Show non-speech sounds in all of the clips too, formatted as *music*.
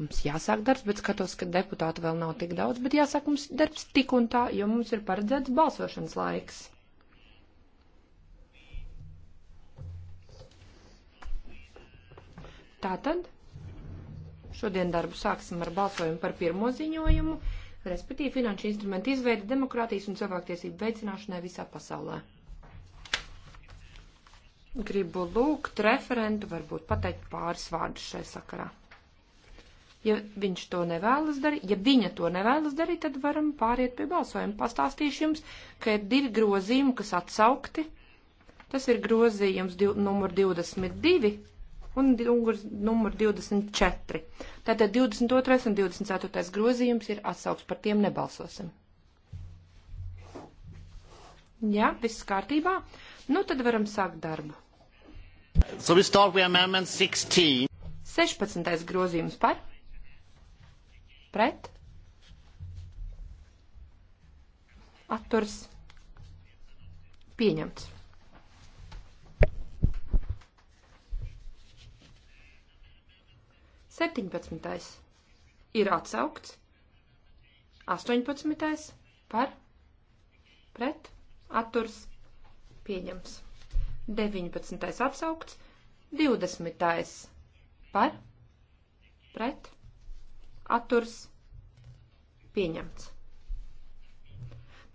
Mums jāsāk darbs, bet skatos, ka deputātu vēl nav tik daudz, bet jāsāk mums darbs tik un tā, jo mums ir paredzēts balsošanas laiks. Tātad šodien darbu sāksim ar balsojumu par pirmo ziņojumu, respektīvi finanšu instrumentu izveidi demokrātijas un cilvēktiesību veicināšanai visā pasaulē. Gribu lūgt referentu, varbūt pateikt pāris vārdus šai sakarā. Ja viņš to nevēlas darīt, ja viņa to nevēlas darīt, tad varam pāriet pie balsojuma. Pastāstīšu jums, ka ir divi grozījumi, kas atsaukti. Tas ir grozījums div, numur 22 un numur 24. Tātad 22. un 24. grozījums ir atsauks, par tiem nebalsosim. Jā, viss kārtībā. Nu, tad varam sākt darbu. So we start with amendment 16. 16. grozījums par pret, atturs, pieņemts. Septiņpadsmitais ir atsaukts, astoņpadsmitais par, pret, atturs, pieņems. Deviņpadsmitais atsaukts, divdesmitais par, pret, atturs, pieņems Pieņemts.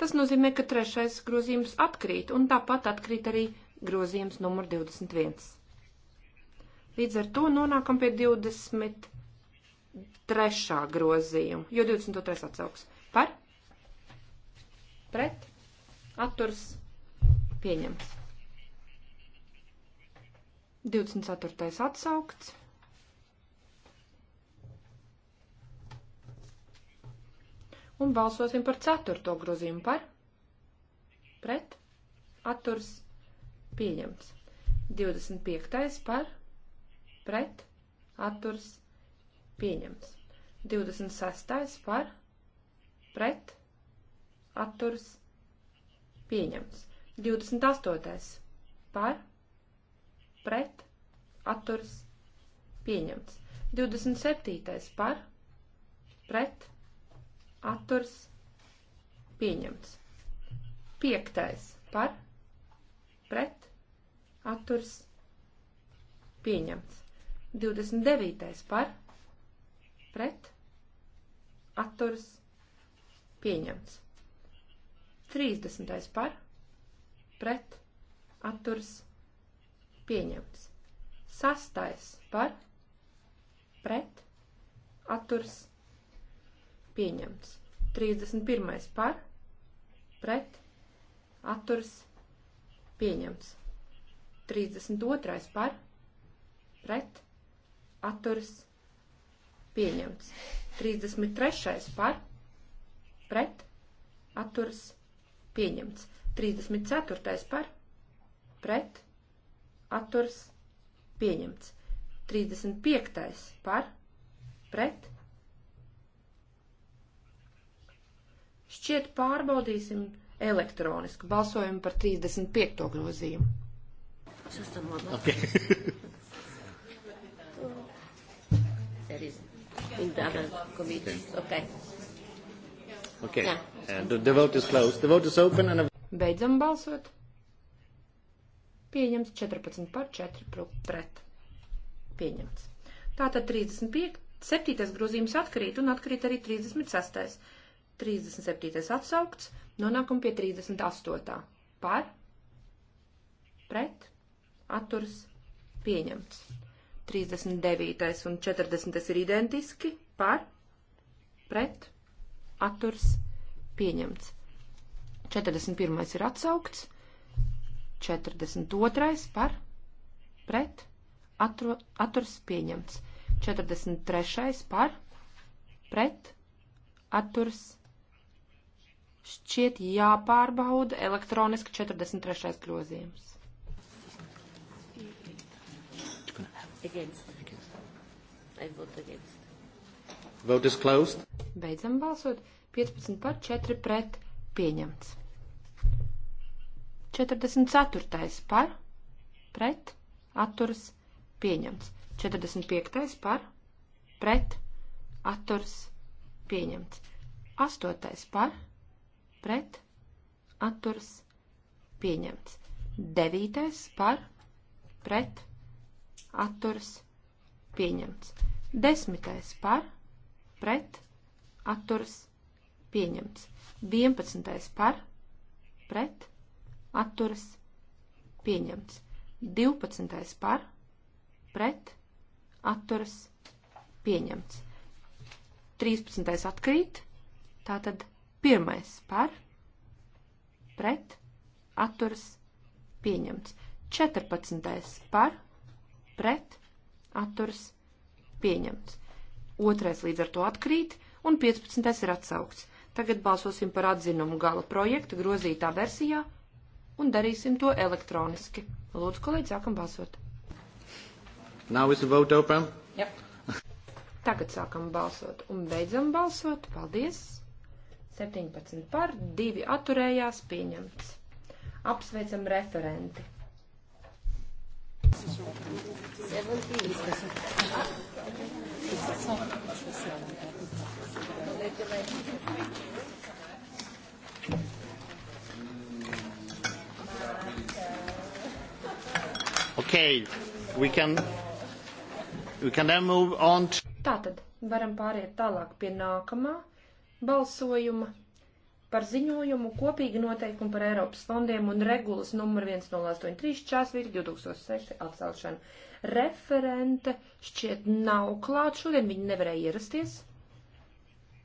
Tas nozīmē, ka trešais grozījums atkrīt, un tāpat atkrīt arī grozījums numur 21. Līdz ar to nonākam pie 23. grozījuma, jo 23. atsauks par, pret, atturs, pieņemts. 24. atsaukts. Un balsosim par ceturto grozījumu par. Pret. Atturs. Pieņemts. 25. par. Pret. Atturs. Pieņemts. 26. par. Pret. Atturs. Pieņemts. 28. par. Pret. Atturs. Pieņemts. 27. par. Pret atturs pieņemts. Piektais par, pret, atturs pieņemts. 29. par, pret, atturs pieņemts. 30. par, pret, atturs pieņemts. Sastais par, pret, atturs pieņemts pieņemts. 31. par, pret, atturas, pieņemts. 32. par, pret, atturas, pieņemts. 33. par, pret, atturas, pieņemts. 34. par, pret, atturas, pieņemts. 35. par, pret, atturas, pieņemts. 35. par, pret, Šķiet pārbaudīsim elektroniski. Balsojam par 35. grozījumu. Okay. There is in the other committees. Okay. Okay. Yeah. Uh, and the, the vote is closed. The vote is open and. Beidzam balsot. Pieņemts 14 par 4 pret. Pieņemts. Tātad 35. 7. grozījums atkrīt un atkrīt arī 36. 37. atsaukts, nonākam pie 38. par, pret, atturs, pieņemts. 39. un 40. ir identiski, par, pret, atturs, pieņemts. 41. ir atsaukts, 42. par, pret, atru, atturs, pieņemts. 43. par, pret, atturs, pieņemts šķiet jāpārbauda elektroniski 43. grozījums. Beidzam balsot. 15 par 4 pret pieņemts. 44. par pret atturas pieņemts. 45. par pret atturas pieņemts. 8. par pret pret, atturs, pieņemts. Devītais par, pret, atturs, pieņemts. Desmitais par, pret, atturs, pieņemts. Vienpadsmitais par, pret, atturs, pieņemts. Divpadsmitais par, pret, atturs, pieņemts. Trīspadsmitais atkrīt, tātad Pirmais par, pret, atturas, pieņemts. 14. par, pret, atturas, pieņemts. Otrais līdz ar to atkrīt, un 15. ir atsaukts. Tagad balsosim par atzinumu gala projektu grozītā versijā un darīsim to elektroniski. Lūdzu, kolēģi, sākam balsot. Now is the vote open? Yep. Tagad sākam balsot un beidzam balsot. Paldies! 17 par, 2 atturējās pieņemts. Apsveicam referenti. Okay, we can, we can then move on to... Tātad varam pāriet tālāk pie nākamā balsojuma par ziņojumu kopīgi noteikumu par Eiropas fondiem un regulas numur 1083 čāsvīri 2006 atcelšanu. Referente šķiet nav klāt, šodien viņi nevarēja ierasties,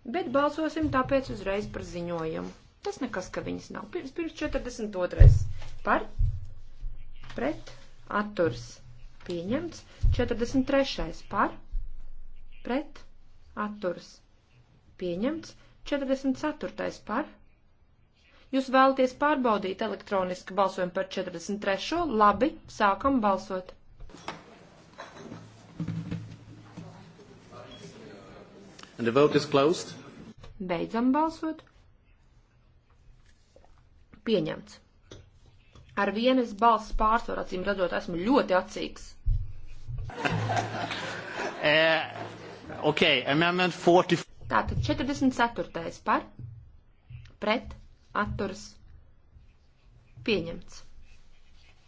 bet balsosim tāpēc uzreiz par ziņojumu. Tas nekas, ka viņas nav. Pirms, pirms 42. par, pret, atturs, pieņemts. 43. par, pret, atturs, pieņemts. 44. par. Jūs vēlaties pārbaudīt elektroniski balsojumu par 43. Labi, sākam balsot. And the vote is closed. Beidzam balsot. Pieņemts. Ar vienas balss pārsvaru acīm redzot, esmu ļoti atsīgs. uh, eh, okay, amendment 40. Tātad 44. par pret atturas pieņemts.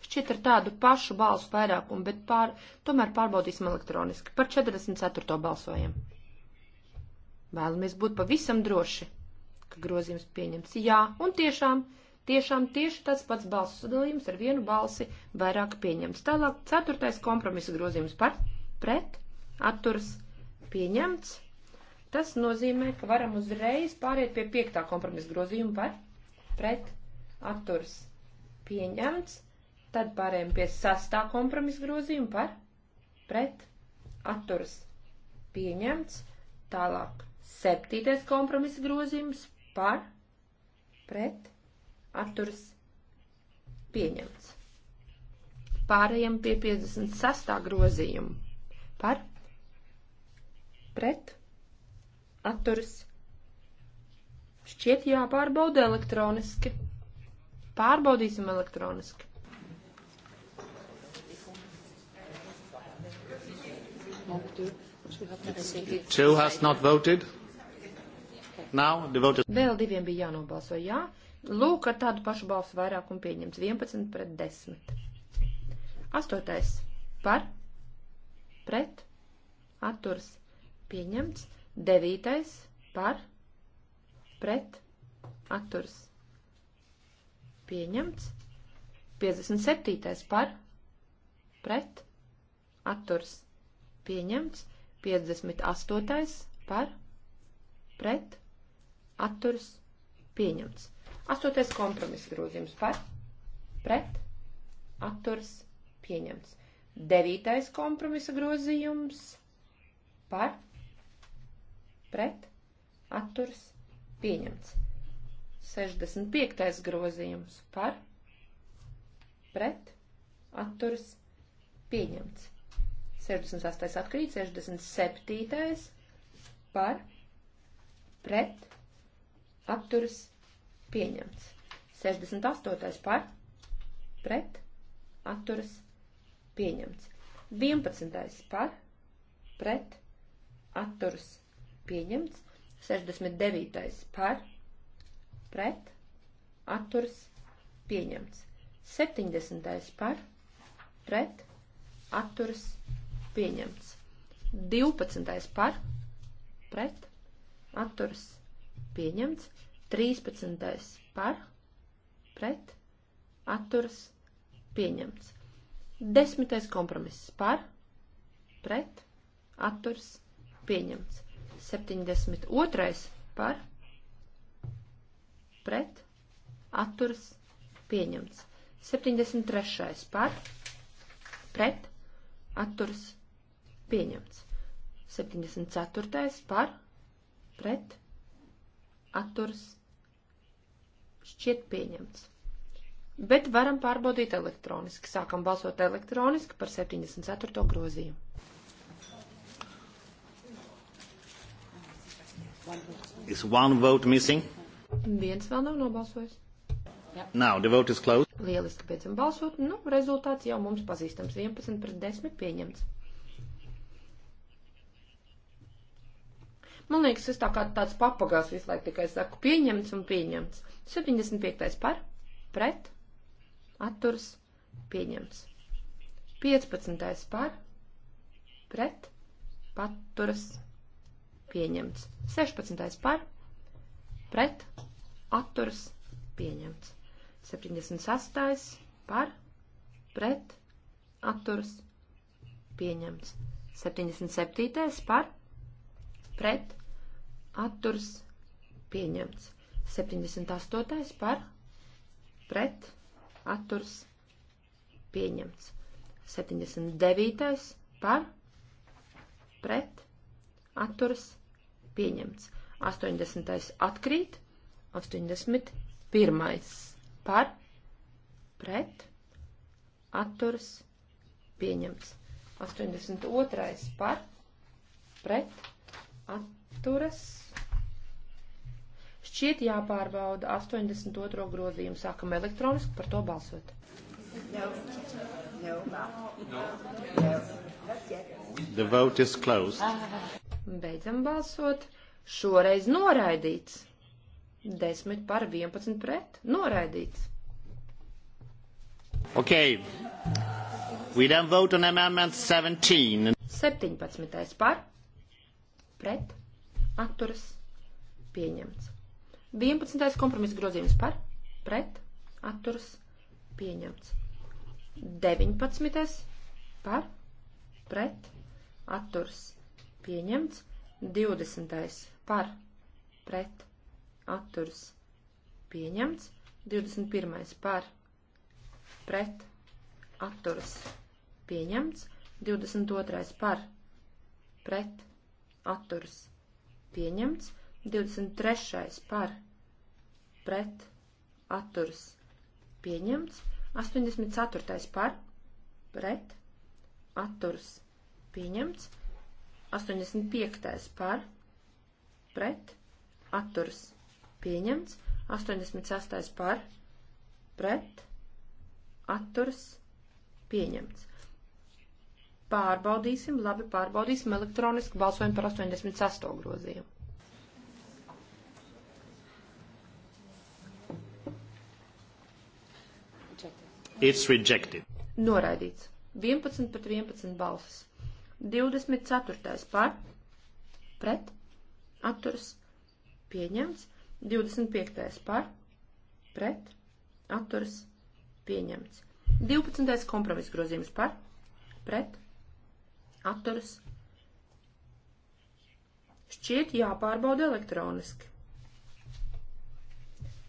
Šķiet ar tādu pašu balsu vairākumu, bet pār, tomēr pārbaudīsim elektroniski. Par 44. balsojam. Vēlamies būt pavisam droši, ka grozījums pieņemts. Jā, un tiešām, tiešām tieši tāds pats balsu sadalījums ar vienu balsi vairāk pieņemts. Tālāk, 4. kompromisa grozījums par pret atturas pieņemts. Tas nozīmē, ka varam uzreiz pāriet pie piektā kompromisa grozījuma par pret atturs pieņemts. Tad pārējām pie sastā kompromisa grozījuma par pret atturs pieņemts. Tālāk septītais kompromisa grozījums par pret atturs pieņemts. Pārējām pie 56. grozījuma par pret atturs pieņemts atturas. Šķiet jāpārbauda elektroniski. Pārbaudīsim elektroniski. Two has not voted. Now the vote is... Vēl diviem bija jānobalso jā. Lūk, ar tādu pašu balsu vairākumu pieņemts 11 pret 10. Astotais par, pret, atturs pieņemts Devītais par pret atturs pieņemts. 57. par pret atturs pieņemts. 58. par pret atturs pieņemts. 8. kompromisa grozījums par pret atturs pieņemts. 9. kompromisa grozījums par pret pret, atturas, pieņemts. 65. grozījums par, pret, atturas, pieņemts. 68. atkrīt, 67. par, pret, atturas, pieņemts. 68. par, pret, atturas, pieņemts. 11. par, pret, atturas, pieņemts. 11. par, pret, atturas, pieņemts pieņemts. 69. par, pret, atturas, pieņemts. 70. par, pret, atturas, pieņemts. 12. par, pret, atturas, pieņemts. 13. par, pret, atturas, pieņemts. 10. kompromiss par, pret, atturas, pieņemts. 72. par pret atturas pieņemts. 73. par pret atturas pieņemts. 74. par pret atturas šķiet pieņemts. Bet varam pārbaudīt elektroniski. Sākam balsot elektroniski par 74. grozījumu. Is one vote missing? Viens vēl nav nobalsojis. Yeah. Now the vote is closed. Lieliski beidzam balsot. Nu, rezultāts jau mums pazīstams. 11 pret 10 pieņemts. Man liekas, es tā kā tāds papagās visu laiku tikai saku pieņemts un pieņemts. 75. par, pret, atturs, pieņemts. 15. par, pret, patturas, pieņemts pieņemts. 16. par, pret, atturas, pieņemts. 78. par, pret, atturas, pieņemts. 77. par, pret, atturas, pieņemts. 78. par, pret, atturas, pieņemts. 79. par, pret, atturas, pieņemts pieņemts. 80. atkrīt, 81. par, pret, atturas, pieņemts. 82. par, pret, atturas. Šķiet jāpārbauda 82. grozījumu. Sākam elektroniski par to balsot. No. No. No. The vote is closed. Beidzam balsot. Šoreiz noraidīts. 10 par 11 pret. Noraidīts. Ok. We then vote on amendment 17. 17. par. Pret. Atturas. Pieņemts. 11. kompromisa grozījums par. Pret. Atturas. Pieņemts. 19. par. Pret. Atturas pieņemts. 20. par pret atturs pieņemts. 21. par pret atturs pieņemts. 22. par pret atturs pieņemts. 23. par pret atturs pieņemts. 84. par pret atturs pieņemts. 85. par, pret, atturas, pieņemts. 86. par, pret, atturas, pieņemts. Pārbaudīsim, labi, pārbaudīsim elektroniski balsojumu par 86. grozījumu. It's rejected. Noraidīts. 11 pret 11 balsis. 24. par, pret, atturas, pieņemts. 25. par, pret, atturas, pieņemts. 12. kompromiss grozījums par, pret, atturas. Šķiet jāpārbauda elektroniski.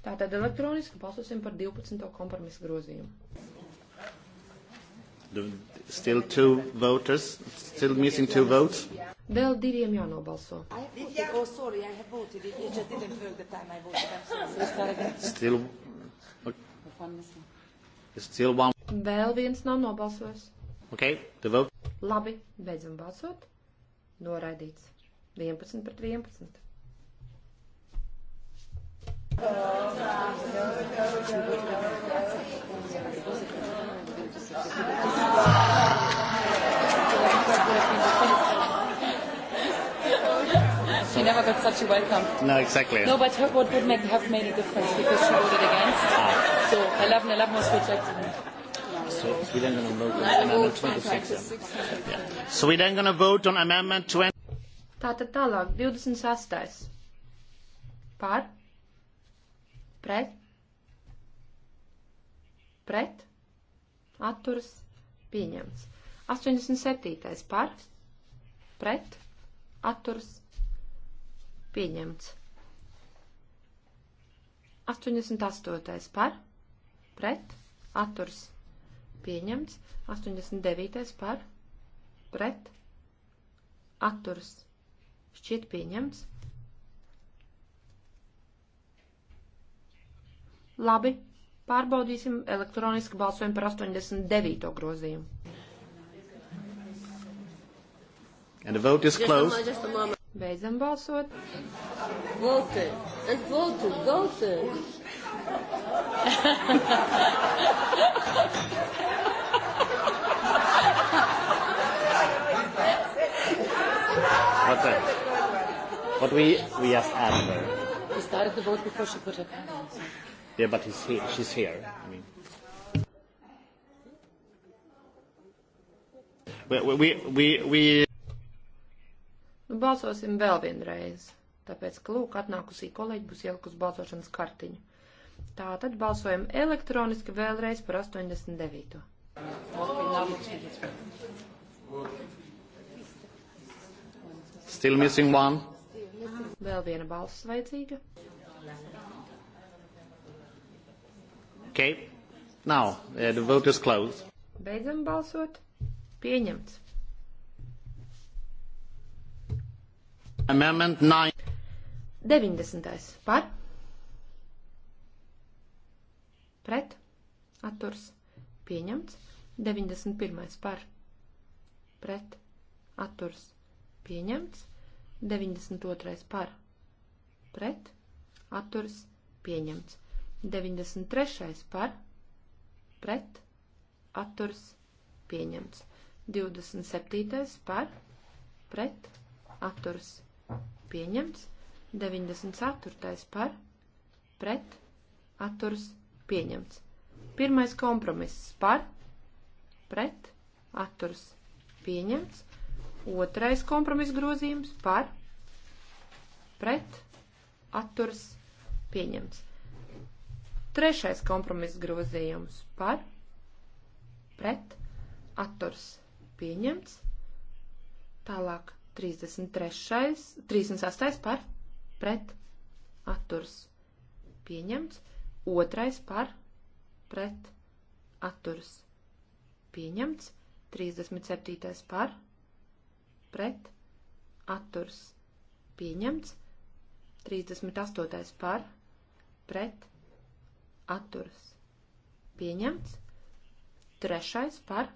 Tātad elektroniski balsosim par 12. kompromisu grozījumu. Still two voters. Still missing two votes. Vēl diviem jānobalso. Still, still one. Vēl viens nav nobalsojis. Okay, the vote. Labi, beidzam balsot. Noraidīts. 11 pret 11. Oh, no, no, no, no, no she never got such a welcome. No, exactly. No, but her, what would make, have made a difference because she voted against. Ah. So 11, 11 was rejected. So we're then going to vote on amendment 26. Yeah. So we're then going to vote on amendment 20. Tātad tālāk, 26. Par? Pret? Pret? atturas pieņemts. 87. par, pret, atturas pieņemts. 88. par, pret, atturas pieņemts. 89. par, pret, atturas šķiet pieņemts. Labi, Pārbaudīsim elektroniski balsojumu par 89. grozījumu. And the vote is closed. Just a moment, just a Beidzam balsot. Voted. Es voted. Voted. What's that? What we, we asked Amber. We started the vote before she put her hand on. Yeah, but he's here. she's here. I mean. We, we, we, we... Nu, balsosim vēl vienreiz, tāpēc, ka, lūk, atnākusī kolēģi būs ielikusi balsošanas kartiņu. Tā tad balsojam elektroniski vēlreiz par 89. Still missing one. Vēl viena balss vajadzīga. Okay. Now, uh, the vote is closed. Beidzam balsot. Pieņemts. Amendment 9. 90. Par. Pret. Atturs. Pieņemts. 91. Par. Pret. Atturs. Pieņemts. 92. Par. Pret. Atturs. Pieņemts. 93. par, pret, atturs, pieņemts. 27. par, pret, atturs, pieņemts. 94. par, pret, atturs, pieņemts. Pirmais kompromiss par, pret, atturs, pieņemts. Otrais kompromiss grozījums par, pret, atturs, pieņemts. Trešais kompromiss grozījums par, pret, atturs pieņemts. Tālāk 33. 38. par, pret, atturs pieņemts. Otrais par, pret, atturs pieņemts. 37. par, pret, atturs pieņemts. 38. par, pret, atturs pieņemts atturas pieņemts. Trešais par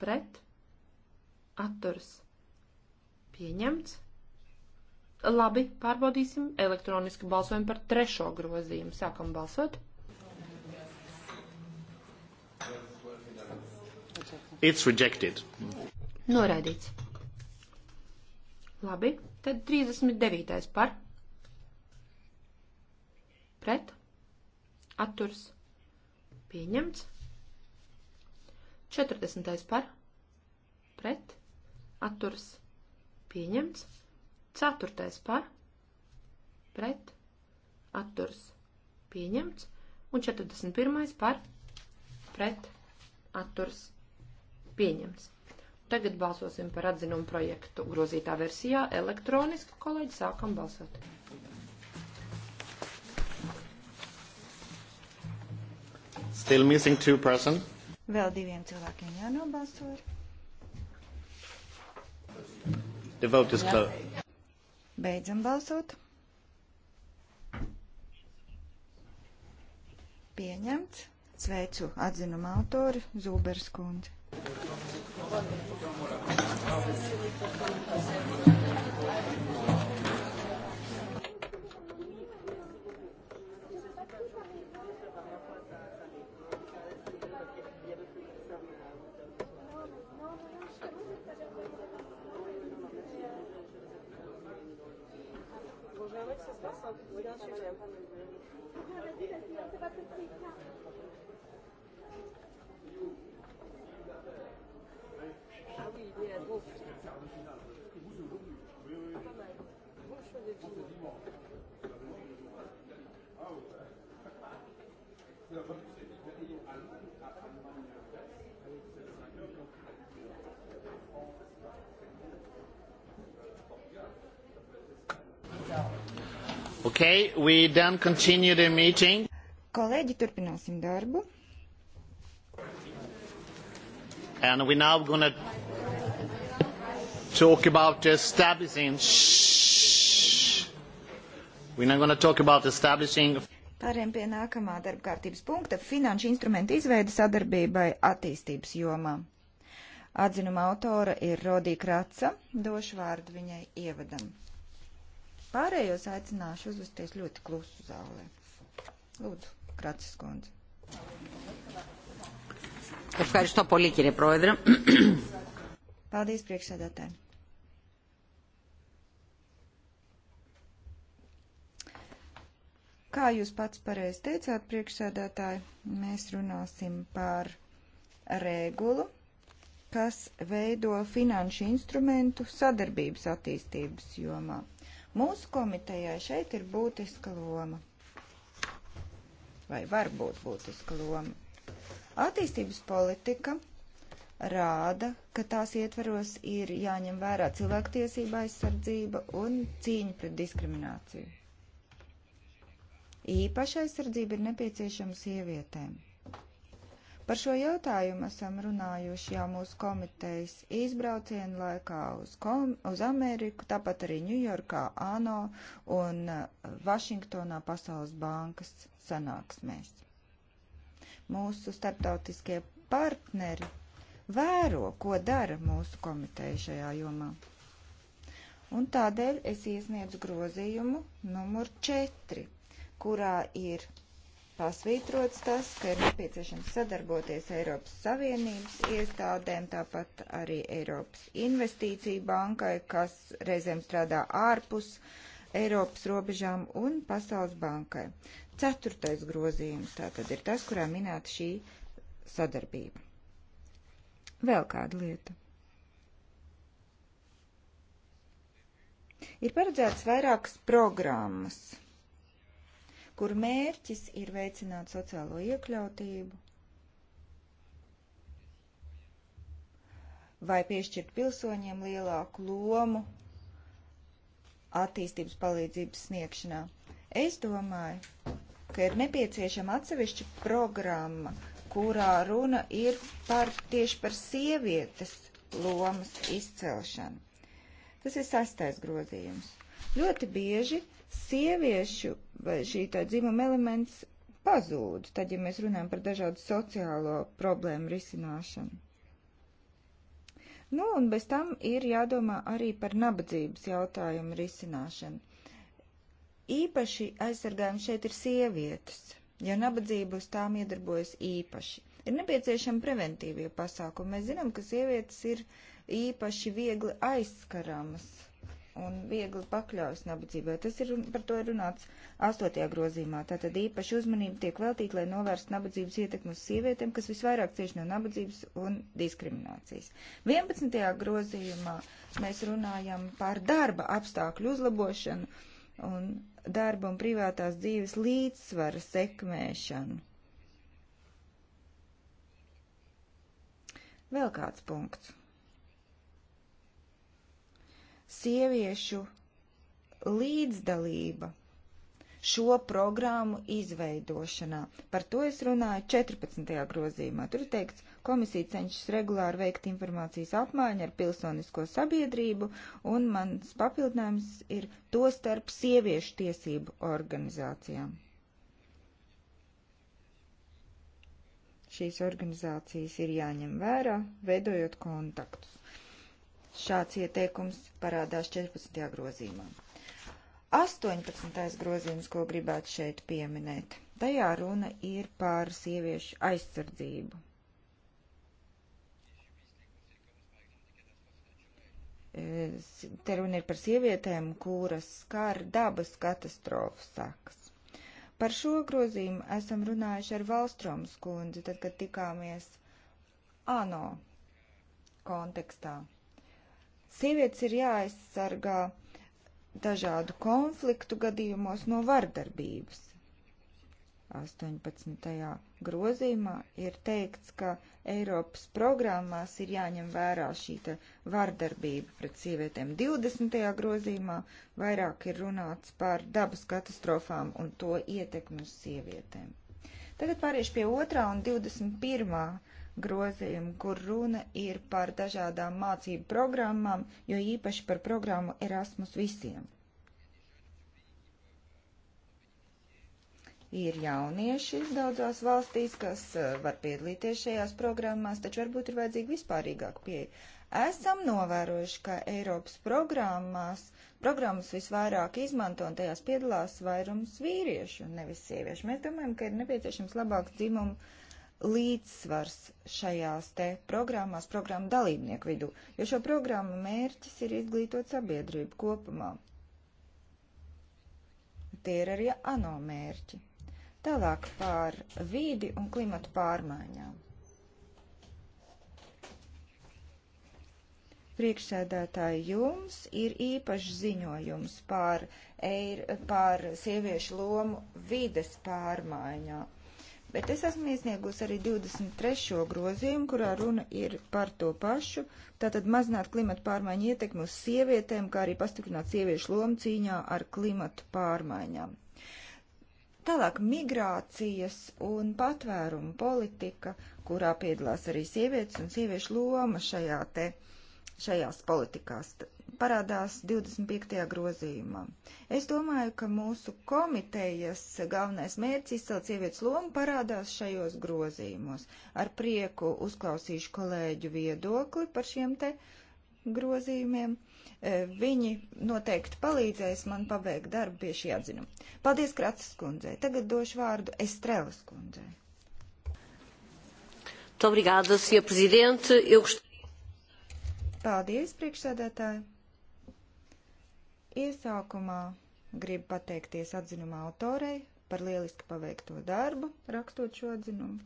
pret atturas pieņemts. Labi, pārbaudīsim elektroniski balsojumu par trešo grozījumu. Sākam balsot. It's rejected. Noraidīts. Labi, tad 39. par. Pret atturs pieņemts. 40. par pret atturs pieņemts. 4. par pret atturs pieņemts. Un 41. par pret atturs pieņemts. Tagad balsosim par atzinumu projektu grozītā versijā elektroniski, kolēģi, sākam balsot. Still missing two person. Vēl diviem cilvēkiem jānobalso. The vote is closed. Beidzam balsot. Pieņemts. Sveicu atzinumu autori Zūbers kundzi. Thank you. Okay, we then continue the meeting. Kolēģi, turpināsim darbu. And we now gonna talk about establishing. Shh. We're now gonna talk about establishing. Pāriem pie nākamā darba kārtības punkta - finanšu instrumentu izveida sadarbībai attīstības jomā. Atzinuma autora ir Rodī Kraca. Došu vārdu viņai ievadam. Pārējos aicināšu uzvesties ļoti klusu zālē. Lūdzu, Kratis kundze. Ευχαριστώ πολύ κύριε Πρόεδρε. Paldies priekšsēdētājiem. Kā jūs pats pareizi teicāt, priekšsēdētāji, mēs runāsim par regulu, kas veido finanšu instrumentu sadarbības attīstības jomā. Mūsu komitejai šeit ir būtiska loma. Vai var būt būtiska loma? Attīstības politika rāda, ka tās ietvaros ir jāņem vērā cilvēktiesība aizsardzība un cīņa pret diskrimināciju. Īpaša aizsardzība ir nepieciešama sievietēm. Par šo jautājumu esam runājuši jau mūsu komitejas izbraucienu laikā uz, kom, uz Ameriku, tāpat arī Ņujorkā, ANO un uh, Vašingtonā Pasaules bankas sanāksmēs. Mūsu starptautiskie partneri vēro, ko dara mūsu komiteja šajā jomā. Un tādēļ es iesniedzu grozījumu numur 4, kurā ir pasvītrots tas, ka ir nepieciešams sadarboties Eiropas Savienības iestādēm, tāpat arī Eiropas Investīcija bankai, kas reizēm strādā ārpus Eiropas robežām un Pasaules bankai. Ceturtais grozījums tātad ir tas, kurā minēta šī sadarbība. Vēl kāda lieta. Ir paredzēts vairākas programmas kur mērķis ir veicināt sociālo iekļautību, vai piešķirt pilsoņiem lielāku lomu attīstības palīdzības sniegšanā. Es domāju, ka ir nepieciešama atsevišķa programma, kurā runa ir par tieši par sievietes lomas izcelšanu. Tas ir sastais grozījums. Ļoti bieži sieviešu vai šī tā dzimuma elements pazūd, tad, ja mēs runājam par dažādu sociālo problēmu risināšanu. Nu, un bez tam ir jādomā arī par nabadzības jautājumu risināšanu. Īpaši aizsargājumi šeit ir sievietes, jo nabadzība uz tām iedarbojas īpaši. Ir nepieciešama preventīvie pasākumi. Mēs zinām, ka sievietes ir īpaši viegli aizskaramas un viegli pakļaujas nabadzībai. Tas ir, par to ir runāts astotajā grozīmā. Tātad īpaši uzmanība tiek veltīta, lai novērstu nabadzības ietekmu uz sievietēm, kas visvairāk cieši no nabadzības un diskriminācijas. 11. grozījumā mēs runājam par darba apstākļu uzlabošanu un darba un privātās dzīves līdzsvara sekmēšanu. Vēl kāds punkts sieviešu līdzdalība šo programmu izveidošanā. Par to es runāju 14. grozījumā. Tur teikts, komisija cenšas regulāri veikt informācijas apmaiņu ar pilsonisko sabiedrību, un mans papildinājums ir to starp sieviešu tiesību organizācijām. Šīs organizācijas ir jāņem vērā, veidojot kontaktus. Šāds ieteikums parādās 14. grozījumā. 18. grozījums, ko gribētu šeit pieminēt, tajā runa ir par sieviešu aizsardzību. Te runa ir par sievietēm, kuras skar dabas katastrofas sakas. Par šo grozījumu esam runājuši ar Valstroms kundzi, tad, kad tikāmies ANO kontekstā. Sievietes ir jāaizsargā dažādu konfliktu gadījumos no vardarbības. 18. grozījumā ir teikts, ka Eiropas programmās ir jāņem vērā šī vardarbība pret sievietēm. 20. grozījumā vairāk ir runāts par dabas katastrofām un to ietekmi uz sievietēm. Tagad pāriešu pie 2. un 21 grozījumu, kur runa ir par dažādām mācību programmām, jo īpaši par programmu Erasmus visiem. Ir jaunieši daudzās valstīs, kas eh, var piedalīties šajās programmās, taču varbūt ir vajadzīga vispārīgāka pieeja. Esam novērojuši, ka Eiropas programmās programmas visvairāk izmanto un tajās piedalās vairums vīriešu, nevis sieviešu. Mēs domājam, ka ir nepieciešams labāks dzimumu uh, līdzsvars šajās te programmās, programmu dalībnieku vidū, jo šo programmu mērķis ir izglītot sabiedrību kopumā. Tie ir arī ANO mērķi. Tālāk par vīdi un klimatu pārmaiņām. Priekšsēdētāji jums ir īpašs ziņojums par, eir, par sieviešu lomu vides pārmaiņām Bet es esmu iesniegus arī 23. grozījumu, kurā runa ir par to pašu, tātad mazināt klimatu pārmaiņu ietekmi uz sievietēm, kā arī pastiprināt sieviešu lomu cīņā ar klimatu pārmaiņām. Tālāk migrācijas un patvērumu politika, kurā piedalās arī sievietes un sieviešu loma šajā te, šajās politikās parādās 25. grozījumā. Es domāju, ka mūsu komitejas galvenais mērķis izcelt sievietes lomu parādās šajos grozījumos. Ar prieku uzklausīšu kolēģu viedokli par šiem te grozījumiem. E, viņi noteikti palīdzēs man pabeigt darbu pie šī atzinuma. Paldies Kratas kundzei. Tagad došu vārdu Estrelas kundzei. Obrigada, Sr. Presidente. Eu gost... Paldies, priekšsēdētāji. Iesākumā gribu pateikties atzinuma autorei par lieliski paveikto darbu, rakstot šo atzinumu.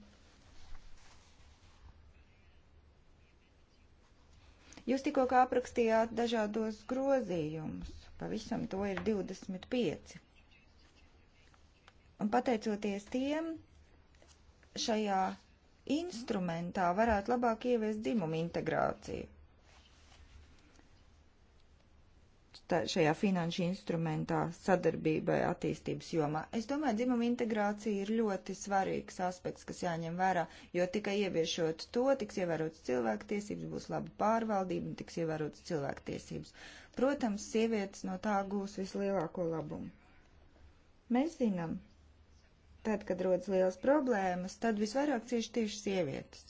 Jūs tikko aprakstījāt dažādos grozījumus, pavisam to ir 25. Un pateicoties tiem, šajā instrumentā varētu labāk ieviest dzimumu integrāciju. šajā finanšu instrumentā sadarbībai attīstības jomā. Es domāju, dzimuma integrācija ir ļoti svarīgs aspekts, kas jāņem vērā, jo tikai ieviešot to, tiks ievērotas cilvēktiesības, būs laba pārvaldība un tiks ievērotas cilvēktiesības. Protams, sievietes no tā gūs vislielāko labumu. Mēs zinām, tad, kad rodas liels problēmas, tad visvairāk cieši tieši sievietes.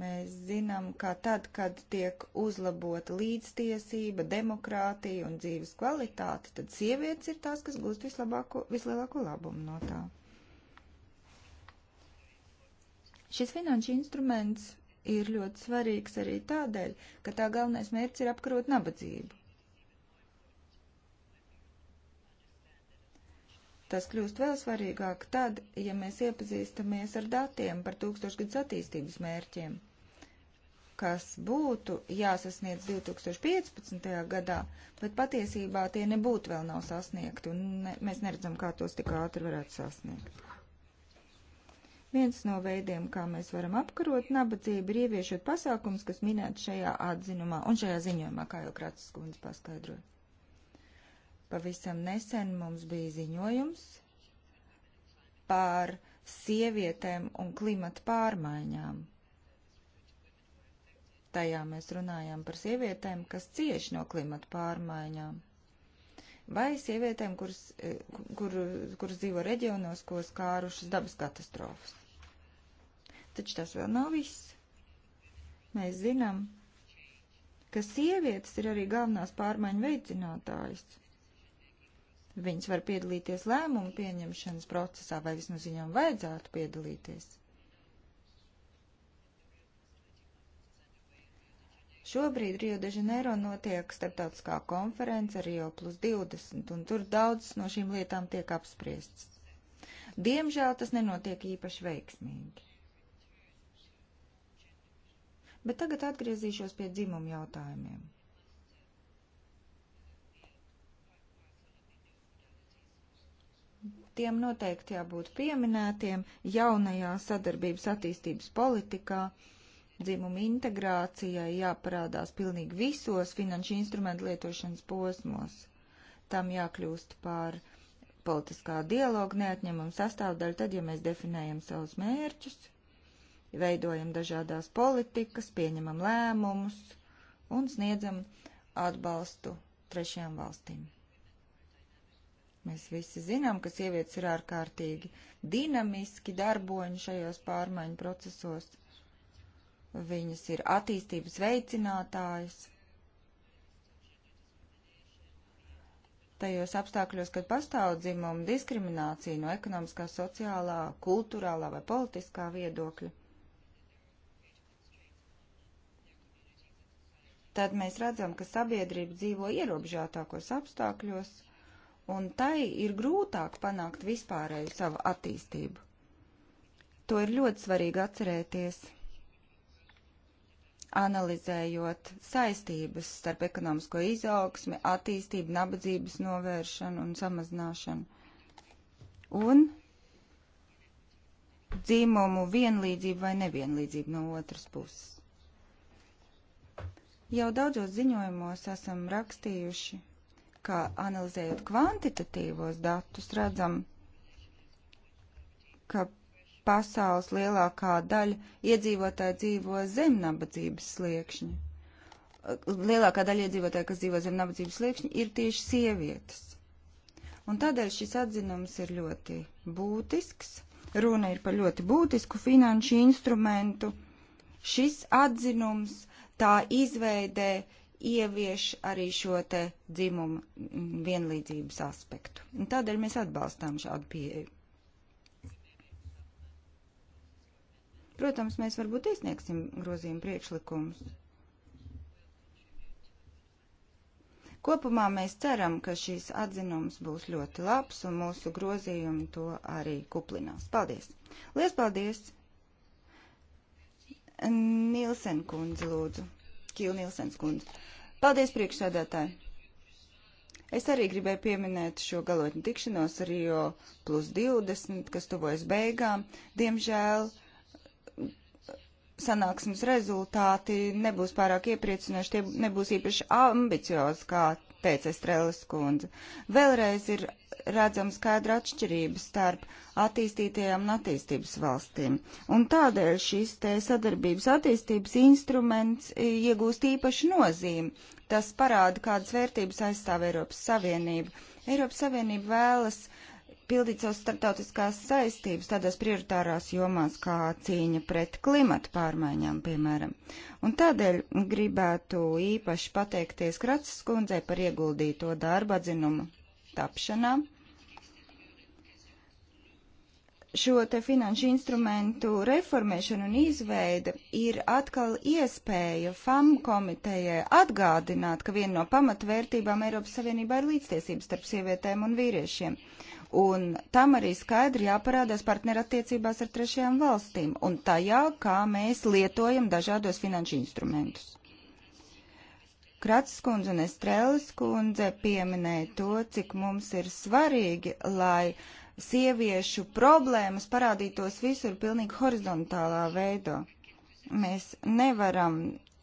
Mēs zinām, ka tad, kad tiek uzlabota līdztiesība, demokrātija un dzīves kvalitāte, tad sievietes ir tās, kas gūst vislabāko, vislielāko labumu no tā. Šis finanšu instruments ir ļoti svarīgs arī tādēļ, ka tā galvenais mērķis ir apkarot nabadzību. Tas kļūst vēl svarīgāk tad, ja mēs iepazīstamies ar datiem par tūkstošgadus attīstības mērķiem kas būtu jāsasniedz 2015. gadā, bet patiesībā tie nebūtu vēl nav sasniegti, un ne, mēs neredzam, kā tos tik ātri varētu sasniegt. Viens no veidiem, kā mēs varam apkarot nabadzību, ir ieviešot pasākums, kas minēts šajā atzinumā un šajā ziņojumā, kā jau Kratas kundze paskaidroja. Pavisam nesen mums bija ziņojums par sievietēm un klimata pārmaiņām Tajā mēs runājām par sievietēm, kas cieši no klimata pārmaiņām. Vai sievietēm, kuras, e, kur, kuras dzīvo reģionos, ko skārušas dabas katastrofas. Taču tas vēl nav viss. Mēs zinām, ka sievietes ir arī galvenās pārmaiņu veicinātājas. Viņas var piedalīties lēmumu pieņemšanas procesā, vai vismaz viņām vajadzētu piedalīties. Šobrīd Rio de Janeiro notiek starptautiskā konference Rio plus 20, un tur daudz no šīm lietām tiek apspriests. Diemžēl tas nenotiek īpaši veiksmīgi. Bet tagad atgriezīšos pie dzimumu jautājumiem. Tiem noteikti jābūt pieminētiem jaunajā sadarbības attīstības politikā. Uh, dzimumu integrācijai jāparādās pilnīgi visos finanšu instrumentu lietošanas posmos. Tam jākļūst par politiskā dialoga neatņemumu sastāvdaļu, tad, ja mēs definējam savus mērķus, veidojam dažādās politikas, pieņemam lēmumus un sniedzam atbalstu trešajām valstīm. Mēs visi zinām, ka sievietes ir ārkārtīgi dinamiski darboņi šajos pārmaiņu procesos viņas ir attīstības veicinātājas. Tajos apstākļos, kad pastāv dzimuma diskriminācija no ekonomiskā, sociālā, kultūrālā vai politiskā viedokļa, tad mēs redzam, ka sabiedrība dzīvo ierobežotākos apstākļos, un tai ir grūtāk panākt vispārēju savu attīstību. To ir ļoti svarīgi atcerēties analizējot saistības starp ekonomisko izaugsmi, attīstību, nabadzības novēršanu un samazināšanu. Un dzīmumu vienlīdzību vai nevienlīdzību no otras puses. Jau daudzos ziņojumos esam rakstījuši, ka analizējot kvantitatīvos datus, redzam, ka pasaules lielākā daļa iedzīvotāji dzīvo zem nabadzības sliekšņa. Lielākā daļa iedzīvotāji, kas dzīvo zem nabadzības sliekšņa, ir tieši sievietes. Un tādēļ šis atzinums ir ļoti būtisks. Runa ir par ļoti būtisku finanšu instrumentu. Šis atzinums tā izveidē ievieš arī šo te dzimumu vienlīdzības aspektu. Un tādēļ mēs atbalstām šādu pieeju. Protams, mēs varbūt iesniegsim grozījumu priekšlikumus. Kopumā mēs ceram, ka šīs atzinums būs ļoti labs un mūsu grozījumi to arī kuplinās. Paldies! Lies paldies! Nilsen kundze, lūdzu. Kīl Nilsens kundze. Paldies, priekšsēdētāji! Es arī gribēju pieminēt šo galotņu tikšanos Rio plus 20, kas tuvojas beigām. Diemžēl sanāksmes rezultāti nebūs pārāk iepriecinoši, tie nebūs īpaši ambiciozi, kā teica Strelis kundze. Vēlreiz ir redzama skaidra atšķirība starp attīstītajām un attīstības valstīm. Un tādēļ šis te sadarbības attīstības instruments iegūst īpašu nozīmi. Tas parāda, kādas vērtības aizstāv Eiropas Savienība. Eiropas Savienība vēlas uh, pildīt savas starptautiskās saistības tādās prioritārās jomās kā cīņa pret klimatu pārmaiņām, piemēram. Un tādēļ gribētu īpaši pateikties Kratsas kundzei par ieguldīto darba atzinumu tapšanā. Šo te finanšu instrumentu reformēšana un izveida ir atkal iespēja FAM komitejai atgādināt, ka viena no pamatvērtībām Eiropas Savienībā ir līdztiesības starp sievietēm un vīriešiem. Uh, un tam arī skaidri jāparādās partnerattiecībās ar trešajām valstīm un tajā, kā mēs lietojam dažādos finanšu instrumentus. Kratis kundze un Estrēlis kundze pieminēja to, cik mums ir svarīgi, lai sieviešu problēmas parādītos visur pilnīgi horizontālā veidā. Mēs nevaram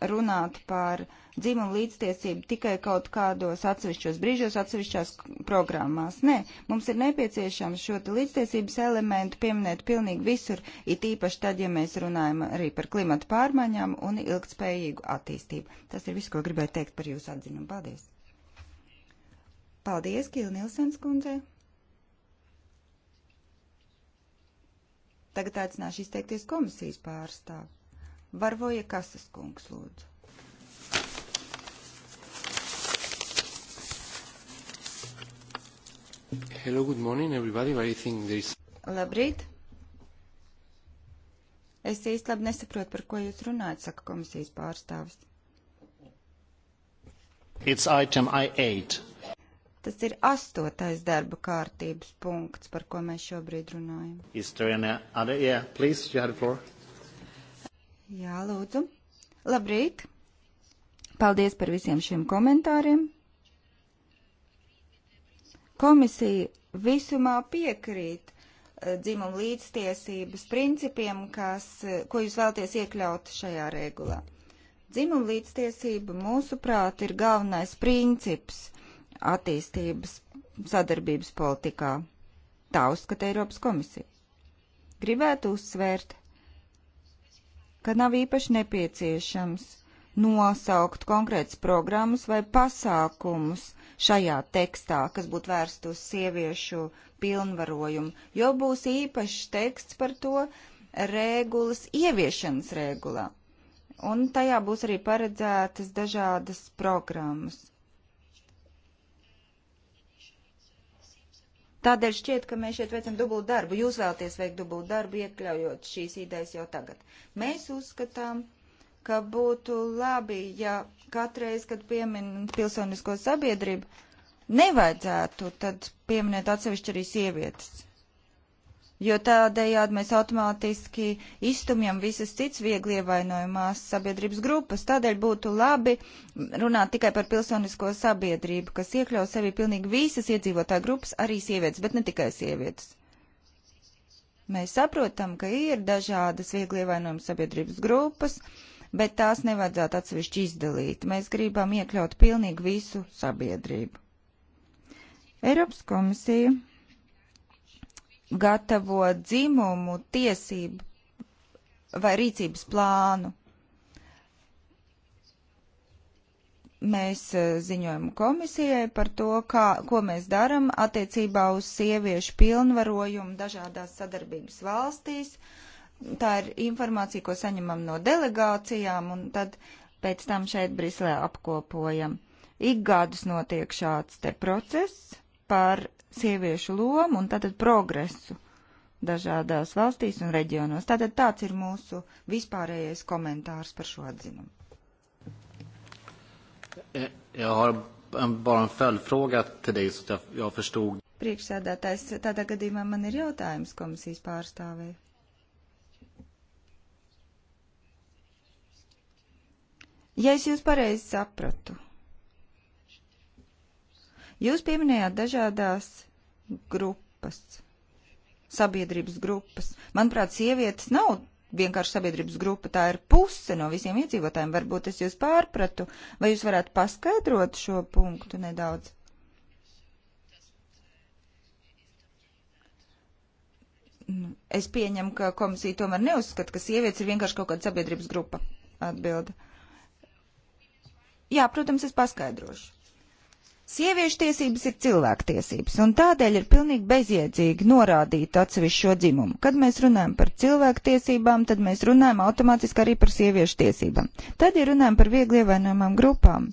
runāt par dzimumu līdztiesību tikai kaut kādos atsevišķos brīžos, atsevišķās programmās. Nē, mums ir nepieciešams šo līdztiesības elementu pieminēt pilnīgi visur, it īpaši tad, ja mēs runājam arī par klimatu pārmaiņām un ilgtspējīgu attīstību. Tas ir viss, ko gribēju teikt par jūsu atziņumu. Paldies! Paldies, Kīla Nilsens kundzei! Tagad aicināšu izteikties komisijas pārstāvu. Varvoja Kasas kungs, lūdzu. Hello, good morning, everybody. I think there is... Labrīt! Es īsti labi nesaprotu, par ko jūs runājat, saka komisijas pārstāvis. It's item I8. Tas ir astotais darba kārtības punkts, par ko mēs šobrīd runājam. Is there any other? Yeah, please, you have the floor. Jā, lūdzu. Labrīt! Paldies par visiem šiem komentāriem. Komisija visumā piekrīt eh, dzimumu līdztiesības principiem, kas, eh, ko jūs vēlties iekļaut šajā regulā. Dzimumu līdztiesība, mūsuprāt, ir galvenais princips attīstības sadarbības politikā. Tā uzskata Eiropas komisija. Gribētu uzsvērt, ka nav īpaši nepieciešams nosaukt konkrētas programmas vai pasākumus šajā tekstā, kas būtu vērsts uz sieviešu pilnvarojumu, jo būs īpašs teksts par to regulas ieviešanas regulā. Un tajā būs arī paredzētas dažādas programmas. Tādēļ šķiet, ka mēs šeit veicam dubultu darbu. Jūs vēlaties veikt dubultu darbu, iekļaujot šīs idejas jau tagad. Mēs uzskatām, ka būtu labi, ja katreiz, kad piemin pilsonisko sabiedrību, nevajadzētu tad pieminēt atsevišķi arī sievietes jo tādējādi mēs automātiski izstumjam visas cits viegli ievainojumās sabiedrības grupas. Tādēļ būtu labi runāt tikai par pilsonisko sabiedrību, kas iekļaus sevi pilnīgi visas iedzīvotāju grupas, arī sievietes, bet ne tikai sievietes. Mēs saprotam, ka ir dažādas viegli ievainojuma sabiedrības grupas, bet tās nevajadzētu atsevišķi izdalīt. Mēs gribam iekļaut pilnīgi visu sabiedrību. Eiropas komisija gatavo dzimumu tiesību vai rīcības plānu. Mēs eh, ziņojam komisijai par to, kā, ko mēs daram attiecībā uz sieviešu pilnvarojumu dažādās sadarbības valstīs. Tā ir informācija, ko saņemam no delegācijām, un tad pēc tam šeit Briselē apkopojam. Ik gadus notiek šāds te process par sieviešu lomu un tātad progresu dažādās valstīs un reģionos. Tātad tāds ir mūsu vispārējais komentārs par šo atzinumu. Eh, jag har bara en följdfråga till dig så att jag förstod. Priekšsēdētājs, tādā gadījumā man ir jautājums komisijas pārstāvē. Ja es jūs pareizi sapratu, Jūs pieminējāt dažādās grupas, sabiedrības grupas. Manuprāt, sievietes nav vienkārši sabiedrības grupa, tā ir puse no visiem iedzīvotājiem. Varbūt es jūs pārpratu, vai jūs varētu paskaidrot šo punktu nedaudz? Nu, es pieņemu, ka komisija tomēr neuzskata, ka sievietes ir vienkārši kaut kāda sabiedrības grupa. Atbilde. Jā, protams, es paskaidrošu. Sieviešu tiesības ir cilvēktiesības, un tādēļ ir pilnīgi bezjēdzīgi norādīt atsevišķo dzimumu. Kad mēs runājam par cilvēktiesībām, tad mēs runājam automātiski arī par sieviešu tiesībām. Tad, ja runājam par viegli ievainojamām grupām,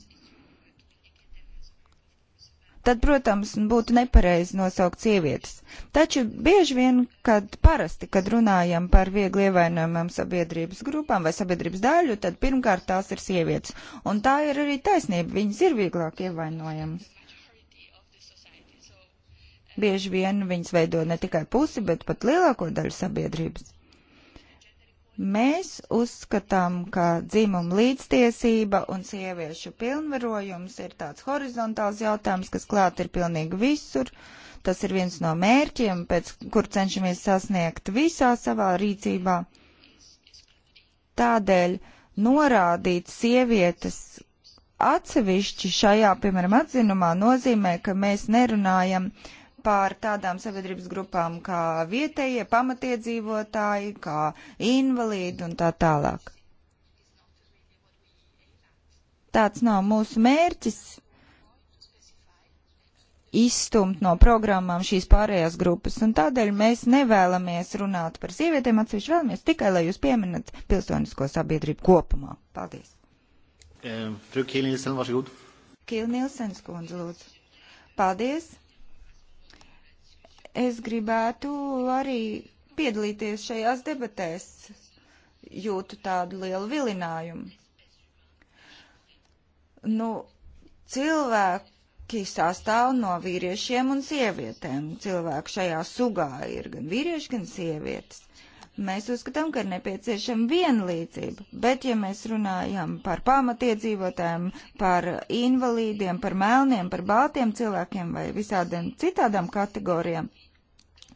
tad, protams, būtu nepareizi nosaukt sievietes. Taču bieži vien, kad parasti, kad runājam par viegli ievainojumam sabiedrības grupām vai sabiedrības daļu, tad pirmkārt tās ir sievietes. Un tā ir arī taisnība, viņas ir vieglāk ievainojamas. Bieži vien viņas veido ne tikai pusi, bet pat lielāko daļu sabiedrības. Mēs uzskatām, ka dzimuma līdztiesība un sieviešu pilnvarojums ir tāds horizontāls jautājums, kas klāt ir pilnīgi visur. Tas ir viens no mērķiem, pēc kur cenšamies sasniegt visā savā rīcībā. Tādēļ norādīt sievietes atsevišķi šajā, piemēram, atzinumā nozīmē, ka mēs nerunājam uh, pār tādām sabiedrības grupām kā vietējie pamatiedzīvotāji, kā invalīdi un tā tālāk. Tāds nav mūsu mērķis izstumt no programmām šīs pārējās grupas, un tādēļ mēs nevēlamies runāt par sievietēm atsevišķi, vēlamies tikai, lai jūs pieminat pilsonisko sabiedrību kopumā. Paldies! Eh, fru Kīlnielsen, varsågod. Kīlnielsen, skundze, lūdzu. Paldies! Es gribētu arī piedalīties šajās debatēs. Jūtu tādu lielu vilinājumu. Nu, cilvēki sastāv no vīriešiem un sievietēm. Cilvēku šajā sugā ir gan vīrieši, gan sievietes. Mēs uzskatām, ka ir nepieciešama vienlīdzība, bet ja mēs runājam par pamatiedzīvotājiem, par invalīdiem, par melniem, par baltiem cilvēkiem vai visādiem citādām kategorijām,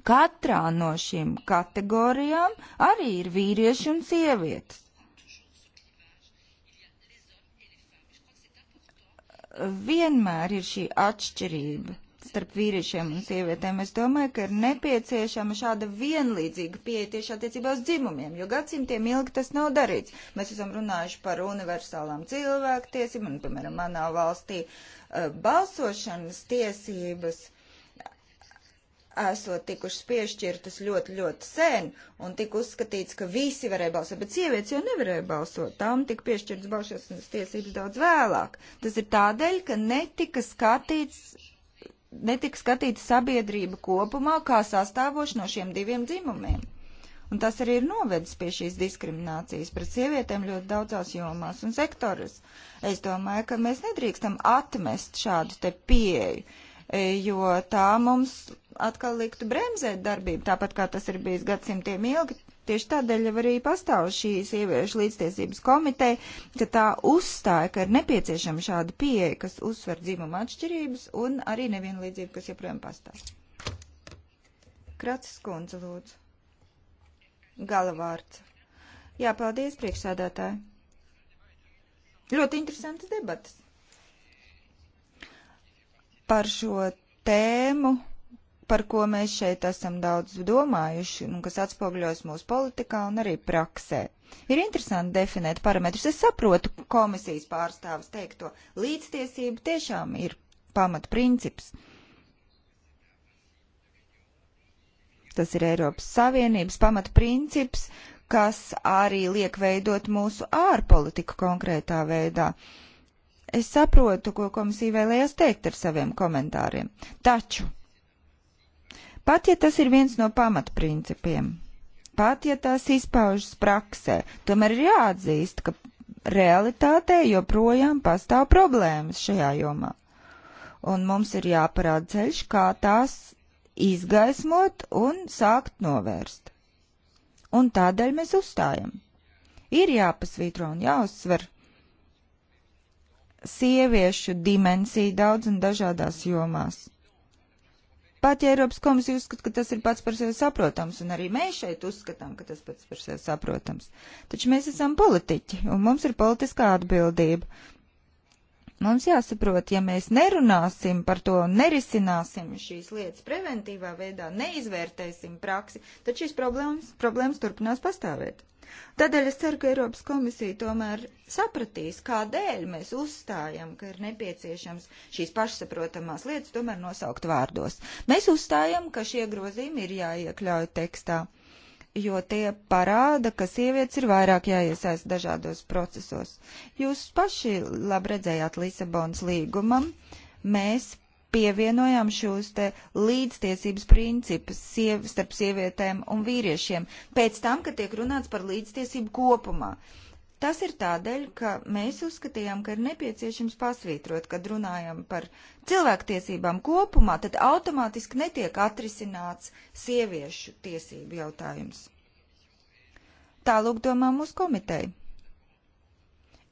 Katrā no šīm kategorijām arī ir vīrieši un sievietes. Vienmēr ir šī atšķirība starp vīriešiem un sievietēm. Es domāju, ka ir nepieciešama šāda vienlīdzīga pieeja tieši attiecībā uz dzimumiem, jo gadsimtiem ilgi tas nav darīts. Mēs esam runājuši par universālām cilvēktiesībām, un, piemēram, manā valstī eh, balsošanas tiesības esot tikušas piešķirtas ļoti, ļoti sen, un tika uzskatīts, ka visi varēja balsot, bet sievietes jau nevarēja balsot. Tām tika piešķirtas balsošanas tiesības daudz vēlāk. Tas ir tādēļ, ka netika skatīts netika skatīta sabiedrība kopumā kā sastāvoša no šiem diviem dzimumiem. Un tas arī ir novedis pie šīs diskriminācijas pret sievietēm ļoti daudzās jomās un sektoros. Es domāju, ka mēs nedrīkstam atmest šādu te pieeju jo tā mums atkal liktu bremzēt darbību, tāpat kā tas ir bijis gadsimtiem ilgi. Tieši tādēļ jau arī pastāv šī sieviešu līdztiesības komiteja, ka tā uzstāja, ka ir nepieciešama šāda pieeja, kas uzsver dzimuma atšķirības un arī nevienlīdzību, kas joprojām pastāv. Kratis kundze, lūdzu. Galavārds. Jā, paldies, priekšsēdētāji. Ļoti interesantas debatas par šo tēmu, par ko mēs šeit esam daudz domājuši un kas atspogļojas mūsu politikā un arī praksē. Ir interesanti definēt parametrus. Es saprotu komisijas pārstāvis teikto. Līdztiesība tiešām ir pamatprincips. Tas ir Eiropas Savienības pamatprincips, kas arī liek veidot mūsu ārpolitiku konkrētā veidā. Uh, Es saprotu, ko komisija vēlējās teikt ar saviem komentāriem. Taču, pat ja tas ir viens no pamatprincipiem, pat ja tās izpaužas praksē, tomēr ir jāatzīst, ka realitātē joprojām pastāv problēmas šajā jomā. Un mums ir jāparāda ceļš, kā tās izgaismot un sākt novērst. Un tādēļ mēs uzstājam. Ir jāpasvītro un jāuzsver sieviešu dimensiju daudz un dažādās jomās. Pat ja Eiropas komisija uzskata, ka tas ir pats par sevi saprotams, un arī mēs šeit uzskatām, ka tas pats par sevi saprotams, taču mēs esam politiķi, un mums ir politiskā atbildība. Mums jāsaprot, ja mēs nerunāsim par to, nerisināsim šīs lietas preventīvā veidā, neizvērtēsim praksi, tad šīs problēmas, problēmas turpinās pastāvēt. Tādēļ es ceru, ka Eiropas komisija tomēr sapratīs, kādēļ mēs uzstājam, ka ir nepieciešams šīs pašsaprotamās lietas tomēr nosaukt vārdos. Mēs uzstājam, ka šie grozījumi ir jāiekļauj tekstā, jo tie parāda, ka sievietes ir vairāk jāiesaist dažādos procesos. Jūs paši labi redzējāt Lisabonas līgumam, mēs pievienojām šos te līdztiesības principus siev, starp sievietēm un vīriešiem, pēc tam, kad tiek runāts par līdztiesību kopumā. Tas ir tādēļ, ka mēs uzskatījām, ka ir nepieciešams pasvītrot, kad runājam par cilvēktiesībām kopumā, tad automātiski netiek atrisināts sieviešu tiesību jautājums. Tālūk domā mūsu komiteja.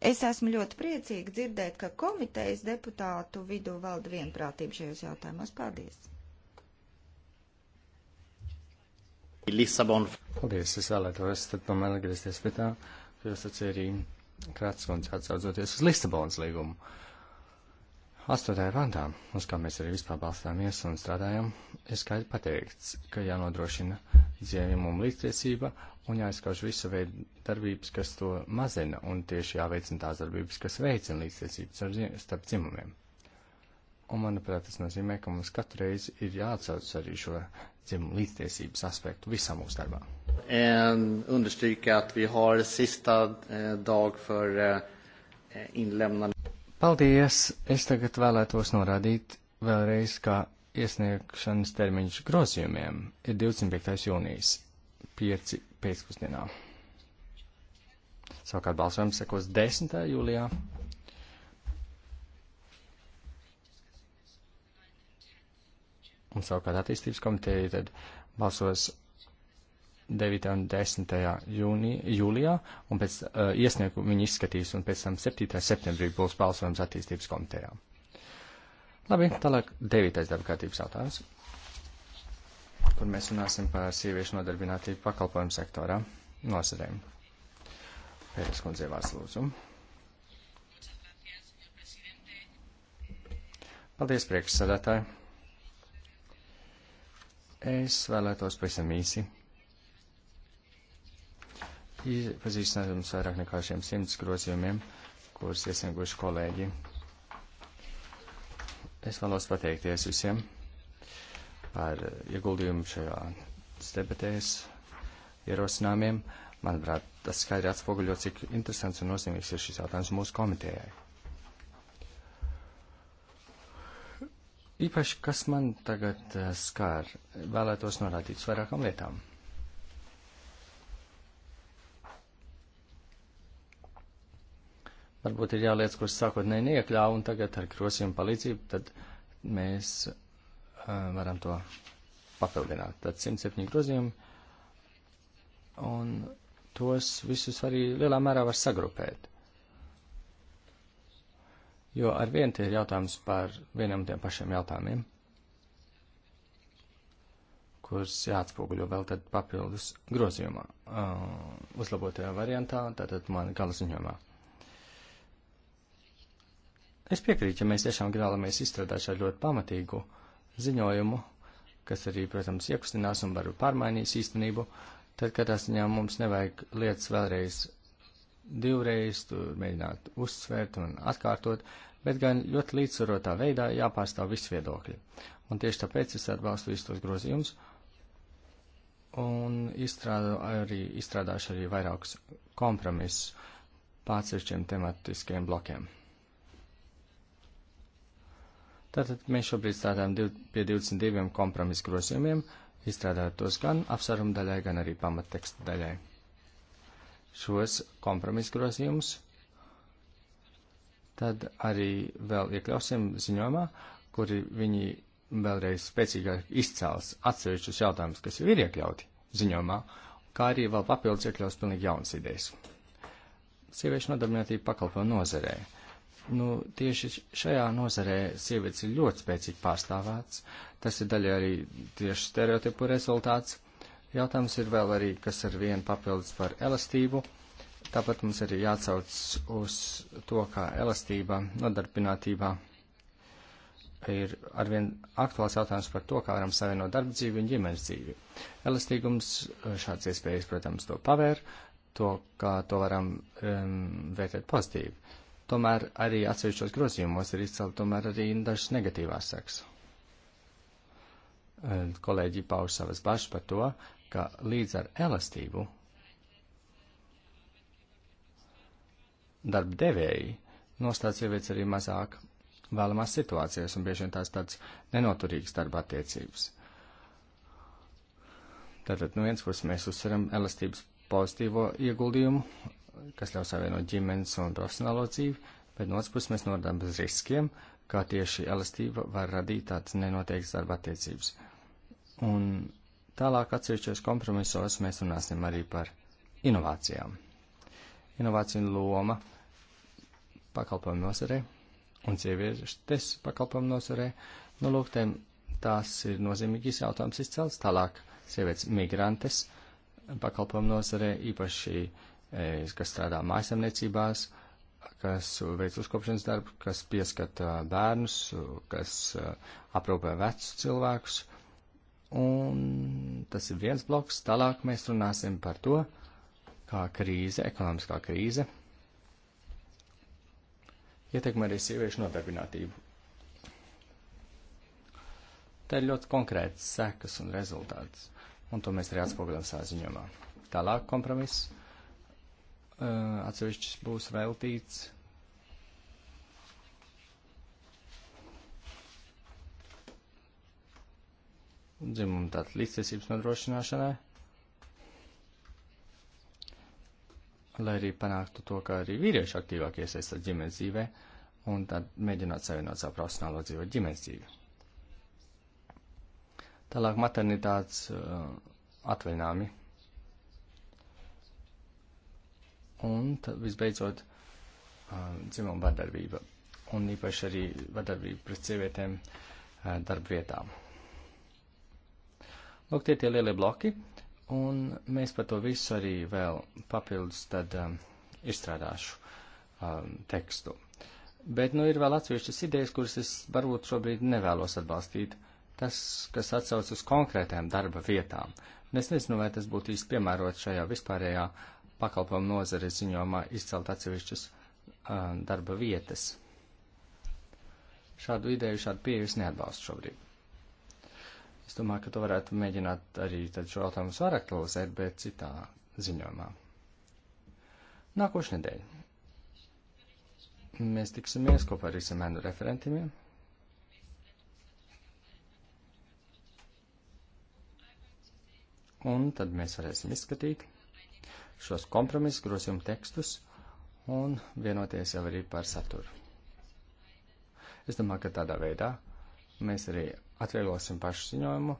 Es esmu ļoti priecīga dzirdēt, ka komitejas deputātu vidū valda vienprātība šajos jautājumos. Paldies! Lisabon. Paldies, es vēlētos tad tomēr atgriezties pie tā, jo es sacīju arī Kratskundze atsaucoties uz Lisabonas līgumu. Astotajā pantā, uz kā mēs arī vispār balstāmies un strādājam, ir skaidri pateikts, ka jānodrošina dzimumu līdztiesība un jāizskauž visa veida darbības, kas to mazina, un tieši jāveicina tās darbības, kas veicina līdztiesību starp dzimumiem. Un, manuprāt, tas nozīmē, ka mums katru reizi ir jāatsauc arī šo dzimumu līdztiesības aspektu visā mūsu darbā. Eh, eh, Paldies! Es tagad vēlētos norādīt vēlreiz, ka iesniegšanas termiņš grozījumiem ir 25. jūnijas 5. pēcpusdienā. Savukārt balsojums sekos 10. jūlijā. Un savukārt attīstības komiteja tad balsos 9. un 10. Jūni, jūlijā, un pēc uh, iesniegumu viņi izskatīs, un pēc tam 7. septembrī būs balsojums attīstības komitejām. Labi, tālāk devītais darba kārtības jautājums, kur mēs runāsim par sieviešu nodarbinātību pakalpojumu sektorā nosarēm. Pēdējais kundze vārds lūdzu. Paldies, priekšsēdētāji. Es vēlētos pavisam īsi pazīstināt jums vairāk nekā šiem simts grozījumiem, kurus iesnieguši kolēģi Es vēlos pateikties visiem par ieguldījumu šajā debatēs ierosinājumiem. Manuprāt, tas skaidri atspoguļo, cik interesants un nozīmīgs ir šis jautājums mūsu komitējai. Īpaši, kas man tagad eh, skār, vēlētos norādīt uz vairākām lietām. Varbūt ir jālietas, kuras sākotnēji neiekļāva, un tagad ar grosījumu palīdzību tad mēs uh, varam to papildināt. Tad 107 grozījumi, un tos visus arī lielā mērā var sagrupēt. Jo ar vienu tie ir jautājums par vienam tiem pašiem jautājumiem, kurus jāatspoguļo vēl tad papildus grozījumā, uh, uzlabotajā variantā, tātad man gala ziņojumā. Es piekrītu, ja mēs tiešām grālamies izstrādāt šādu ļoti pamatīgu ziņojumu, kas arī, protams, iekustinās un varu pārmainīs īstenību, tad katrā ziņā mums nevajag lietas vēlreiz divreiz tur mēģināt uzsvērt un atkārtot, bet gan ļoti līdzsvarotā veidā jāpārstāv visi viedokļi. Un tieši tāpēc es atbalstu visus tos grozījumus un izstrādu arī, izstrādāšu arī vairākus kompromisus pārsevišķiem tematiskiem blokiem. Tātad mēs šobrīd strādājam div, pie 22 kompromisu grozījumiem, izstrādājot tos gan apsvērumu daļai, gan arī pamatteksta daļai. Šos kompromisu grozījumus tad arī vēl iekļausim ziņojumā, kuri viņi vēlreiz spēcīgāk izcēls atsevišķus jautājumus, kas jau ir iekļauti ziņojumā, kā arī vēl papildus iekļaus pilnīgi jaunas idejas. Sieviešu nodarbinātība pakalpo nozarē. Nu, tieši šajā nozarē sievietes ir ļoti spēcīgi pārstāvēts. Tas ir daļa arī tieši stereotipu rezultāts. Jautājums ir vēl arī, kas ar vienu papildus par elastību. Tāpat mums arī jāatsauc uz to, kā elastība nodarbinātībā ir arvien aktuāls jautājums par to, kā varam savienot darba dzīvi un ģimenes dzīvi. Elastīgums eh, šāds iespējas, protams, to pavēr, to, kā to varam um, vērtēt pozitīvi. Tomēr arī atsevišķos grozījumos ir izcelt tomēr arī dažas negatīvās sekas. Kolēģi pauž savas bažas par to, ka līdz ar elastību darba devēji nostāda sievietes arī mazāk vēlamās situācijas un bieži vien tās tāds nenoturīgs darba attiecības. Tātad no nu viens puses mēs uzsveram elastības pozitīvo ieguldījumu, kas ļaus savienot ģimenes un profesionālo dzīvi, bet no otras puses mēs norādām bez riskiem, kā tieši elastība var radīt tādas nenoteiktas darba attiecības. Un tālāk atsevišķos kompromisos mēs runāsim arī par inovācijām. Inovāciju loma pakalpojumu nozarei un sievietes pakalpojumu nozarei, nu lūk, tiem tās ir nozīmīgīs jautājums izcelts. Tālāk sievietes migrantes pakalpojumu nozarei, īpaši uh, kas strādā mājasemniecībās, kas veic uzkopšanas darbu, kas pieskata bērnus, kas uh, aprūpē vecus cilvēkus. Un tas ir viens bloks. Tālāk mēs runāsim par to, kā krīze, ekonomiskā krīze, ietekmē arī sieviešu nodarbinātību. Tā ir ļoti konkrēts sekas un rezultāts, un to mēs arī atspoguļam savā ziņojumā. Tālāk kompromiss Eh, atsevišķs būs veltīts dzimumu tātad līdztiesības nodrošināšanai, lai arī panāktu to, ka arī vīrieši aktīvāk iesaistās ģimenes dzīvē un tad mēģināt savienot savu profesionālo dzīvi ar ģimenes dzīvi. Tālāk maternitātes uh, eh, atvaļinājumi un visbeidzot dzimuma vardarbība, un īpaši arī vardarbība pret sievietēm darbvietām. Lūk, tie tie lielie bloki, un mēs par to visu arī vēl papildus tad um, izstrādāšu um, tekstu. Bet, nu, ir vēl atsevišķas idejas, kuras es varbūt šobrīd nevēlos atbalstīt. Tas, kas atsauc uz konkrētām darba vietām. Un es nezinu, vai tas būtu īsti piemērots šajā vispārējā uh, pakalpojumu nozares ziņojumā izcelt atsevišķas um, darba vietas. Šādu ideju, šādu pieeju es neatbalstu šobrīd. Es domāju, ka to varētu mēģināt arī tad šo jautājumu vairāk aktualizēt, bet citā ziņojumā. Nākošu nedēļu mēs tiksimies kopā ar izsemēnu referentiem. Un tad mēs varēsim izskatīt šos kompromisu grozījumu tekstus un vienoties jau arī par saturu. Es domāju, ka tādā veidā mēs arī atvieglosim pašu ziņojumu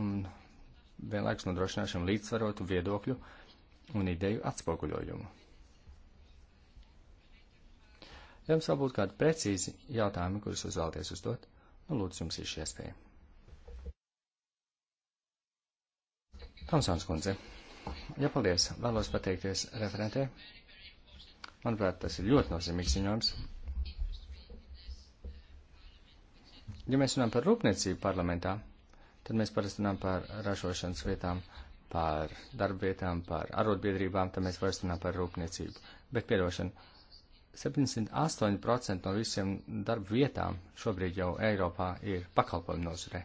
un vienlaikus nodrošināsim līdzsvarotu viedokļu un ideju atspoguļojumu. Ja jums vēl būtu kādi precīzi jautājumi, kurus jūs vēlaties uzdot, nu lūdzu jums ir šī iespēja. Tomsons kundze. Jā, paldies. Vēlos pateikties referentē. Manuprāt, tas ir ļoti nozīmīgs ziņojums. Ja mēs runājam par rūpniecību parlamentā, tad mēs parasti runājam par ražošanas vietām, par darbvietām, par arotbiedrībām, tad mēs parasti runājam par rūpniecību. Bet piedošana, 78% no visiem darba vietām šobrīd jau Eiropā ir pakalpojumu nozare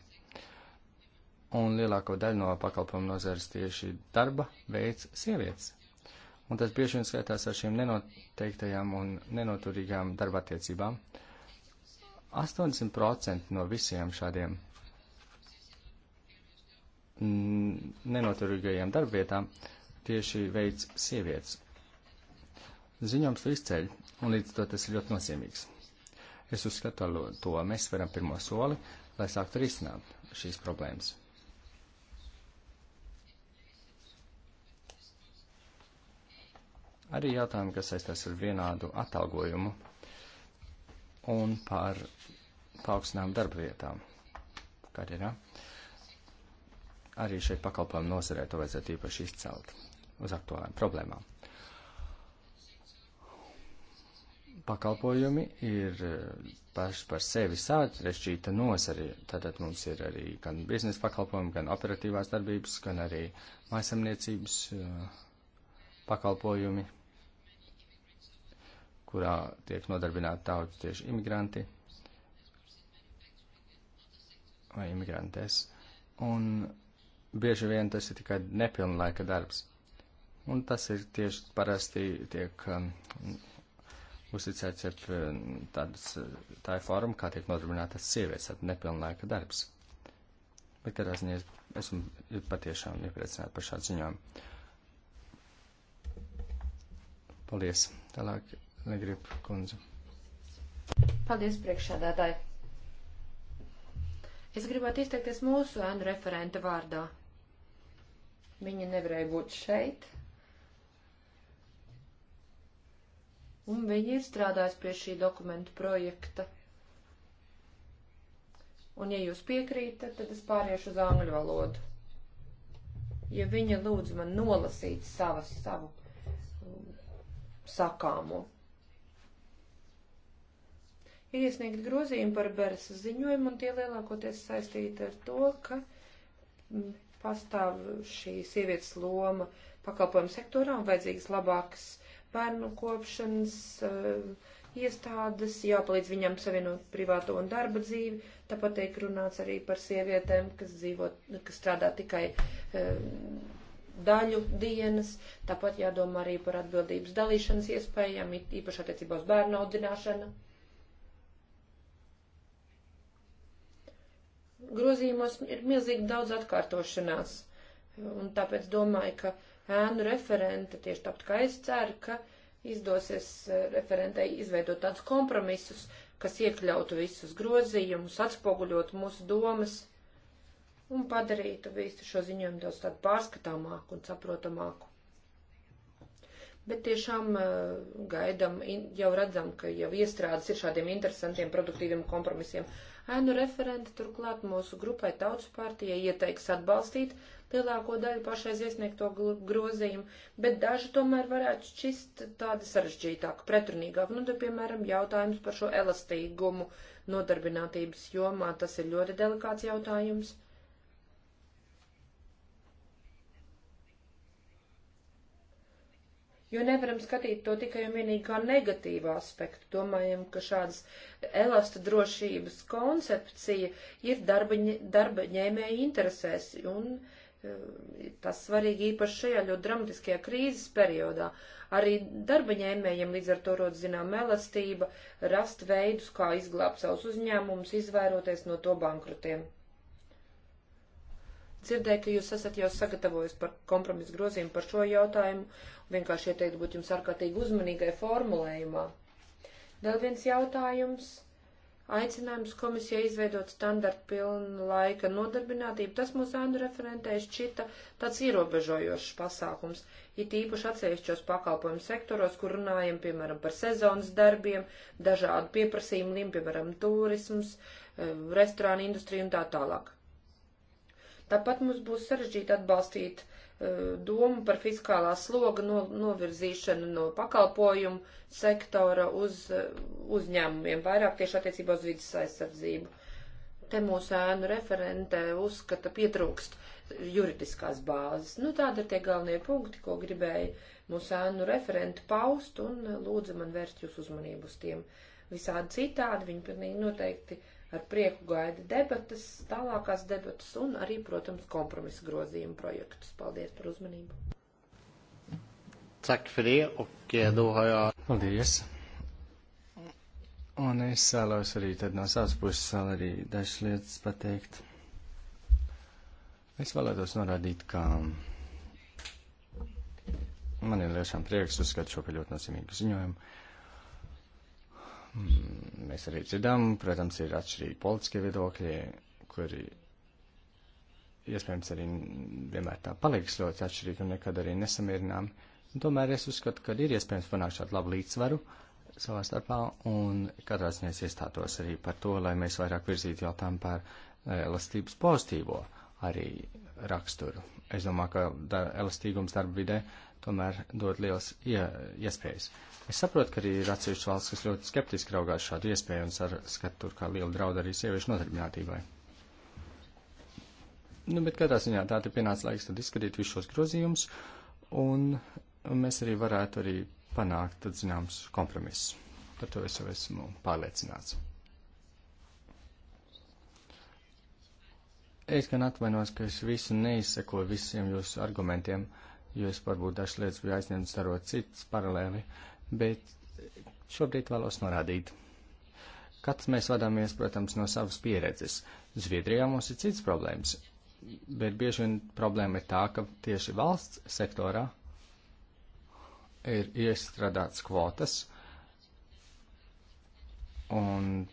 un lielāko daļu no pakalpojumu nozares tieši darba veids sievietes. Un tas bieži vien skaitās ar šīm nenoteiktajām un nenoturīgām darba attiecībām. 80% no visiem šādiem nenoturīgajiem darbvietām tieši veids sievietes. Ziņojums to izceļ, un līdz to tas ir ļoti nozīmīgs. Es uzskatu, to mēs varam pirmo soli, lai sāktu risināt šīs problēmas. Arī jautājumi, kas saistās ar vienādu atalgojumu un par paaugstinām darba vietām karjerā. Arī šeit pakalpojumu nozarē to vajadzētu īpaši izcelt uz aktuālām problēmām. Pakalpojumi ir eh, paši par sevi sārešķīta nozari. Tātad mums ir arī gan biznesa pakalpojumi, gan operatīvās darbības, gan arī mājasemniecības eh, pakalpojumi kurā tiek nodarbināti daudz tieši imigranti vai imigrantes. Un bieži vien tas ir tikai nepilnlaika darbs. Un tas ir tieši parasti tiek um, uzticēts ar um, tādas, tā ir forma, kā tiek nodarbinātas sievietes, tad nepilnlaika darbs. Bet katrā ziņā es esmu patiešām iepriecināta par šādu ziņām. Paldies. Tālāk Legrip kundze. Paldies, priekšsēdētāji. Es gribētu izteikties mūsu ēnu referenta vārdā. Viņa nevarēja būt šeit. Un viņa ir strādājusi pie šī dokumentu projekta. Un, ja jūs piekrītat, tad es pāriešu uz angļu valodu. Ja viņa lūdz man nolasīt savas, savu um, sakāmo. Ir iesniegt grozījumi par Bersas ziņojumu, un tie lielākoties saistīti ar to, ka mm, pastāv šī sievietes loma pakalpojumu sektorā un vajadzīgas labākas bērnu kopšanas eh, iestādes, jāpalīdz viņam savienot privāto un darba dzīvi. Tāpat tiek runāts arī par sievietēm, kas dzīvo, kas strādā tikai eh, daļu dienas, tāpat jādomā arī par atbildības dalīšanas iespējām, īpaši attiecībā uz bērnu audināšanu grozījumos ir milzīgi daudz atkārtošanās. Un tāpēc domāju, ka ēnu referente, tieši tāpat kā es ceru, ka izdosies eh, referentei izveidot tādus kompromisus, kas iekļautu visus grozījumus, atspoguļot mūsu domas un padarītu visu šo ziņojumu daudz tādu pārskatāmāku un saprotamāku. Bet tiešām eh, gaidam, jau redzam, ka jau iestrādes ir šādiem interesantiem, produktīviem kompromisiem. Uh, Ēnu referenti turklāt mūsu grupai tautas partijai ieteiks atbalstīt lielāko daļu pašais iesniegto grozījumu, bet daži tomēr varētu šķist tādi sarežģītāki, pretrunīgāki. Nu, te, piemēram, jautājums par šo elastīgumu nodarbinātības jomā, tas ir ļoti delikāts jautājums. jo nevaram skatīt to tikai un vienīgi kā negatīvu aspektu. Domājam, ka šādas elasta drošības koncepcija ir darba, darba ņēmēja interesēs, un eh, tas svarīgi īpaši šajā ļoti dramatiskajā krīzes periodā. Arī darba ņēmējiem līdz ar to rod zinām elastība, rast veidus, kā izglābt savus uzņēmumus, izvairoties no to bankrutiem. Dzirdēju, ka jūs esat jau sagatavojis par kompromisu grozījumu par šo jautājumu, vienkārši ieteikt būt jums ārkārtīgi uzmanīgai formulējumā. Vēl viens jautājums. Aicinājums komisijai izveidot standartu pilnu laika nodarbinātību, tas mūsu ēnu referentēji šķita tāds ierobežojošs pasākums, it īpaši atsevišķos pakalpojumu sektoros, kur runājam, piemēram, par sezonas darbiem, dažādu pieprasījumiem, piemēram, turisms, eh, restorāna industrija un tā tālāk. Tāpat mums būs sarežģīti atbalstīt uh, domu par fiskālā sloga no, novirzīšanu no pakalpojumu sektora uz uh, uzņēmumiem, vairāk tieši attiecībā uz vidas aizsardzību. Te mūsu ēnu referente uzskata pietrūkst juridiskās bāzes. Nu, tāda ir tie galvenie punkti, ko gribēja mūsu ēnu referente paust, un e, lūdzu man vērst jūs uzmanību uz tiem. Visādi citādi viņi pilnīgi noteikti uh, ar prieku gaida debatas, tālākās debatas un arī, protams, kompromisa grozījumu projektus. Paldies par uzmanību. Tak för det och eh, då nu har jag... Paldies. Un es vēlos arī tad no savas puses vēl arī dažas lietas pateikt. Es vēlētos norādīt, ka man ir liešām prieks uzskat šo par ļoti nozīmīgu ziņojumu Mm, mēs arī dzirdam, protams, ir atšķirīgi politiskie viedokļi, kuri iespējams arī vienmēr tā paliks ļoti atšķirīgi un nekad arī nesamierinām. Tomēr es uzskatu, ka ir iespējams panākt šādu labu līdzsvaru savā starpā un katrā ziņā es iestātos arī par to, lai mēs vairāk virzītu jautājumu par eh, elastības pozitīvo arī raksturu. Es domāju, ka da, elastīgums darba vidē tomēr dod liels ie, iespējas. Es saprotu, ka arī ir atsevišķas valsts, kas ļoti skeptiski raugās šādu iespēju un ar skatu tur kā lielu draudu arī sieviešu nodarbinātībai. Nu, bet katrā ziņā tā ir pienācis laiks tad izskatīt visus šos grozījumus, un mēs arī varētu arī panākt, tad zināms, kompromisu. Par to es jau esmu pārliecināts. Es gan atvainos, ka es visu neizsekoju visiem jūsu argumentiem. Uh, jo es varbūt dažas lietas biju aizņemts darot citas paralēli, bet šobrīd vēlos norādīt. Kāds mēs vadāmies, protams, no savas pieredzes. Zviedrijā mums ir cits problēmas, bet bieži vien problēma ir tā, ka tieši valsts sektorā ir iestrādāts kvotas, un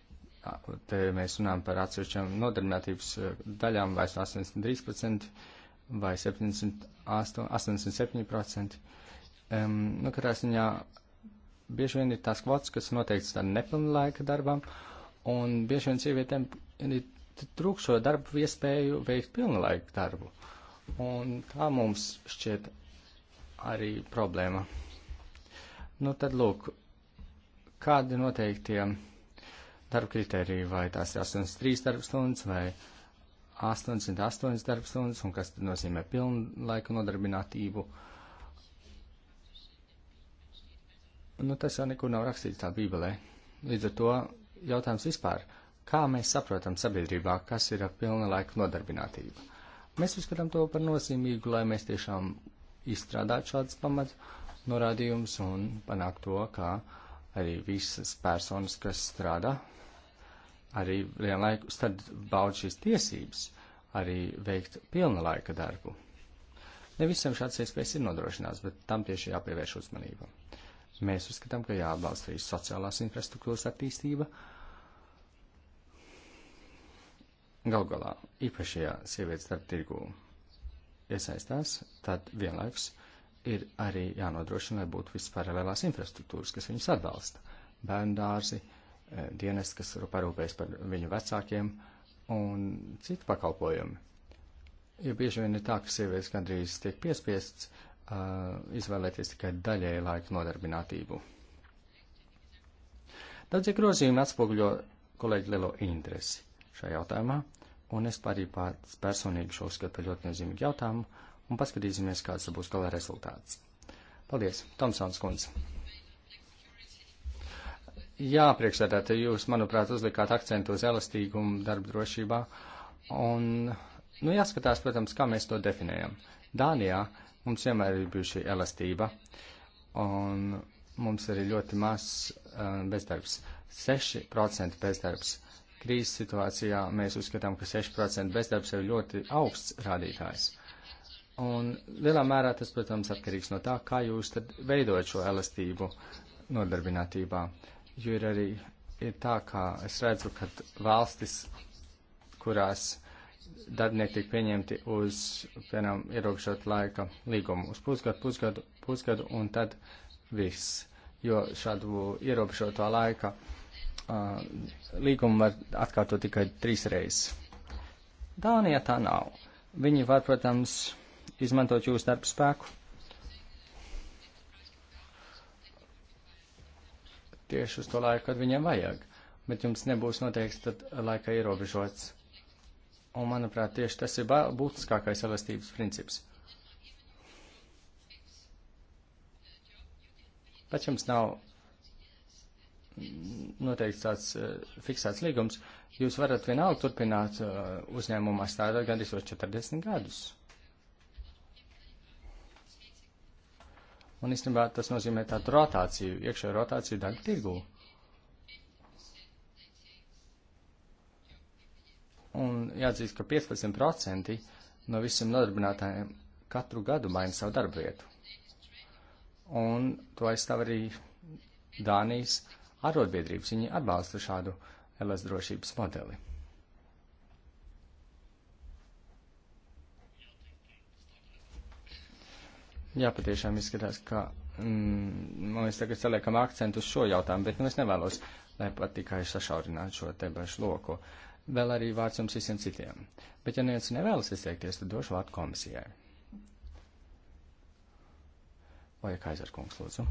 te mēs runājam par atsevišķām nodarbinātības eh, daļām, vairs 83% vai 78, 87%. Um, nu, katrā ziņā bieži vien ir tās kvotas, kas noteikts tādam nepilnlaika darbam, un bieži vien sievietēm trūkšo darbu iespēju veikt pilnlaika darbu. Un tā mums šķiet arī problēma. Nu, tad lūk, kādi noteikti darba kritēriji, vai tās ir 83 darba stundas, vai 88 darbstundas, un kas nozīmē pilnu laiku nodarbinātību. Nu, tas jau nekur nav rakstīts tā bībelē. Līdz ar to jautājums vispār, kā mēs saprotam sabiedrībā, kas ir pilna laika nodarbinātība. Mēs uzskatām to par nozīmīgu, lai mēs tiešām izstrādātu šādas pamat norādījumus un panāktu to, ka arī visas personas, kas strādā arī vienlaikus tad baud šīs tiesības arī veikt pilna laika darbu. Ne visiem šāds iespējas ir nodrošināts, bet tam tieši jāpievērš uzmanība. Mēs uzskatām, ka jāatbalsta arī sociālās infrastruktūras attīstība. Gal galā, īpašajā sievietes darba tirgū iesaistās, tad vienlaiks ir arī jānodrošina, lai būtu viss paralēlās infrastruktūras, kas viņus atbalsta. Bērndārzi, dārzi, Eh, dienas, kas parūpējas par viņu vecākiem un citu pakalpojumu. Jo bieži vien ir tā, ka sievietes gandrīz tiek piespiests uh, izvēlēties tikai daļēju laiku nodarbinātību. Daudzie grozījumi atspoguļo kolēģi lielo interesi šajā jautājumā, un es arī pats personīgi šo uzskatu par ļoti nozīmīgu jautājumu, un paskatīsimies, kāds būs galā rezultāts. Paldies, Tomsons kundze! Jā, priekšsēdētāji, jūs, manuprāt, uzlikāt akcentu uz elastīgumu darba drošībā. Un, nu, jāskatās, protams, kā mēs to definējam. Dānijā mums vienmēr ir bijuši elastība, un mums ir ļoti maz uh, bezdarbs. 6% bezdarbs. Krīzes situācijā mēs uzskatām, ka 6% bezdarbs ir ļoti augsts rādītājs. Un lielā mērā tas, protams, atkarīgs no tā, kā jūs tad veidojat šo elastību nodarbinātībā. Uh, Jo ir arī ir tā, ka es redzu, ka valstis, kurās darbinieki tiek pieņemti uz, piemēram, ierobežot laika līgumu, uz pusgadu, pusgadu, pusgadu un tad viss. Jo šādu ierobežoto laika uh, līgumu var atkārtot tikai trīs reizes. Dānijā tā nav. Viņi var, protams, izmantot jūsu darba spēku, tieši uz to laiku, kad viņiem vajag, bet jums nebūs noteikts tad laika ierobežots. Un, manuprāt, tieši tas ir būtiskākais elastības princips. Pat jums nav noteikts tāds uh, fiksēts līgums, jūs varat vienalga turpināt uh, uzņēmumā strādāt gandrīz 40 gadus. Un īstenībā tas nozīmē tādu rotāciju, iekšēju rotāciju darba tirgū. Un jāatzīst, ka 15% no visiem nodarbinātājiem katru gadu maina savu darbu vietu. Un to aizstāv arī Dānijas arotbiedrības. Viņi atbalsta šādu LS drošības modeli. Jā, patiešām izskatās, ka mm, mēs tagad saliekam akcentu uz šo jautājumu, bet nu, es nevēlos, lai pat tikai sašaurinātu šo debašu loku. Vēl arī vārds jums visiem citiem. Bet, ja neviens nevēlas izteikties, tad došu vārdu komisijai. Vai Kaisarkungs, lūdzu?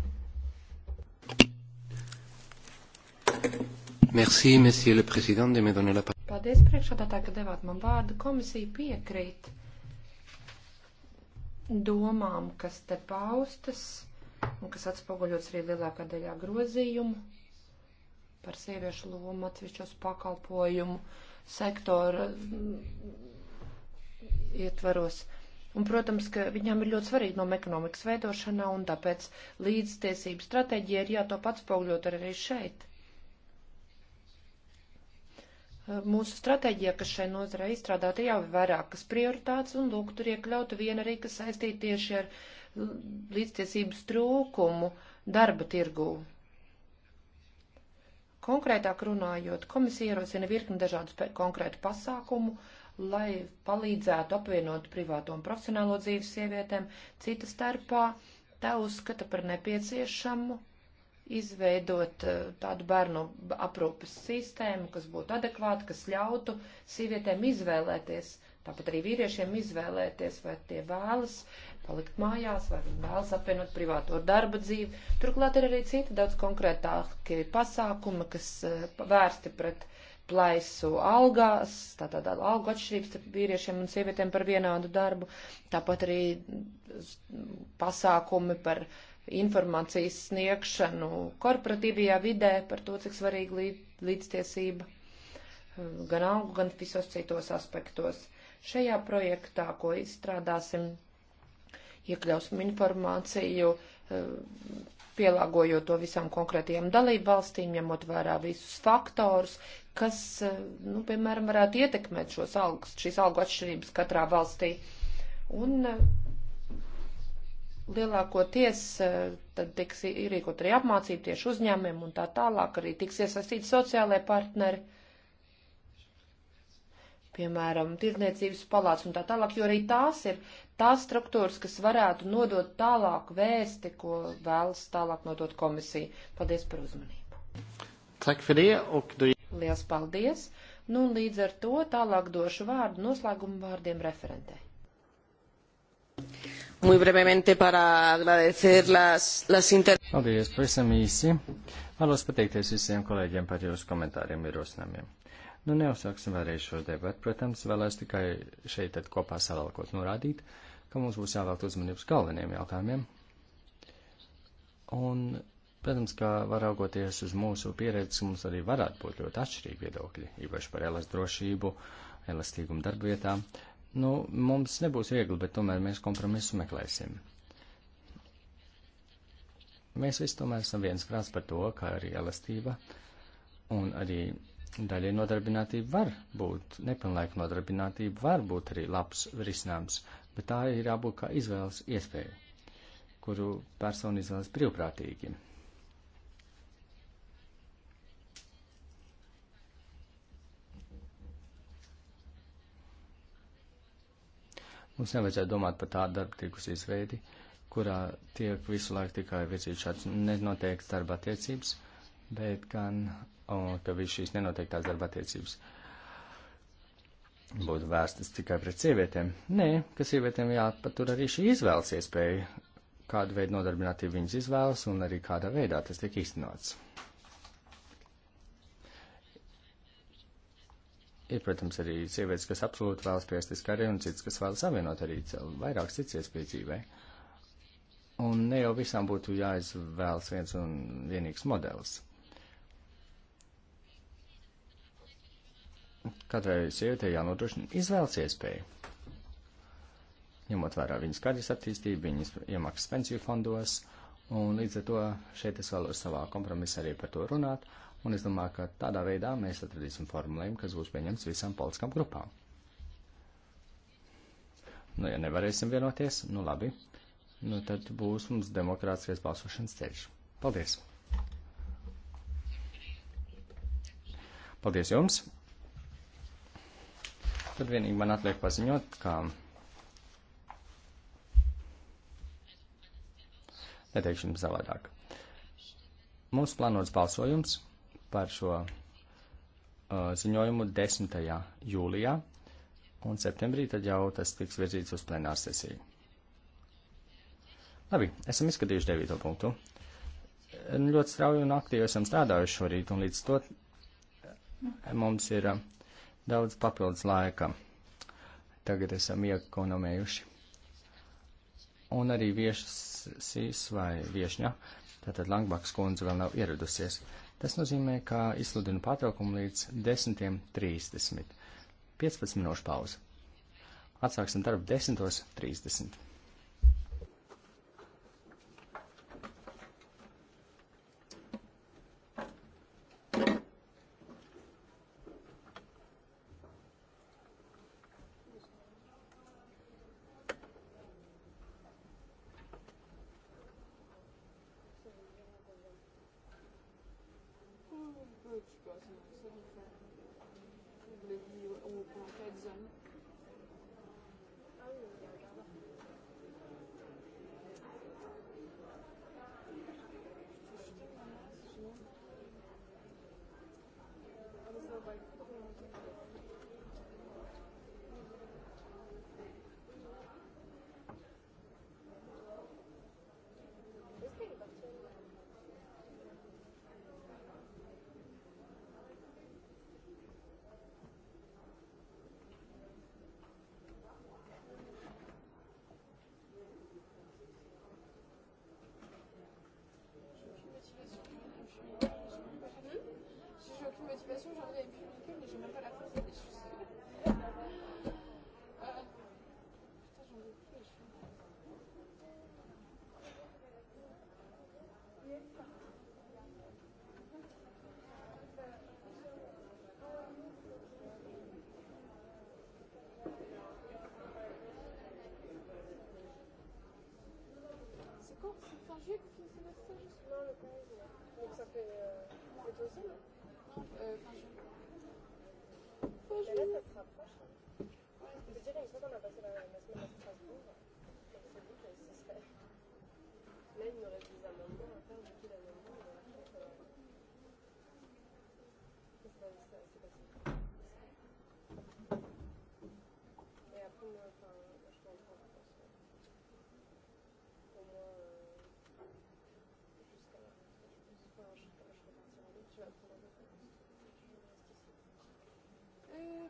Merci, monsieur le président, de me donner la parole. Paldies, priekšādātāji, ka devāt man vārdu. Komisija piekrīt domām, kas te paustas un kas atspoguļots arī lielākā daļā grozījumu par sieviešu lomu atsevišķos pakalpojumu sektora mm, ietvaros. Un, protams, ka viņām ir ļoti svarīgi no ekonomikas veidošanā, un tāpēc līdztiesību stratēģija ir jātop atspoguļot arī šeit. Mūsu stratēģija, kas šai nozarē izstrādāta, jau ir vairākas prioritātes, un lūk, tur iekļauta viena arī, kas saistīta tieši ar līdztiesības trūkumu darba tirgū. Konkrētāk runājot, komisija ierosina virkni dažādu konkrētu pasākumu, lai palīdzētu apvienot privāto un profesionālo dzīves sievietēm, cita starpā tā uzskata par nepieciešamu izveidot eh, tādu bērnu aprūpas sistēmu, kas būtu adekvāta, kas ļautu sievietēm izvēlēties, tāpat arī vīriešiem izvēlēties, vai tie vēlas palikt mājās, vai viņi vēlas apvienot privāto darba dzīvi. Turklāt ir arī citi daudz konkrētākie pasākumi, kas eh, vērsti pret plaisu algās, tātad algu atšķirības starp vīriešiem un sievietēm par vienādu darbu, tāpat arī mm, pasākumi par uh, informācijas sniegšanu korporatīvajā vidē par to, cik svarīga līdztiesība eh, gan augu, gan visos citos aspektos. Šajā projektā, ko izstrādāsim, iekļausim informāciju, eh, pielāgojot to visām konkrētajām dalību valstīm, ņemot vērā visus faktorus, kas, eh, nu, piemēram, varētu ietekmēt šos algas, šīs algu atšķirības katrā valstī. Un lielākoties eh, tad tiks rīkot arī apmācību tieši uzņēmiem un tā tālāk, arī tiks iesaistīti sociālai partneri, piemēram, tirdzniecības palāts un tā tālāk, jo arī tās ir tās struktūras, kas varētu nodot tālāk vēsti, ko vēlas tālāk nodot komisija. Paldies par uzmanību. Tak for det, ok, du... Liels paldies. Nu, līdz ar to tālāk došu vārdu noslēguma vārdiem referentei. Muy brevemente para agradecer las, las inter... Paldies, pavisam īsi. Vēlos pateikties visiem kolēģiem par jūsu komentāriem un ierosinājumiem. Nu, neuzsāksim vēlreiz šo debatu, protams, vēlēs tikai šeit tad kopā savalkot norādīt, ka mums būs jāvēlkt uzmanības galveniem jautājumiem. Un, protams, ka var augoties uz mūsu pieredzi, mums arī varētu būt ļoti atšķirīgi viedokļi, īpaši par elas drošību, elastīgumu darbvietām. vietām Nu, mums nebūs viegli, bet tomēr mēs kompromisu meklēsim. Mēs visi tomēr esam viens prāts par to, ka arī elastība un arī daļai nodarbinātība var būt, nepilnlaika nodarbinātība var būt arī labs risinājums, bet tā ir jābūt kā izvēles iespēja, kuru persona izvēlas brīvprātīgi. Mums nevajadzētu domāt par tādu darba tikusīs veidi, kurā tiek visu laiku tikai virzīts šāds nenoteikts darba attiecības, bet gan, o, ka visu šīs nenoteiktās darba attiecības būtu vērstas tikai pret sievietēm. Nē, ka sievietēm jāpatur arī šī izvēles iespēja, kādu veidu nodarbinātību viņas izvēlas un arī kādā veidā tas tiek īstenots. Ir, protams, arī sievietes, kas absolūti vēlas piesties karē, un citas, kas vēlas savienot arī vairākas citas iespējas dzīvē. Un ne jau visām būtu jāizvēlas viens un vienīgs modelis. Katrai sievietei jānodrošina izvēles iespēja. Ņemot vērā viņas karjeras attīstību, viņas iemaksas pensiju fondos, un līdz ar to šeit es vēlos savā kompromisā arī par to runāt Un es domāju, ka tādā veidā mēs atradīsim formulējumu, kas būs pieņemts visām politiskām grupām. Nu, ja nevarēsim vienoties, nu labi, nu tad būs mums demokrātiskais balsošanas ceļš. Paldies! Paldies jums! Tad vienīgi man atliek paziņot, ka. Neteikšu jums savādāk. Mums plānots balsojums par šo uh, ziņojumu 10. jūlijā, un septembrī tad jau tas tiks virzīts uz plenāru sesiju. Labi, esam izskatījuši 9. punktu. Ļoti strauji un aktīvi esam strādājuši šorīt, un līdz to mums ir uh, daudz papildus laika. Tagad esam iekonomējuši. Un arī viešas vai viešņa, tātad Langbaks kundze vēl nav ieradusies. Uh, Tas nozīmē, ka izsludinu pārtraukumu līdz 10.30. 15 minūšu pauze. Atsāksim darbu 10.30.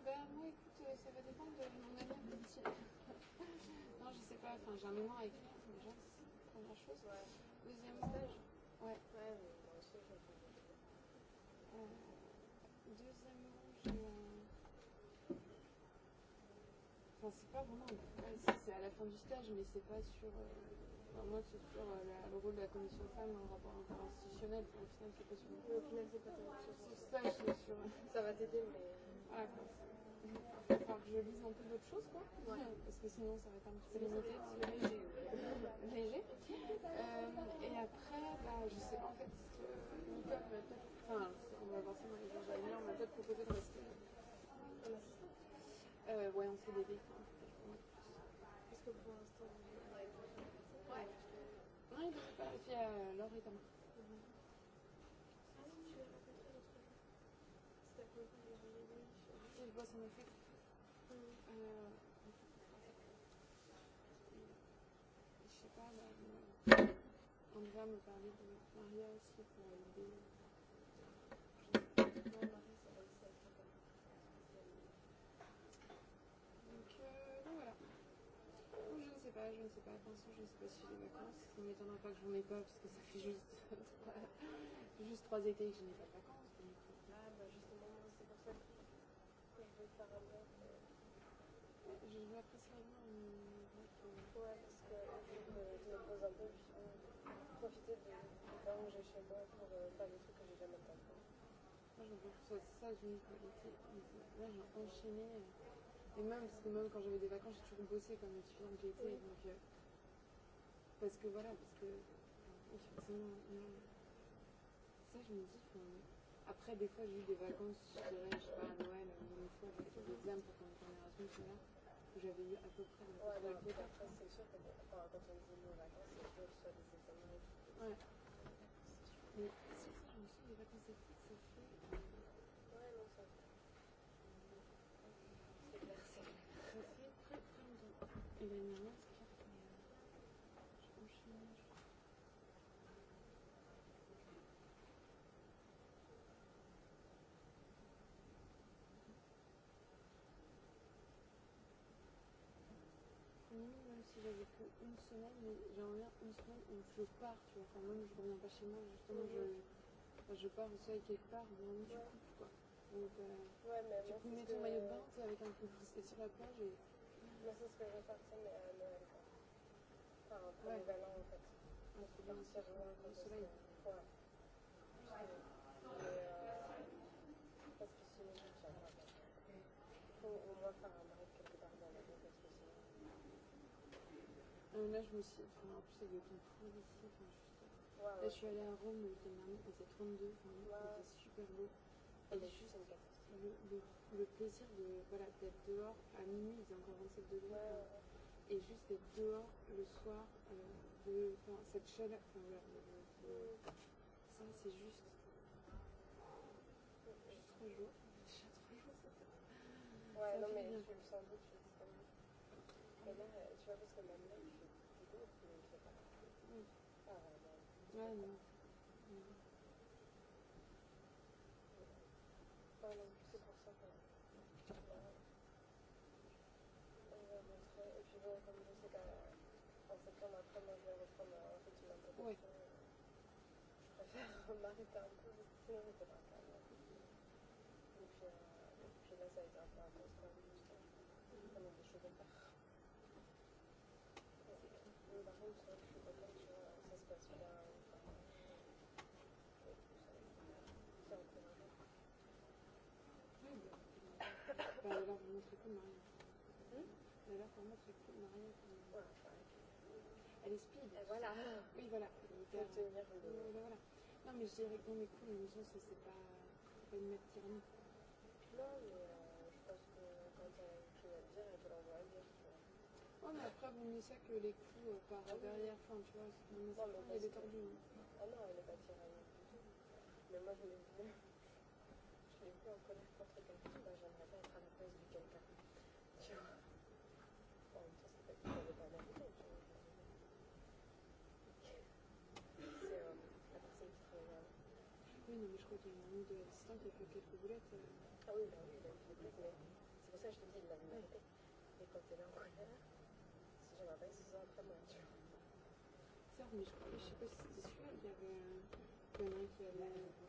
bah moi écoute, euh, ça va dépendre de mon avenir politique. *laughs* non, je sais pas, enfin j'ai un mémoire à écrire, faut déjà, c'est la première chose. Ouais. Deuxièmement, stage. Ouais. Ouais, mais moi aussi je vais faire euh, Deuxièmement, j'ai un. Enfin, c'est pas vraiment. Ouais, si, c'est à la fin du stage, mais c'est pas sur. Euh... Enfin, moi, c'est sur euh, la, le rôle de la commission femme en rapport interinstitutionnel. Enfin, au final, c'est pas sur. Oui, au final, c'est pas sur. Sur stage, c'est sur. Euh, ça va t'aider, mais. Voilà, ah, quoi je lise un peu d'autres choses, quoi. Ouais. Parce que sinon, ça va être un petit peu limité. Léger. Léger. Euh, et après, bah, je sais pas, en fait, Nicole m'a peut-être. Enfin, on va voir ça dans les jours à venir. On m'a peut-être proposé de rester en euh, assistant. Euh, ouais, on fait des vies, quoi. Parce que pour l'instant, on a été. Ouais. Non, il n'avait pas. Et puis, euh, Laure et Thomas. Mm-hmm. Ah oui, tu l'as rencontré l'autre jour. C'était à cause de. Il bosse en Afrique je sais pas, là, on va me parler de Maria aussi pour aider. Donc, euh, donc voilà. Donc, je ne sais pas, je ne sais pas. Pour l'instant, je ne sais pas si j'ai des vacances. Ça ne m'étonnera pas que j'en ai pas parce que ça fait juste, juste trois étés que je n'ai pas de vacances. Donc, là, bah, justement, c'est pour ça que je vais faire un je vois pas vraiment une voiture. Ouais, parce que je me pose un peu, profiter du temps que j'ai chez moi pour euh, faire des trucs que j'ai jamais fait. Moi, je veux que ça, je me qualité. Là, j'ai enchaîné. Et même, parce que même quand j'avais des vacances, j'ai toujours bossé comme étudiante que j'étais. Oui. Donc, euh, parce que voilà, parce que. Effectivement, non. Ça, je me dis, faut. Après, des fois, j'ai eu des vacances, je dirais, je sais pas, à Noël, une fois, j'ai fait des examens pour qu'on ait un Erasmus, là que j'avais eu à peu près le ouais, non, mais après, c'est sûr que enfin, quand on est venu aux vacances, c'est toujours soit des examens. Ouais. Mais si, si, je me souviens des vacances d'été, ça fait. Euh, ouais, non, ça fait. C'est clair, c'est clair. Ça fait très, très longtemps. Et l'année dernière, si j'avais que une semaine, mais j'aimerais bien une semaine où je pars, tu vois. Enfin, même je reviens pas chez moi, justement, mm -hmm. je, je, je pars aussi avec quelque part, vraiment, ouais. tu coupes, quoi. Donc, euh, ouais, mais tu moi, peux mettre ton maillot de bain, tu sais, avec un peu de sur la plage et... Moi, c'est ce que je vais partir, mais à Noël, quoi. Enfin, pour ouais. les en fait. Ah, c'est bien, c'est vraiment le soleil. Ouais. ouais. Et, euh, parce que sinon, je ne tiens pas. Il faut au moins faire un bain. Euh, là, je me suis. Enfin, en plus, il y a une prise ici. Enfin, juste... Euh, ouais, ouais. Là, je suis allée à Rome le week-end dernier, il faisait 32. Enfin, ouais. Il était super beau. Elle est juste en le, le, le plaisir de voilà d'être dehors à minuit, il faisait encore 27 degrés. Ouais, ouais. Et juste d'être dehors le soir, euh, de, enfin, cette chaleur. Enfin, voilà, de, de, de, mm. ça, c'est juste. Juste trois jours. Déjà trois jours, ça fait. Ouais, ça non, fait mais bien. tu le sens beaucoup, tu le sens beaucoup. Et là, tu vois, parce que ma mère. Ouais, non. Mmh. Voilà, c'est pour ça que. Euh, et puis, bon, comme je sais qu'en septembre après, moi je vais reprendre un petit peu de Oui. Je préfère m'arrêter un peu, sinon je ne sais pas. Bayram Mutlu Maya. Hmm? Bayram Mutlu Maya. Elle est speed. Et voilà. Oui, voilà. Hyper... Tenir le... voilà, voilà. Non, mais je dirais que dans mes cours, les gens, c'est pas, pas une matière tyrannie. Non, mais euh, je pense que quand elle a une chose à dire, elle peut l'envoyer à dire. Ouais, mais après, vaut mieux ça que les coups euh, par ah, oui. derrière, enfin, tu vois, non, mais non, mais pas, elle est tordue. Hein. Ah non, elle est pas tyrannique du tout. Mais moi, je l'ai vu. *laughs* Je l'ai vu en colère c'est comme ça, bah, j'aimerais bien être à la place de quelqu'un. Tu vois En même temps, c'est pas que vous n'avez pas mérité, tu vois. C'est euh, la personne qui travaille là. Oui, non, mais je crois qu'il y a une amie de l'assistante qui a fait quelques boulettes. Euh... Ah oui, bah oui, il a fait des boulettes, mais c'est pour ça que je te dis, il l'avait mérité. Mais quand elle est en colère, si j'en avais, ce serait après moi, tu vois. Certes, mais je, je sais pas si c'était celui-là, il y avait. Il y en a un qui avait.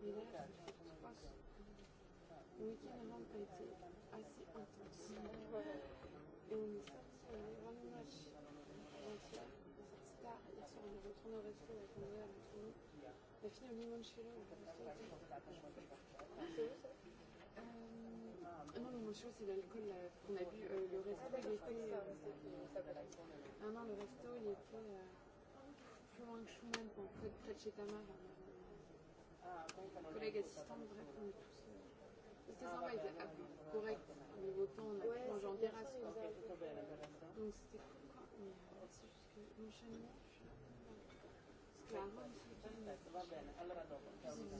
Le week-end avant ça a été assez intense. Et on est sorti, on avait vraiment le match avant-hier. On est sorti tard, hier soir on est retourné au resto avec mon gars, avec nous. On a fini au moment de chez là, on est resté au C'est où ça euh, non, le manchot, c'est l'alcool euh, qu'on a bu. Euh, le resto, ah, il était. Euh, ah non, le resto, il était euh, plus loin que Schumann, près de chez Tamar. Euh, collègues assistants nous répondent tous. Euh, c'était sympa, ils étaient corrects. En les votant, on a ouais, pu manger en terrasse. Quoi. Donc c'était cool. Quoi. Mais euh, c'est juste que l'enchaînement, euh, je suis là. C'était euh,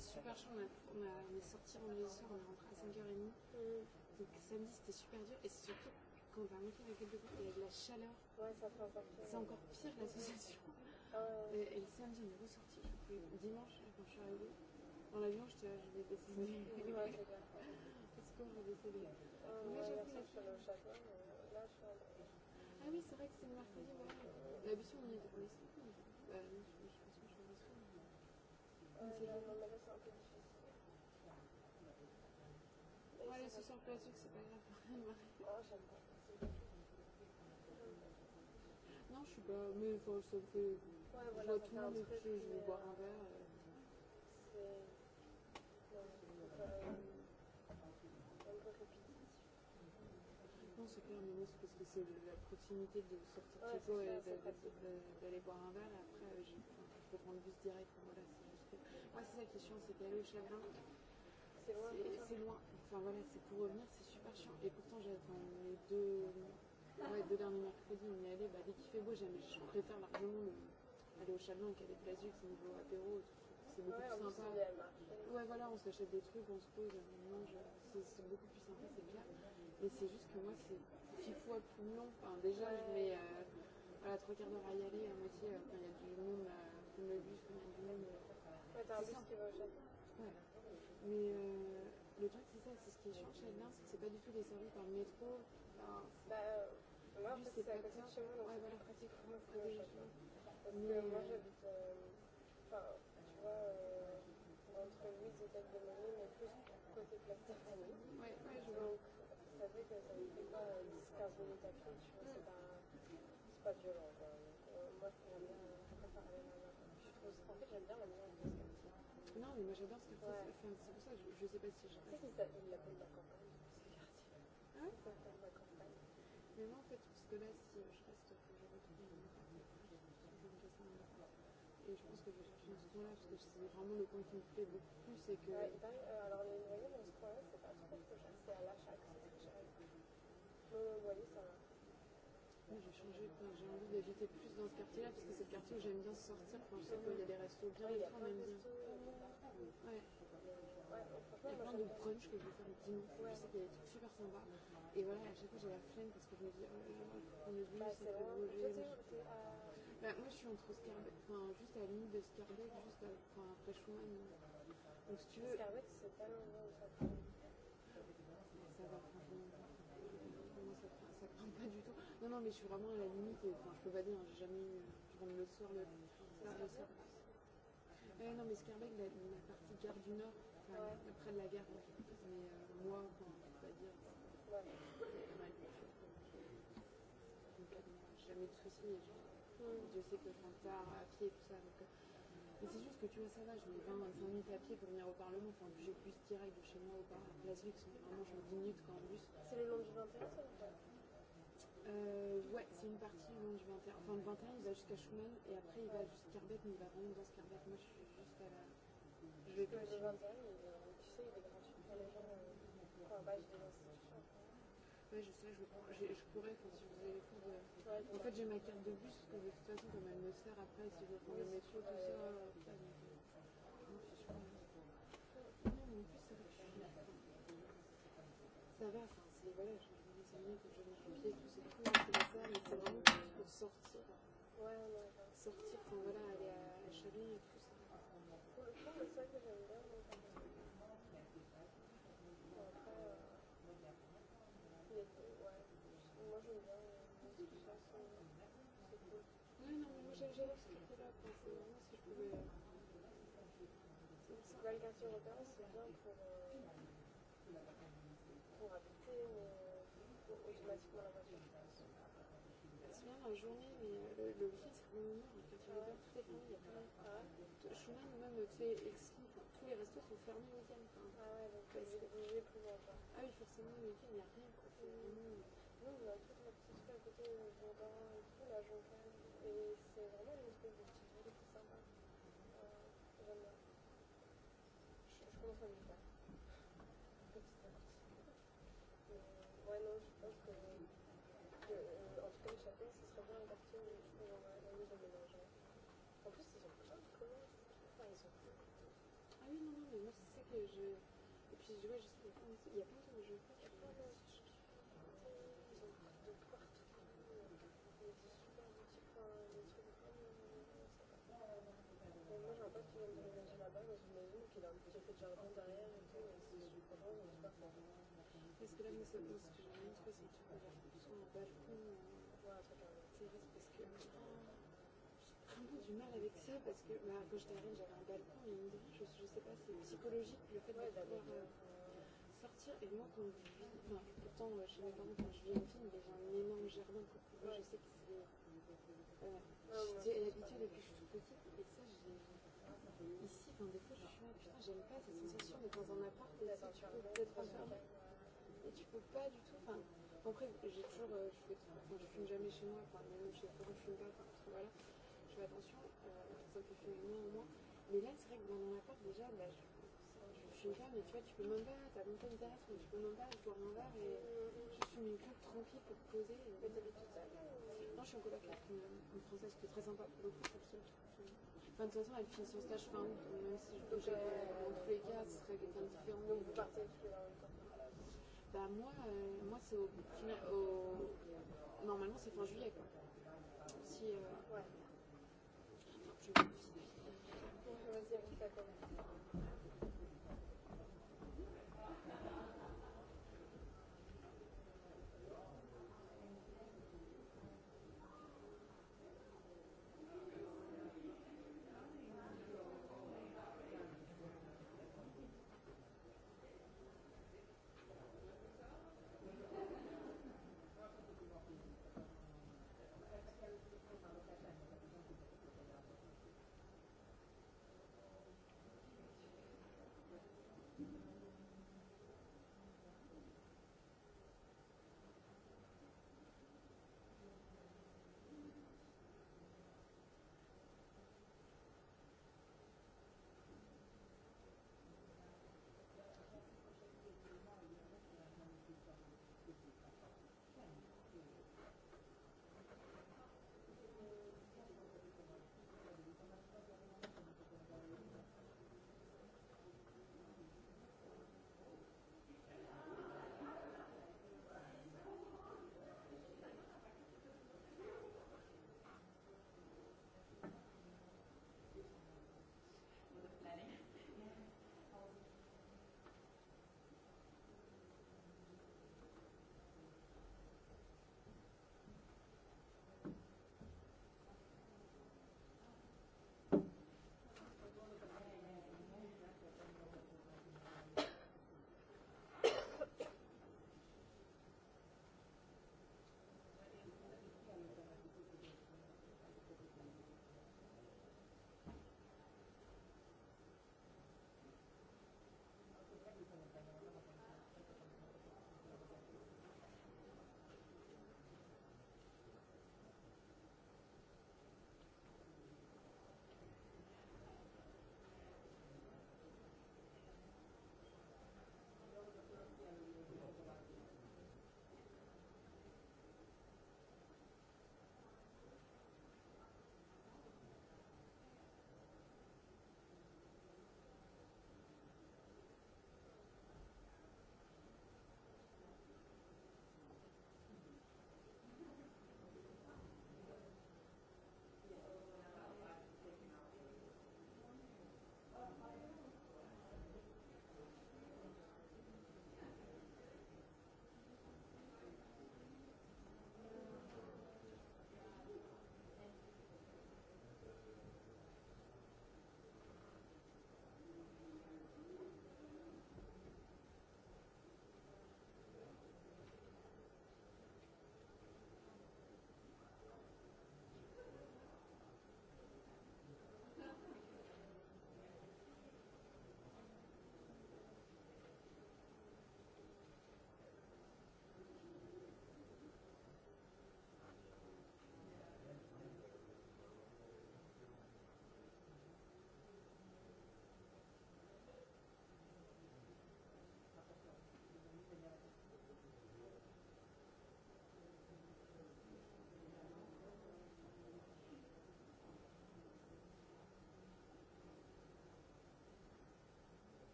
super chaud. On, a, on, a, on est sorti en légère, on est rentré à 5h30. Mm. Donc samedi, c'était super dur. Et surtout, quand on va monter avec le groupe, il y a de la chaleur. Ouais, ça fait encore pire. C'est encore pire l'association. Euh... Ah et, et le samedi, on est ressorti. Dimanche, quand je suis arrivée. Dans l'avion, je, je vais *laughs* décider. Ouais, c'est bien. Parce qu'on va décider. Euh, moi, j'ai pris sur le château, mais euh, là, je suis en... Ah oui, c'est vrai que c'est le mercredi. Ouais. L'habitude, on est on est sorti. Bah, je, je pense que je suis en sortie. Euh, non, mais là, c'est un peu difficile. Ouais, elle se sort pas dessus, c'est pas grave. *laughs* oh, j'aime pas. Non, je suis pas. Mais enfin, ça me fait. Ouais, voilà, je vois tout le monde et puis je vais boire un euh, verre. Euh... Non, c'est clair, mais c'est parce que c'est la proximité de sortir ouais, Chico et d'aller boire un verre. Après, euh, il faut prendre le bus direct. Voilà, c'est juste que... Moi, c'est ça qui est chiant, c'est qu'aller au Chablin, c'est loin. C'est loin. Enfin, voilà, c'est pour revenir, c'est super chiant. Et pourtant, j'attends les deux... Ouais, deux derniers mercredis, on y allait. Bah, dès qu'il fait beau, je préfère largement le... Euh, aller au Chablin qu'aller Place Vue, c'est niveau apéro. Tout c'est beaucoup ouais, plus sympa. Ouais, voilà, on s'achète des trucs, on se pose, on mange, c'est beaucoup plus sympa, c'est clair. Mais c'est juste que moi, c'est six fois plus long. Enfin, déjà, ouais. je mets euh, voilà, trois quarts d'heure à y aller, à moitié, euh, quand il y a du même, euh, le bus, quand il y a du même. Euh, ouais, t'as un bus qui va au château. Ouais. Mais euh, le truc, c'est ça, c'est ce qui est chiant chez Adlin, c'est que c'est pas du tout desservi par le métro. Enfin, bah, euh, moi, en fait, c'est à côté de chez moi, donc ouais, voilà. pratique pour moi, c'est au ah, château. Parce que moi, euh, j'habite. Euh, enfin. Euh, vois, euh, entre Louise et Tête de Manie, mais plus côté Plastéphanie. Ouais, ouais, je Donc, ça fait que ça me fait quoi, 10-15 minutes à pied, tu vois, c'est pas, c'est pas violent, quoi. Donc, euh, moi, je préfère bien, je préfère aller là-bas. Je trouve, en fait, j'aime bien l'ambiance de ce quartier. Non, mais moi, j'adore ce quartier. Ouais. Enfin, c'est pour ça, je, je sais pas si je... Tu sais qu'ils s'appellent la Côte de la Campagne, ce quartier. Hein Ils s'appellent la Campagne. Mais moi, en fait, parce que là, si je reste, faut que je retrouve... Et je pense que j'ai fini ce point-là, parce que c'est vraiment le point qui me plaît beaucoup plus. C'est que... Ouais, dans, euh, alors, le loyer dans ce coin-là, c'est pas trop trop cher, c'est à l'achat que c'est très cher. Le loyer, ça va. Moi, j'ai changé. Enfin, j'ai envie d'éviter plus dans ce quartier-là, parce que c'est le quartier où j'aime bien sortir. Enfin, je sais qu'il y a des restos bien, ouais, on aime bien. Ouais. Ouais, il y a plein de brunch que je vais faire le dimanche. Ouais. Je sais qu'il y a des trucs super sympas. Et voilà, à chaque fois j'ai la flemme parce que je me dis, oh là là, on est venu, c'est pas bougé. Bah, moi, je suis entre Scarbeck, enfin, juste à la limite de Scarbeck, juste à, enfin, après Schumann. Donc, si tu veux. Scarbeck, c'est pas l'endroit où ça prend. Ça va, franchement. Pour moi, ça prend, ça prend pas du tout. Non, non, mais je suis vraiment à la limite. Et, enfin, je peux pas dire, j'ai jamais eu. Je rentre le soir, le. Là, le soir. Eh, non, mais Scarbeck, la, la partie gare du Nord, enfin, ouais. après de la gare, ouais. mais euh, moi, enfin, je peux pas dire. Ouais. Ouais. Donc, euh, jamais de soucis. Et, genre, Mm. Je sais que je rentre tard à pied, tout ça. Donc, euh, mais c'est juste que tu vois, ça va, je mets 20, 25 minutes à pied pour venir au Parlement. Enfin, j'ai plus direct de chez moi au Parlement. À Place Vix, vraiment, je mets 10 minutes quand en bus. C'est le long du 21, ça ou pas euh, ouais, c'est une partie le long du 21. Enfin, le 21, il va jusqu'à Schumann et après, il va jusqu'à Carbet, mais il va vraiment dans ce Carbet. Moi, je suis juste à la. Je vais plus. Le 21, il, euh, tu sais, il est gratuit pour les gens qui ont un badge de Ouais, je sais, je, oh, je, je pourrais, enfin, si vous avez cours de... Ouais, en fait, j'ai ma carte de bus, parce que de toute façon, comme elle me sert après, si je vais prendre le métro, tout ça... Euh, enfin, euh, non, mais en plus, c'est vrai que je suis... Ça va, enfin, c'est... Voilà, je me dis, c'est mieux que je vienne à pied, tout c'est cool, c'est pas ça, mais c'est vraiment plus pour sortir. Ouais, ouais. Sortir, enfin, voilà, aller à, à Chalon et tout ça. Pour le coup, c'est ça que j'aime bien, moi, j'avais aussi pensé là, pensé vraiment si je pouvais. Euh, une petite validation européenne, c'est bien pour, euh, pour habiter euh, automatiquement la voiture. C'est bien la journée, mais le, le risque, le moment, quand tu vas voir toutes les familles, il y a plein de. Schumann, même, tu sais, explique tous les restos sont fermés le week-end. Hein. Ah ouais, donc parce que j'ai plus longtemps. Ah oui, forcément, le week-end, il n'y a rien. Quoi. Mmh. Nous, on a toute notre petite à côté, le jardin et tout, la journée. Et c'est vraiment une espèce de petite ville qui est sympa. Euh, J'aime bien. Je, je commence à me faire. Petit à petit. Mais ouais, non, je pense que. que euh, en tout cas, les châtaignes, ce serait bien un quartier où, où on va la maison des gens. En plus, ils ont plein de commerces. Enfin, ils sont. Ah oui, non, non, mais moi, c'est ça que je. Et puis, ouais, je sais, il y a plein de jeux. faire un petit peu de jardin derrière et tout, et c'est du courant, on va faire. Parce que là, mais c'est parce que je me dis, si tu peux faire sur mon balcon ou un truc en terrasse, parce que j'ai vraiment du mal avec ça, parce que bah, quand j'étais reine, j'avais un balcon, et une grille, je, je sais pas, c'est psychologique le fait ouais, de pouvoir euh, sortir. Et moi, quand je vis, enfin, pourtant, chez mes parents, quand je vis en ville, j'ai un énorme jardin, pour pouvoir, ouais. je sais que c'est. Euh, j'ai l'habitude depuis que je suis toute petite, et ça, j'ai. Ici, quand des fois, je suis là, putain, j'aime pas cette sensation d'être dans un appart où tu peux peut-être pas faire. Et tu peux pas du tout. Enfin, après, j'ai toujours. Euh, je, fais, enfin, je fume jamais chez moi, enfin, même chez les je fume pas, enfin, parce que voilà, je fais attention, euh, ça peut fumer moins au moins. Mais là, c'est vrai que dans mon appart, déjà, bah, je, je fume pas, mais tu vois, tu peux même pas, t'as même pas une terrasse, mais tu peux même pas boire un verre et je fume une clope tranquille pour te poser. Et... Mais t'habites toute seule Non, je suis en coloc avec une, une française qui est très sympa pour le coup, je suis seule. Enfin, de toute façon, elle finit son stage fin août, donc même euh, si je bougeais euh, dans tous les cas, ce serait quelqu'un de différent. Donc vous partez euh, Bah moi, euh, moi c'est au, au... Normalement c'est fin juillet quoi. Si, euh... ouais.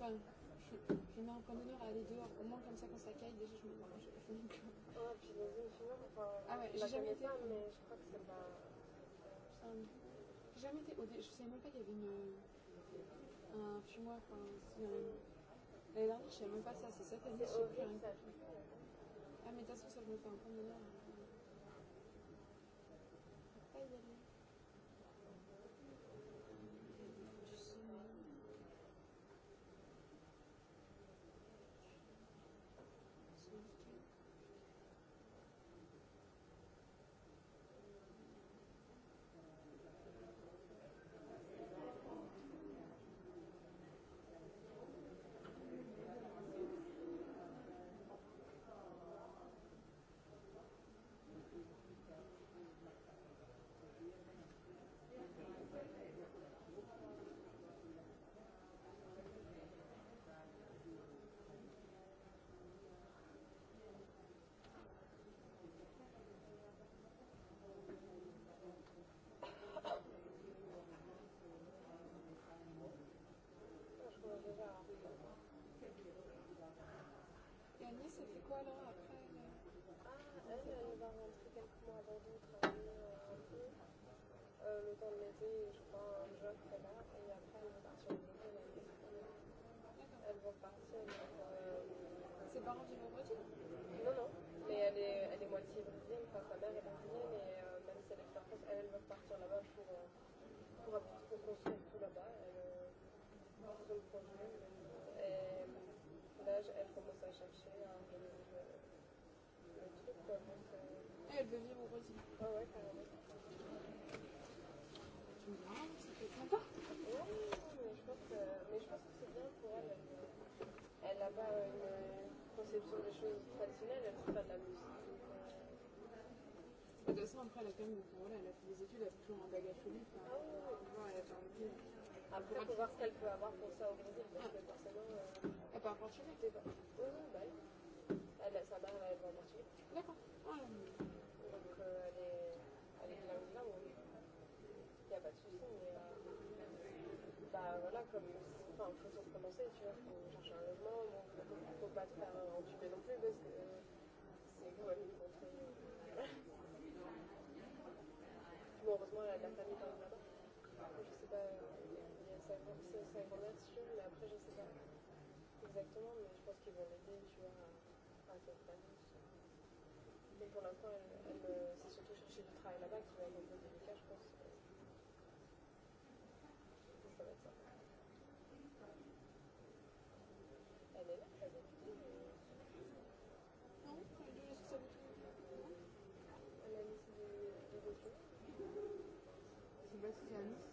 Enfin, je, je mets encore une heure à aller dehors. Au moins, comme ça, quand ça caille, déjà, je me dis, je vais finir. Ouais, puis les zones fumeurs, enfin, ah ouais, j'ai jamais été. Pas, mais je crois que c'est pas. Euh, j'ai jamais été. Au dé... Je savais même pas qu'il y avait une, un fumoir. Enfin, si, un... Euh, l'année dernière, je savais même pas ça. C'est ça, t'as dit, je sais plus. Hein. Ah, mais de toute façon, ça me fait un point d'honneur. Hein. Mélanie, ça fait quoi alors après elle... Ah, elle, elle va rentrer quelques mois avant nous travailler euh, un peu, euh, le temps de l'été, je crois, un job qu'elle a, et après elle repart sur le côté l'année prochaine. Elle va partir. Euh... Ses parents vivent au Brésil Non, non, mais elle est, elle est moitié brésilienne, enfin sa mère est brésilienne, et euh, même si elle est en France, elle, elle va partir là-bas pour, euh, pour, pour construire tout là-bas. Elle, euh, ils ont le projet, et là, elle commence elle veut vivre au Brésil. Ouais, ouais, carrément. Tu me diras, ça peut être sympa. Oui, mais je pense que, mais je pense que c'est bien pour elle. Elle n'a pas une conception des choses traditionnelles, elle fait pas de la musique. De toute façon, après, elle a quand même voilà, elle a fait des études, elle a toujours un bagage solide. Hein. Ah, oui, oui. Elle a fait un métier. Après, il faut voir ce qu'elle peut avoir pour ça au Brésil, parce ah. que forcément. Euh... Elle part en Portugal Oui, oui, bah oui. Elle, sa mère, elle va en Portugal. D'accord. Ah, oui. pas de soucis, mais euh, bah voilà, comme enfin, faut se recommencer, tu vois, faut chercher un logement, donc faut pas te faire entuber non plus parce que euh, c'est quand même une rentrée. bon, heureusement, elle a de la famille quand même là-bas. Je sais pas, il y a sa, sa, sa grand-mère sûre, mais après, je sais pas exactement, mais je pense qu'ils vont l'aider, tu vois, à, à cette famille. Mais pour l'instant, elle, elle, elle Christians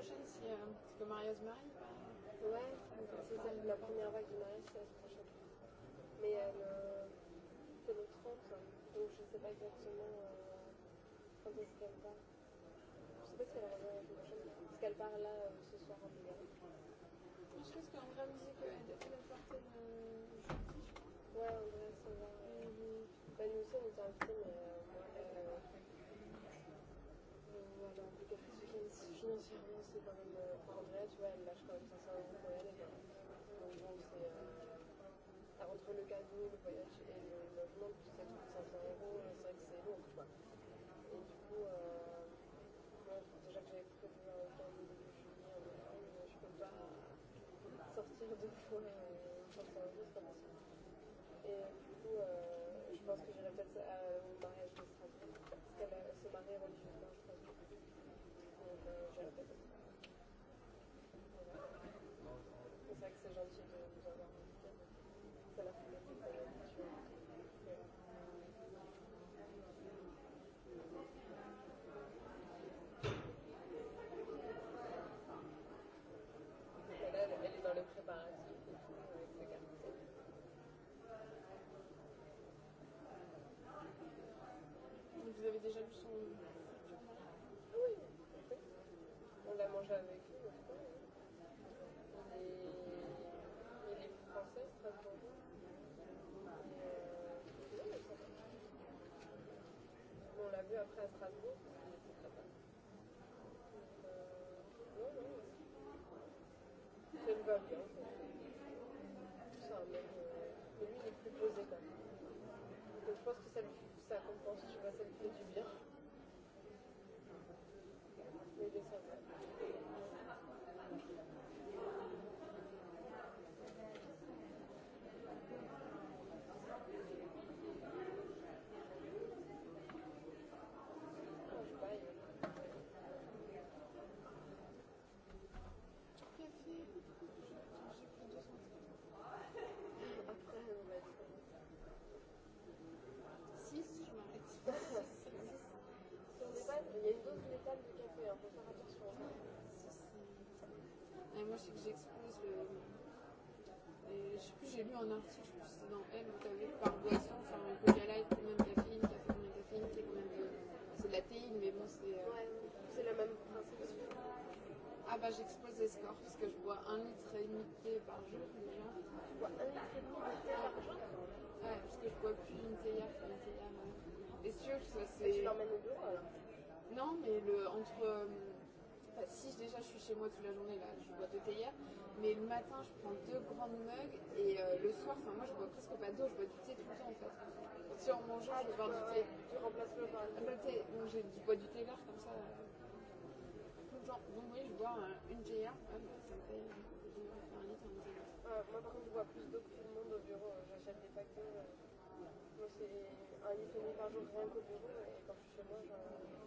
prochaine si, euh, si que Mario se marie bah... Ouais, c'est ça, la première vague du mariage, c'est la semaine prochaine. Mais elle, euh, c'est le 30, donc je sais pas exactement euh, quand est-ce qu'elle part. Je sais pas si elle revient la semaine prochaine, parce qu'elle part là euh, ce soir en Bulgarie. Je pense qu'en vrai, elle me dit qu'elle est partie euh, le jeudi, je crois. Ouais, en vrai, ça va. Mm -hmm. Bah, nous aussi, on était invités, mais. Euh, sinon, si je c'est quand même. Enfin, Andrea, tu vois, elle lâche quand même 500 euros pour y aller. Quoi. Donc, bon, c'est. Euh, entre le cadeau, le voyage et le logement, tout ça, tout 500 euros, c'est vrai que c'est lourd, tu vois. Et du coup, euh, moi, déjà que j'avais prévu un week-end début juillet, en novembre, je peux pas euh, sortir deux fois euh, 500 euros, c'est pas possible. Et du coup, euh, je pense que j'irai peut-être. Euh, après à Strasbourg, parce qu'on était là-bas. Donc, euh, non, non, ouais. ça me va bien. C'est un mec, euh, mais lui, il est plus posé quand même. Donc je pense que ça, lui, ça compense, tu vois, ça lui fait du bien. j'expose le. Et je sais plus, j'ai lu un article, je pense que c'est dans Elle, où t'avais par boisson, enfin, le coca light, combien de caféine, café, combien de caféine, c'est combien de. C'est de la théine, mais bon, c'est. Euh... Ouais, c'est le même principe. Ah bah, j'expose les scores, parce que je bois un litre et demi de thé par jour, déjà. Tu bois un litre et demi de thé par jour Ouais, parce que je bois plus une théière qu'une théière. Euh. Et sûr, ça c'est. Mais tu l'emmènes au bureau alors Non, mais le, entre. Euh, pas. Euh, si déjà je suis chez moi toute la journée, là, je bois deux théières, mais le matin je prends deux grandes mugs et euh, le soir, enfin moi je bois presque pas d'eau, je bois du thé tout le temps en fait. Si en mangeant, ah, je bois du thé. Tu remplaces le vin. Le thé, donc je bois du thé vert comme ça. Euh, tout le temps. Donc oui, je bois un, une théière, ouais, ça me fait un litre, un litre. Euh, moi par contre, je bois plus d'eau que tout le monde au bureau, euh, j'achète des paquets. Euh, moi c'est un litre et demi par jour rien qu'au bureau et quand je suis chez moi, j'en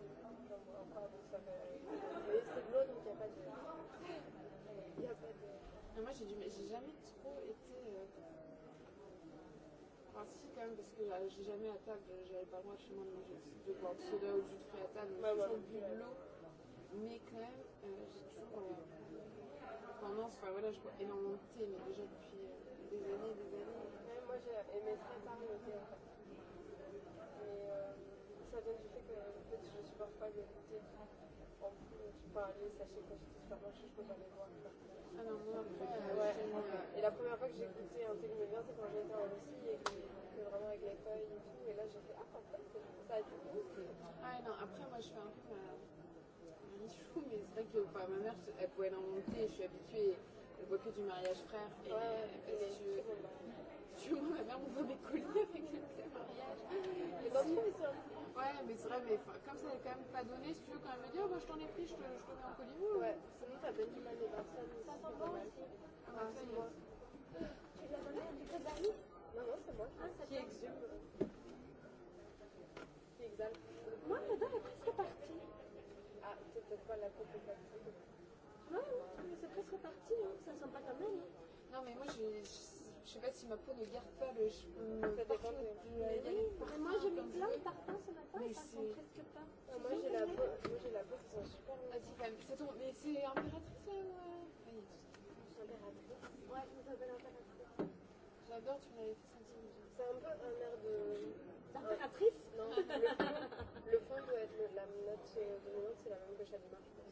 comme un poivre, ça va. Vous voyez, c'est de l'eau, donc il n'y a pas de. Il n'y a pas de. Non, moi, j'ai, du... j'ai jamais trop été. Euh... Enfin, si, quand même, parce que là, euh, j'ai jamais à table, j'avais pas le droit chez moi de manger de boire de soda ou de jus de fruits à table, donc ouais, j'ai ouais, toujours bu de l'eau. Mais quand même, euh, j'ai toujours euh, tendance, enfin voilà, je bois énormément de thé, mais déjà depuis euh, des années, des années. Même moi, j'ai aimé très tard le thé, en fait. Mais euh, ça vient du en fait, je supporte pas l'écouter en plus parler, sachez que j'étais super moche, je peux pas les voir. Ah non, moi, après, euh, ouais. Et la première fois que j'ai écouté un truc de bien, c'est quand j'étais en Russie et que j'écoutais vraiment avec les feuilles et tout. Et là, j'ai fait, ah, en fait, ça a du goût. Ah non, après, moi, je fais un peu ma richou, mais c'est vrai que bah, ma mère, elle pouvait l'en monter, je suis habituée, elle voit que du mariage frère. Et, ouais, et, et, et je... bon, bah, chez moi, ma mère m'ouvre mes colis avec les petits mariages. Mais si. Ouais, mais c'est vrai, mais comme ça n'est quand même pas donné, si tu veux quand même me dire, oh, bah, je t'en ai pris, je te, je te mets en colis. Ouais, sinon t'as bien du mal les personnes. Ça s'entend aussi. Ah, c'est moi. Tu l'as donné du coup d'Ali Non, non, c'est moi. Ah, ça qui exhume. Qui exhale. Moi, ma dent est presque partie. Ah, c'est peut-être pas la compétence. Ouais, mais c'est presque parti, hein. ça sent pas comme elle. Hein. Non, mais moi, je, je Je sais pas si ma peau ne garde pas le. Ça dépend de. Mais moi j'ai mis plein de parfums ce matin et ça sent presque pas. Ah, moi j'ai la peau, moi j'ai la peau qui sent super bon. Vas-y Femme, ça tombe. Mais c'est impératrice ou. Impératrice. Ouais, je m'appelle impératrice. J'adore, tu m'avais fait sentir. C'est un peu un air de. D'impératrice Non, le fond, le fond doit être le, la note dominante, c'est la même que Chalimar, je pense.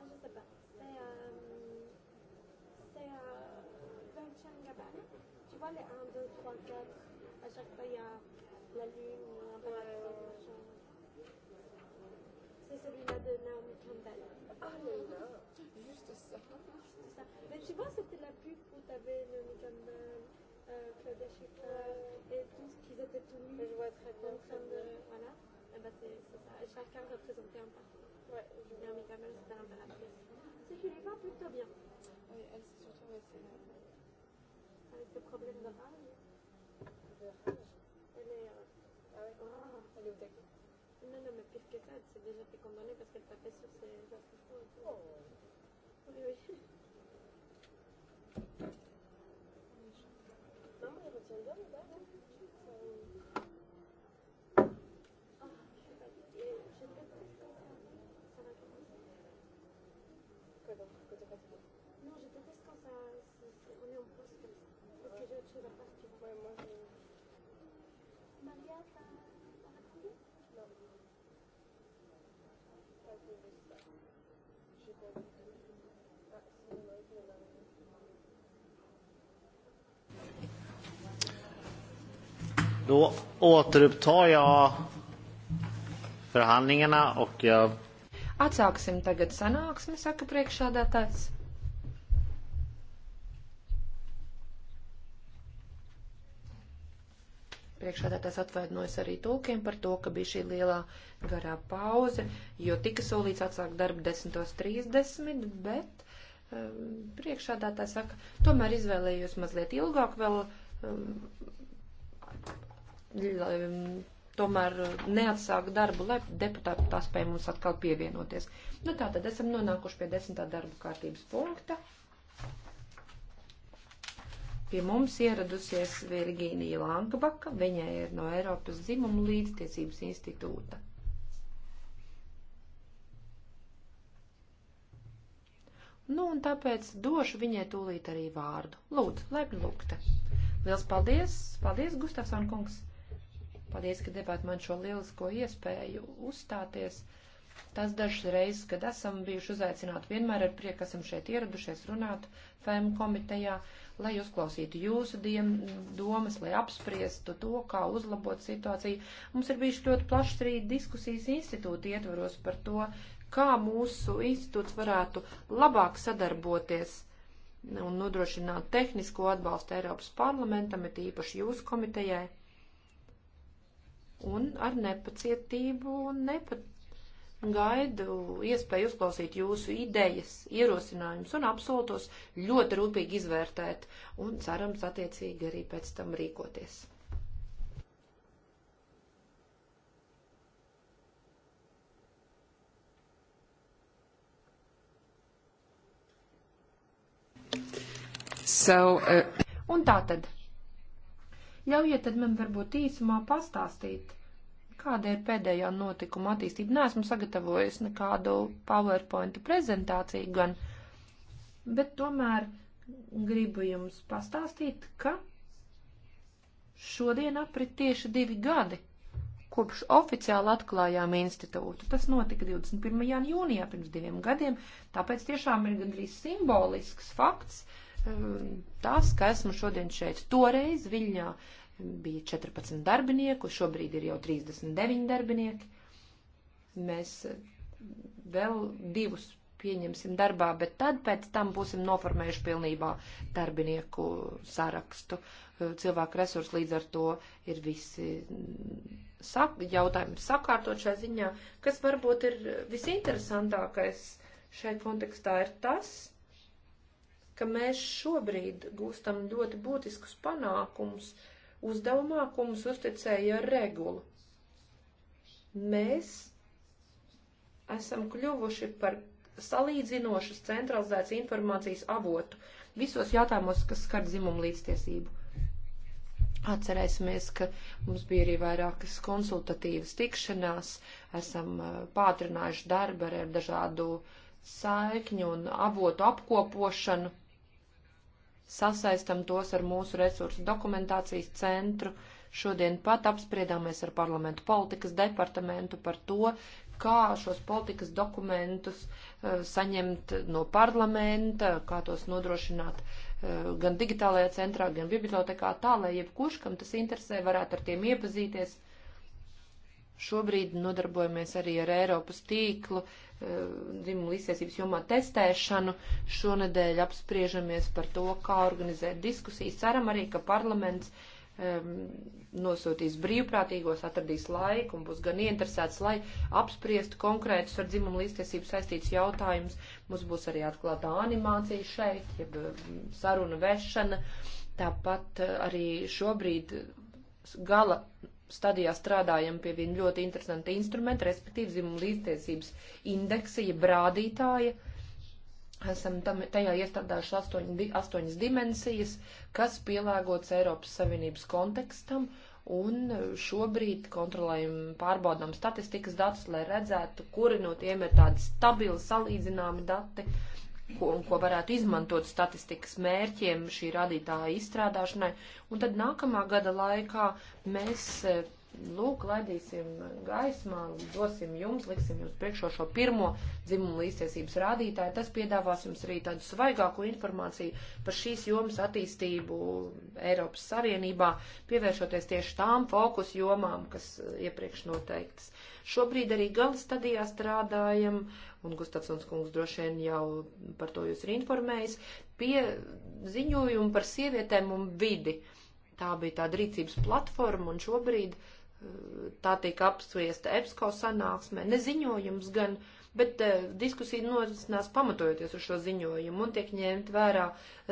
Ah, je sais pas. C'est. Euh, c'est. Euh, cabane. Tu vois les 1, 2, 3, 4, à chaque fois il y a la lune ou un bâton. C'est celui-là de Naomi Campbell. Oh là là, juste ça. Juste ça. Mais tu vois, c'était la pub où t'avais Naomi Campbell, euh, Claudia Schiffer ouais. et tous qu'ils étaient tous nus. Je vois très bien. En train de... Voilà. Et eh bah c'est ça. Et chacun représentait un parcours. Ouais. Naomi Campbell, c'était l'impératrice. Si tu les vois plutôt bien. Oui, elle s'est surtout restée là avec ce problème de rage. De rage Elle est. Euh, ah ouais oh. Elle est au taquet. Non, non, mais pire que ça, elle s'est déjà fait condamner parce qu'elle tapait sur ses affiches. Oh. Oui, oui. Då återupptar jag förhandlingarna och jag... Atsāksim tagad sanāksmi, saka priekšādātājs. Priekšādātājs atvainojas arī tūkiem par to, ka bija šī lielā garā pauze, jo tika solīts atsākt darbu 10.30, bet um, priekšādātājs saka, tomēr izvēlējos mazliet ilgāk vēl um, lai tomēr neatsāk darbu, lai deputāti tā spēja mums atkal pievienoties. Nu tā tad esam nonākuši pie desmitā darba kārtības punkta. Pie mums ieradusies Virgīnija Lankabaka, viņa ir no Eiropas dzimumu līdztiesības institūta. Nu, un tāpēc došu viņai tūlīt arī vārdu. Lūdzu, laipni lūgta. Liels paldies! Paldies, Gustafson kungs! Paldies, ka devāt man šo lielisko iespēju uzstāties. Tas dažas reizes, kad esam bijuši uzaicināti, vienmēr ar prieku esam šeit ieradušies runāt FEM komitejā, lai uzklausītu jūsu diem, domas, lai apspriestu to, kā uzlabot situāciju. Mums ir bijuši ļoti plašs arī diskusijas institūta ietvaros par to, kā mūsu institūts varētu labāk sadarboties un nodrošināt tehnisko atbalstu Eiropas parlamentam, ir īpaši jūsu komitejai un ar nepacietību nepat gaidu iespēju uzklausīt jūsu idejas, ierosinājumus un apsoltos ļoti rūpīgi izvērtēt un cerams attiecīgi arī pēc tam rīkoties. So, uh... Un tā tad. Ļaujiet tad man varbūt īsumā pastāstīt, kāda ir pēdējā notikuma attīstība. Nesmu sagatavojis nekādu PowerPoint prezentāciju gan, bet tomēr gribu jums pastāstīt, ka šodien aprit tieši divi gadi, kopš oficiāli atklājām institūtu. Tas notika 21. jūnijā pirms diviem gadiem, tāpēc tiešām ir gandrīz simbolisks fakts, uh, Ehm, tas, ka esmu šodien šeit. Toreiz Viļņā bija 14 darbinieku, šobrīd ir jau 39 darbinieki. Mēs eh, vēl divus pieņemsim darbā, bet tad pēc tam būsim noformējuši pilnībā darbinieku sarakstu. Eh, cilvēku resursi līdz ar to ir visi mm, sak jautājumi sakārtot šajā ziņā, kas varbūt ir eh, visinteresantākais šai kontekstā ir tas, ka mēs šobrīd gūstam ļoti būtiskus panākumus, uzdevumā, ko mums uzticēja ar regulu. Mēs esam kļuvuši par salīdzinošas centralizētas informācijas avotu visos jautājumos, kas skar dzimumu līdztiesību. Atcerēsimies, ka mums bija arī vairākas konsultatīvas tikšanās, esam uh, pātrinājuši darbu ar dažādu saikņu un avotu apkopošanu sasaistam tos ar mūsu resursu dokumentācijas centru. Šodien pat apspriedāmies ar parlamentu politikas departamentu par to, kā šos politikas dokumentus eh, saņemt no parlamenta, kā tos nodrošināt eh, gan digitālajā centrā, gan bibliotekā tā, lai jebkurš, kam tas interesē, varētu ar tiem iepazīties Šobrīd nodarbojamies arī ar Eiropas tīklu eh, dzimumu izcelsības jomā testēšanu. Šonedēļ apspriežamies par to, kā organizēt diskusijas. Ceram arī, ka parlaments um, nosūtīs brīvprātīgos, atradīs laiku un būs gan interesēts, lai apspriestu konkrētus ar dzimumu līdztiesību saistītus jautājumus. Mums būs arī atklāta animācija šeit, jeb mm, saruna vešana. Tāpat eh, arī šobrīd gala stadijā strādājam pie viena ļoti interesanta instrumenta, respektīvi dzimumu līdztiesības indeksa, jeb rādītāja. Esam tam, tajā iestrādājuši astoņ, astoņas dimensijas, kas pielāgots Eiropas Savienības kontekstam, un šobrīd kontrolējam, pārbaudām statistikas datus, lai redzētu, kuri no tiem ir tādi stabili, salīdzināmi dati. Uh, ko, ko varētu izmantot statistikas mērķiem šī radītāja izstrādāšanai. Un tad nākamā gada laikā mēs eh, lūk, laidīsim gaismā, dosim jums, liksim jums priekšā šo pirmo dzimumu līdztiesības rādītāju. Tas piedāvās jums arī tādu svaigāku informāciju par šīs jomas attīstību Eiropas Savienībā, pievēršoties tieši tām fokus jomām, kas iepriekš noteiktas. Šobrīd arī gala stadijā strādājam, un Gustafsons kungs droši vien jau par to jūs ir informējis, pie ziņojumu par sievietēm un vidi. Tā bija tāda rīcības platforma, un šobried eh, tā tiek apsviesta EPSCO sanāksmē, neziņojums gan. Uh, bet uh, diskusija norisinās pamatojoties uz šo ziņojumu un tiek ņemt vērā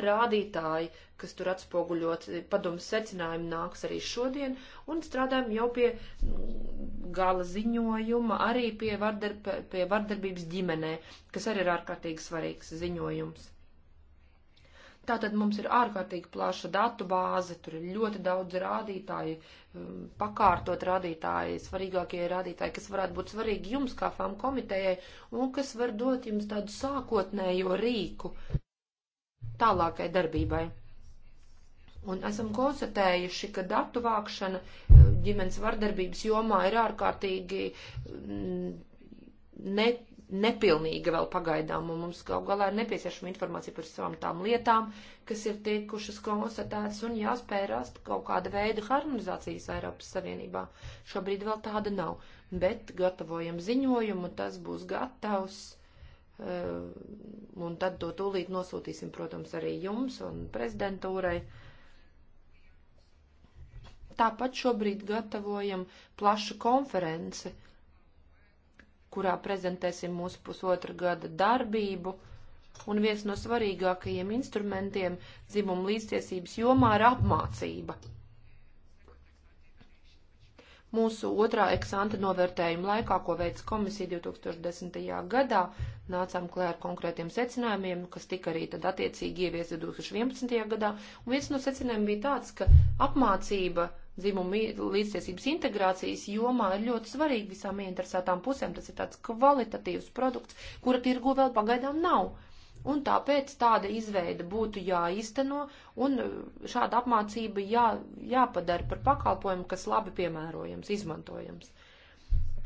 rādītāji, kas tur atspoguļot eh, padomus secinājumi nāks arī šodien, un strādājam jau pie mm, gala ziņojuma, arī pie, vardarb, pie vardarbības ģimenē, kas arī ir ārkārtīgi svarīgs ziņojums. Tātad mums ir ārkārtīgi plaša datu bāze, tur ir ļoti daudz rādītāju, um, pakārtot rādītāji, svarīgākie rādītāji, kas varētu būt svarīgi jums kā FAM komitejai un kas var dot jums tādu sākotnējo rīku tālākai darbībai. Un esam konstatējuši, ka datu vākšana uh, ģimenes vardarbības jomā ir ārkārtīgi mm, ne nepilnīga vēl pagaidām, un mums gal galā ir nepieciešama informācija par savām tām lietām, kas ir tikušas konstatētas, un jāspēj rast kaut kāda veida harmonizācijas Eiropas Savienībā. Šobrīd vēl tāda nav, bet gatavojam ziņojumu, tas būs gatavs, eh, un tad to tūlīt nosūtīsim, protams, arī jums un prezidentūrai. Tāpat šobrīd gatavojam plašu konferenci kurā prezentēsim mūsu pusotra gada darbību. Un viens no svarīgākajiem instrumentiem dzimuma līdztiesības jomā ir apmācība. Mūsu otrā eksanta novērtējuma laikā, ko veica komisija 2010. gadā, nācām klēr ar konkrētiem secinājumiem, kas tika arī tad attiecīgi ieviesta 2011. gadā. Un viens no secinājumiem bija tāds, ka apmācība dzimumu līdztiesības integrācijas jomā ir ļoti svarīgi visām ieinteresētām pusēm. Tas ir tāds kvalitatīvs produkts, kura tirgu vēl pagaidām nav. Un tāpēc tāda izveida būtu jāizteno un uh, šāda apmācība jā, jāpadara par pakalpojumu, kas labi piemērojams, izmantojams.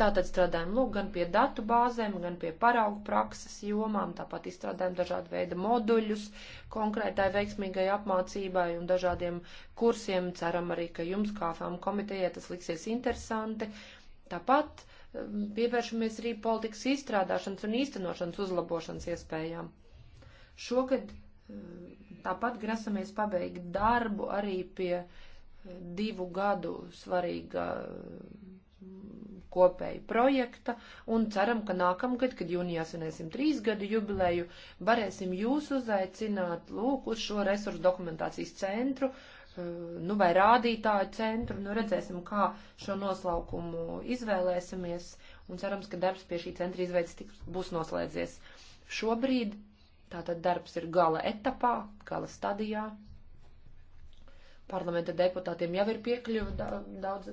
Tātad strādājam lūk gan pie datu bāzēm, gan pie paraugu prakses jomām, tāpat izstrādājam dažādu veidu moduļus konkrētai veiksmīgai apmācībai un dažādiem kursiem. Ceram arī, ka jums kā FAM komitejai tas liksies interesanti. Tāpat um, pievēršamies arī politikas izstrādāšanas un īstenošanas uzlabošanas iespējām. Šogad um, tāpat grasamies pabeigt darbu arī pie uh, divu gadu svarīga kopēju projekta un ceram, ka nākamgad, kad jūnijā svinēsim trīs gadu jubileju, varēsim jūs uzaicināt lūk uz šo resursu dokumentācijas centru, eh, nu vai rādītāju centru, nu redzēsim, kā šo noslaukumu izvēlēsimies un cerams, ka darbs pie šī centra izveids tiks, būs noslēdzies. Šobrīd tātad darbs ir gala etapā, gala stadijā parlamenta deputātiem jau ir piekļuva daudz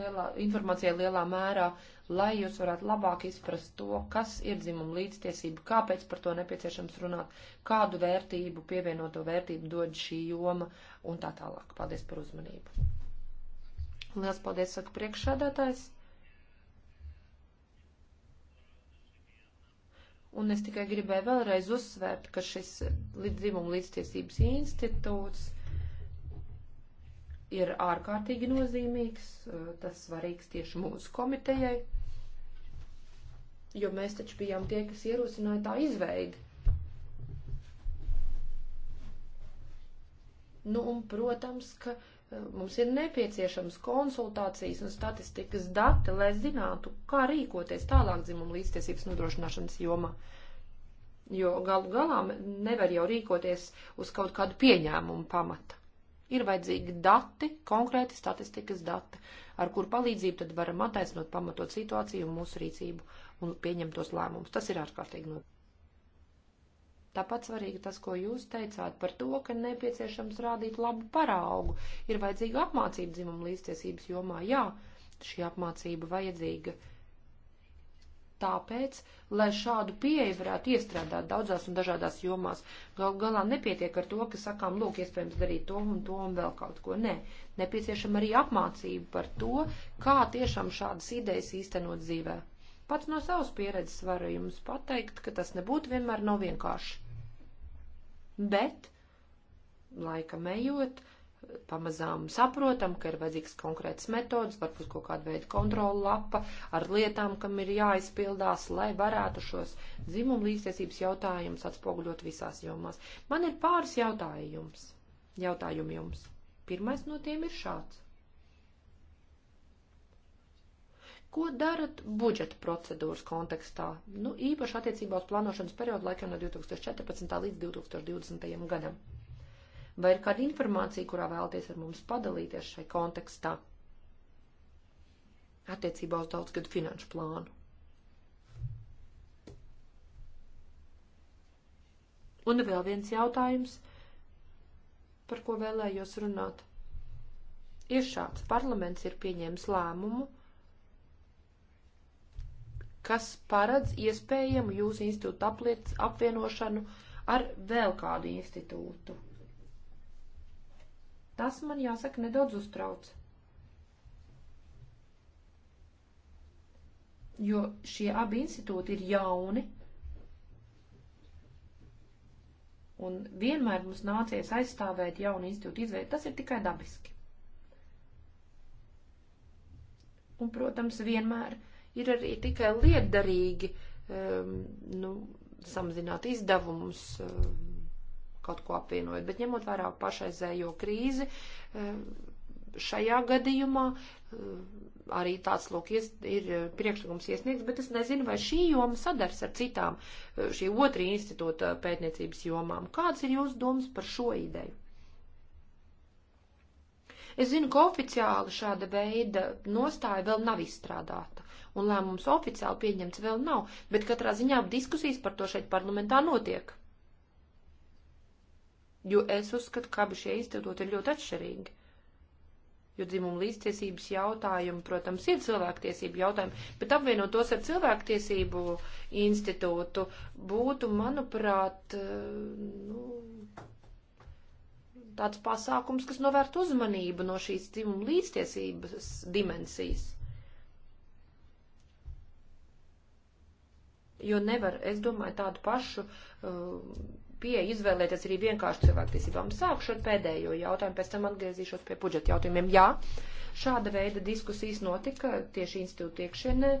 lielā, informācijai lielā mērā, lai jūs varētu labāk izprast to, kas ir dzimuma līdztiesība, kāpēc par to nepieciešams runāt, kādu vērtību, pievienoto vērtību dod šī joma un tā tālāk. Paldies par uzmanību. Lielas paldies, saka priekšsādātājs. Un es tikai gribēju vēlreiz uzsvērt, ka šis dzimuma līdztiesības institūts ir ārkārtīgi nozīmīgs, eh, tas svarīgs tieši mūsu komitejai, jo mēs taču bijām tie, kas ierosināja tā izveidi. Nu, un, protams, ka eh, mums ir nepieciešams konsultācijas un statistikas dati, lai zinātu, kā rīkoties tālāk dzimumu līdztiesības nodrošināšanas jomā. Jo galu galā nevar jau rīkoties uz kaut kādu pieņēmumu pamata ir vajadzīgi dati, konkrēti statistikas dati, ar kur palīdzību tad varam attaisnot pamatot situāciju un mūsu rīcību un pieņemt tos lēmumus. Tas ir ārkārtīgi nopietni. Tāpat svarīgi tas, ko jūs teicāt par to, ka nepieciešams rādīt labu paraugu. Ir vajadzīga apmācība dzimuma līdztiesības jomā. Jā, šī apmācība vajadzīga tāpēc, lai šādu pieeju varētu iestrādāt daudzās un dažādās jomās. Gal galā nepietiek ar to, ka sakām, lūk, iespējams darīt to un to un vēl kaut ko. Nē, nepieciešama arī apmācība par to, kā tiešām šādas idejas īstenot dzīvē. Pats no savas pieredzes varu jums pateikt, ka tas nebūtu vienmēr nav vienkārši. Bet, laika ejot, pamazām saprotam, ka ir vajadzīgs konkrēts metods, varbūt kaut kāda veida kontrola lapa ar lietām, kam ir jāizpildās, lai varētu šos dzimumu līdztiesības jautājumus atspoguļot visās jomās. Man ir pāris jautājums. Jautājumi jums. Pirmais no tiem ir šāds. Ko darat budžeta procedūras kontekstā? Nu, īpaši attiecībā uz plānošanas periodu laikam no 2014. līdz 2020. gadam vai ir kāda informācija, kurā vēlaties ar mums padalīties šai kontekstā attiecībā uz daudzgadu finanšu plānu. Un vēl viens jautājums, par ko vēlējos runāt. Ir šāds parlaments ir pieņēmis lēmumu, kas paredz iespējamu jūsu institūtu apliec, apvienošanu ar vēl kādu institūtu. Tas man jāsaka nedaudz uztrauc. Jo šie abi institūti ir jauni. Un vienmēr mums nācies aizstāvēt jaunu institūtu izveidu. Tas ir tikai dabiski. Un, protams, vienmēr ir arī tikai lietdarīgi um, ehm, nu, samazināt izdevumus. Um, kaut ko apvienojot. Bet ņemot vērā pašreizējo krīzi, e, šajā gadījumā e, arī tāds lūk ir priekšlikums iesniegts, bet es nezinu, vai šī joma sadars ar citām e, šī otra institūta pētniecības jomām. Kāds ir jūsu domas par šo ideju? Es zinu, ka oficiāli šāda veida nostāja vēl nav izstrādāta, un lēmums oficiāli pieņemts vēl nav, bet katrā ziņā diskusijas par to šeit parlamentā notiek jo es uzskatu, ka abi šie institūti ir ļoti atšķirīgi. Jo dzimuma līdztiesības jautājumi, protams, ir cilvēktiesību jautājumi, bet apvienot tos ar cilvēktiesību institūtu būtu, manuprāt, eh, nu, tāds pasākums, kas novērt uzmanību no šīs dzimuma līdztiesības dimensijas. Jo nevar, es domāju, tādu pašu uh, pieeja izvēlēties arī vienkārši cilvēktiesībām. Sākšu ar pēdējo jautājumu, pēc tam atgriezīšos pie budžeta jautājumiem. Jā, šāda veida diskusijas notika tieši institūta iekšienē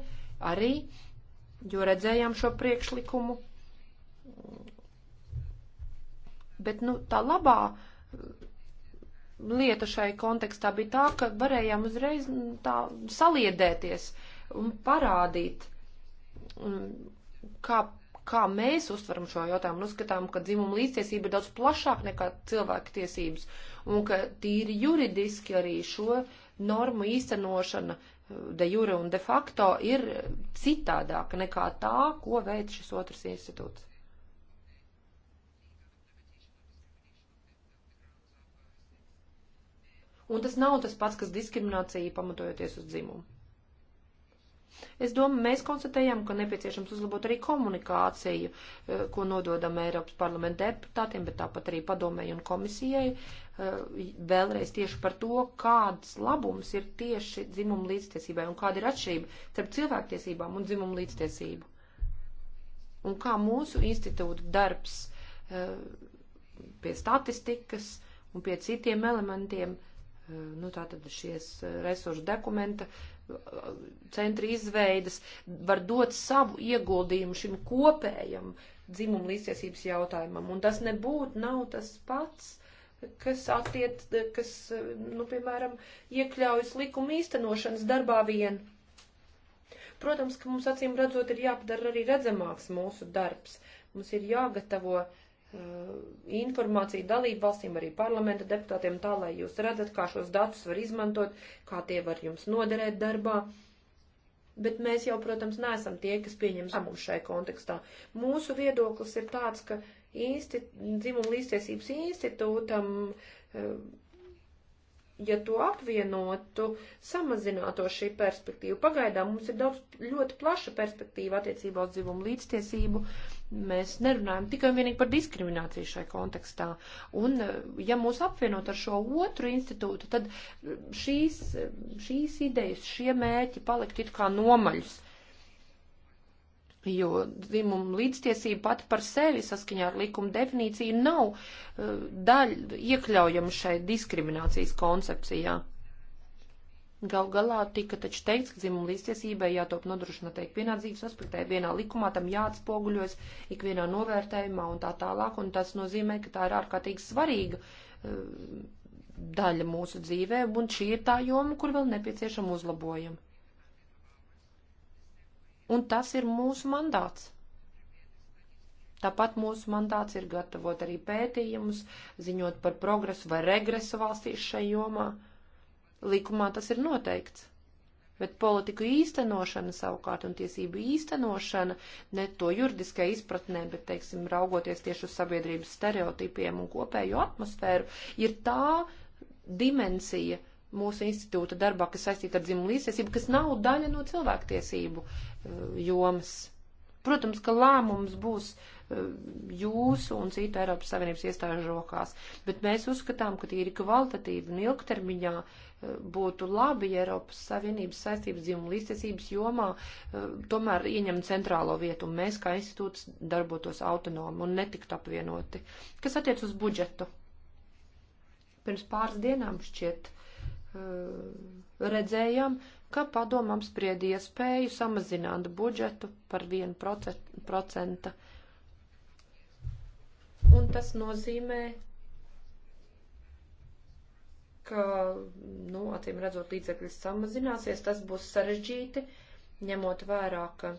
arī, jo redzējām šo priekšlikumu. Bet, nu, tā labā mm, lieta šai kontekstā bija tā, ka varējām uzreiz mm, tā saliedēties un parādīt, mm, kā kā mēs uztveram šo jautājumu un uzskatām, ka dzimuma līdztiesība ir daudz plašāk nekā cilvēka tiesības un ka tīri juridiski arī šo normu īstenošana eh, de jure un de facto ir citādāka nekā tā, ko veic šis otrs institūts. Un tas nav tas pats, kas diskriminācija pamatojoties uz dzimumu. Es domāju, mēs konstatējam, ka nepieciešams uzlabot arī komunikāciju, eh, ko nododam Eiropas parlamenta deputātiem, bet tāpat arī padomēju un komisijai. Eh, vēlreiz tieši par to, kāds labums ir tieši dzimuma līdztiesībai un kāda ir atšķirība starp cilvēktiesībām un dzimuma līdztiesību. Un kā mūsu institūta darbs eh, pie statistikas un pie citiem elementiem nu, tātad šies resursu dokumenta centra izveidas var dot savu ieguldījumu šim kopējam dzimumu līdztiesības jautājumam. Un tas nebūtu nav tas pats, kas attiec, kas, nu, piemēram, iekļaujas likuma īstenošanas darbā vien. Protams, ka mums acīm redzot ir jāpadara arī redzamāks mūsu darbs. Mums ir jāgatavo uh, Uh, informāciju dalību valstīm, arī parlamenta deputātiem, tā lai jūs redzat, kā šos datus var izmantot, kā tie var jums noderēt darbā. Bet mēs jau, protams, neesam tie, kas pieņem lēmumus šai kontekstā. Mūsu viedoklis ir tāds, ka insti, dzimuma līdztiesības institūtam, uh, ja to apvienotu, samazināto šī perspektīva. Pagaidām mums ir daudz ļoti plaša perspektīva attiecībā uz dzimumu līdztiesību. Uh, Mēs nerunājam tikai un vienīgi par diskrimināciju šai kontekstā. Un, eh, ja mūs apvienot ar šo otru institūtu, tad eh, šīs, eh, šīs idejas, šie mērķi palikt it kā nomaļus. Jo dzimuma līdztiesība pati par sevi saskaņā ar likuma definīciju nav daļa iekļaujama šai diskriminācijas koncepcijā. Gal galā tika taču teikts, ka dzimuma līdztiesībai jātop nodrošinātai pienācības aspektē vienā likumā, tam jāatspoguļos ikvienā novērtējumā un tā tālāk, un tas nozīmē, ka tā ir ārkārtīgi svarīga uh, daļa mūsu dzīvē, un šī ir tā joma, kur vēl nepieciešama uzlabojuma. Un tas ir mūsu mandāts. Tāpat mūsu mandāts ir gatavot arī pētījumus, ziņot par progresu vai regresu valstīs šai jomā. Uh, Likumā tas ir noteikts. Bet politiku īstenošana savukārt un tiesību īstenošana ne to juridiskai izpratnē, bet, teiksim, raugoties tieši uz sabiedrības stereotipiem un kopējo atmosfēru, ir tā dimensija mūsu institūta darbā, kas saistīta ar dzimumu līdztiesību, kas nav daļa no cilvēktiesību eh, jomas. Protams, ka lēmums būs eh, jūsu un citu Eiropas Savienības iestāžu rokās, bet mēs uzskatām, ka tīri kvalitatīvi un ilgtermiņā uh, būtu labi, ja Eiropas Savienības saistības dzīvuma līdztiesības jomā eh, tomēr ieņem centrālo vietu un mēs kā institūts darbotos autonomi un netiktu apvienoti. Kas attiec uz budžetu? Pirms pāris dienām šķiet eh, redzējām, ka padomam spried iespēju samazināt budžetu par 1%. Un tas nozīmē ka, nu, acīm redzot, līdzekļi samazināsies, tas būs sarežģīti, ņemot vērā, ka,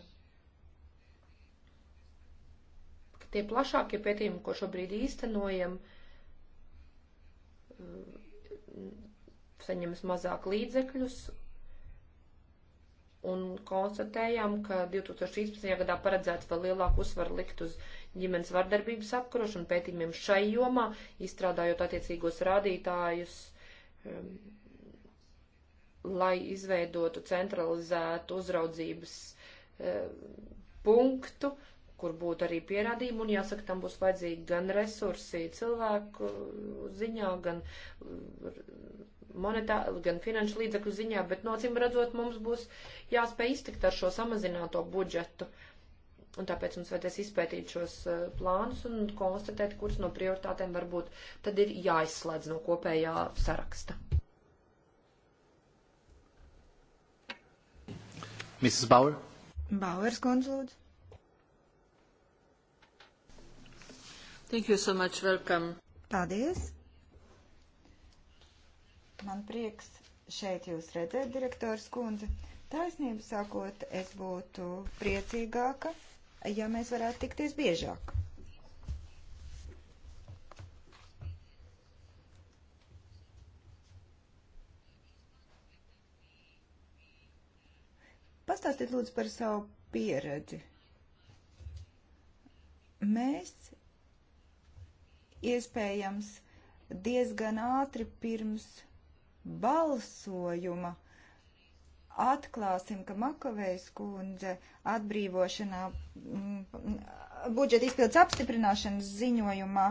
ka tie plašākie pētījumi, ko šobrīd īstenojam, mm, saņems mazāk līdzekļus. Un konstatējām, ka 2013. gadā paredzēts vēl lielāku uzsvaru likt uz ģimenes vardarbības apkarošanu pētījumiem šai jomā, izstrādājot attiecīgos rādītājus Um, lai izveidotu centralizētu uzraudzības um, punktu, kur būtu arī pierādījumi, un jāsaka, tam būs vajadzīgi gan resursi cilvēku ziņā, gan, um, monetā, gan finanšu līdzekļu ziņā, bet nocīm redzot, mums būs jāspēj iztikt ar šo samazināto budžetu. Uh, Un tāpēc mums vajadzēs izpētīt šos eh, plānus un konstatēt, kuras no prioritātēm varbūt tad ir jāizslēdz no kopējā saraksta. Mrs. Bauer. Bauers kundze, lūdzu. Thank you so much. Welcome. Paldies. Man prieks šeit jūs redzēt, direktors kundze. Taisnību sakot, es būtu priecīgāka, ja mēs varētu tikties biežāk. Pastāstiet lūdzu par savu pieredzi. Mēs iespējams diezgan ātri pirms balsojuma atklāsim, ka Makovejas kundze atbrīvošanā mm, budžeta izpildes apstiprināšanas ziņojumā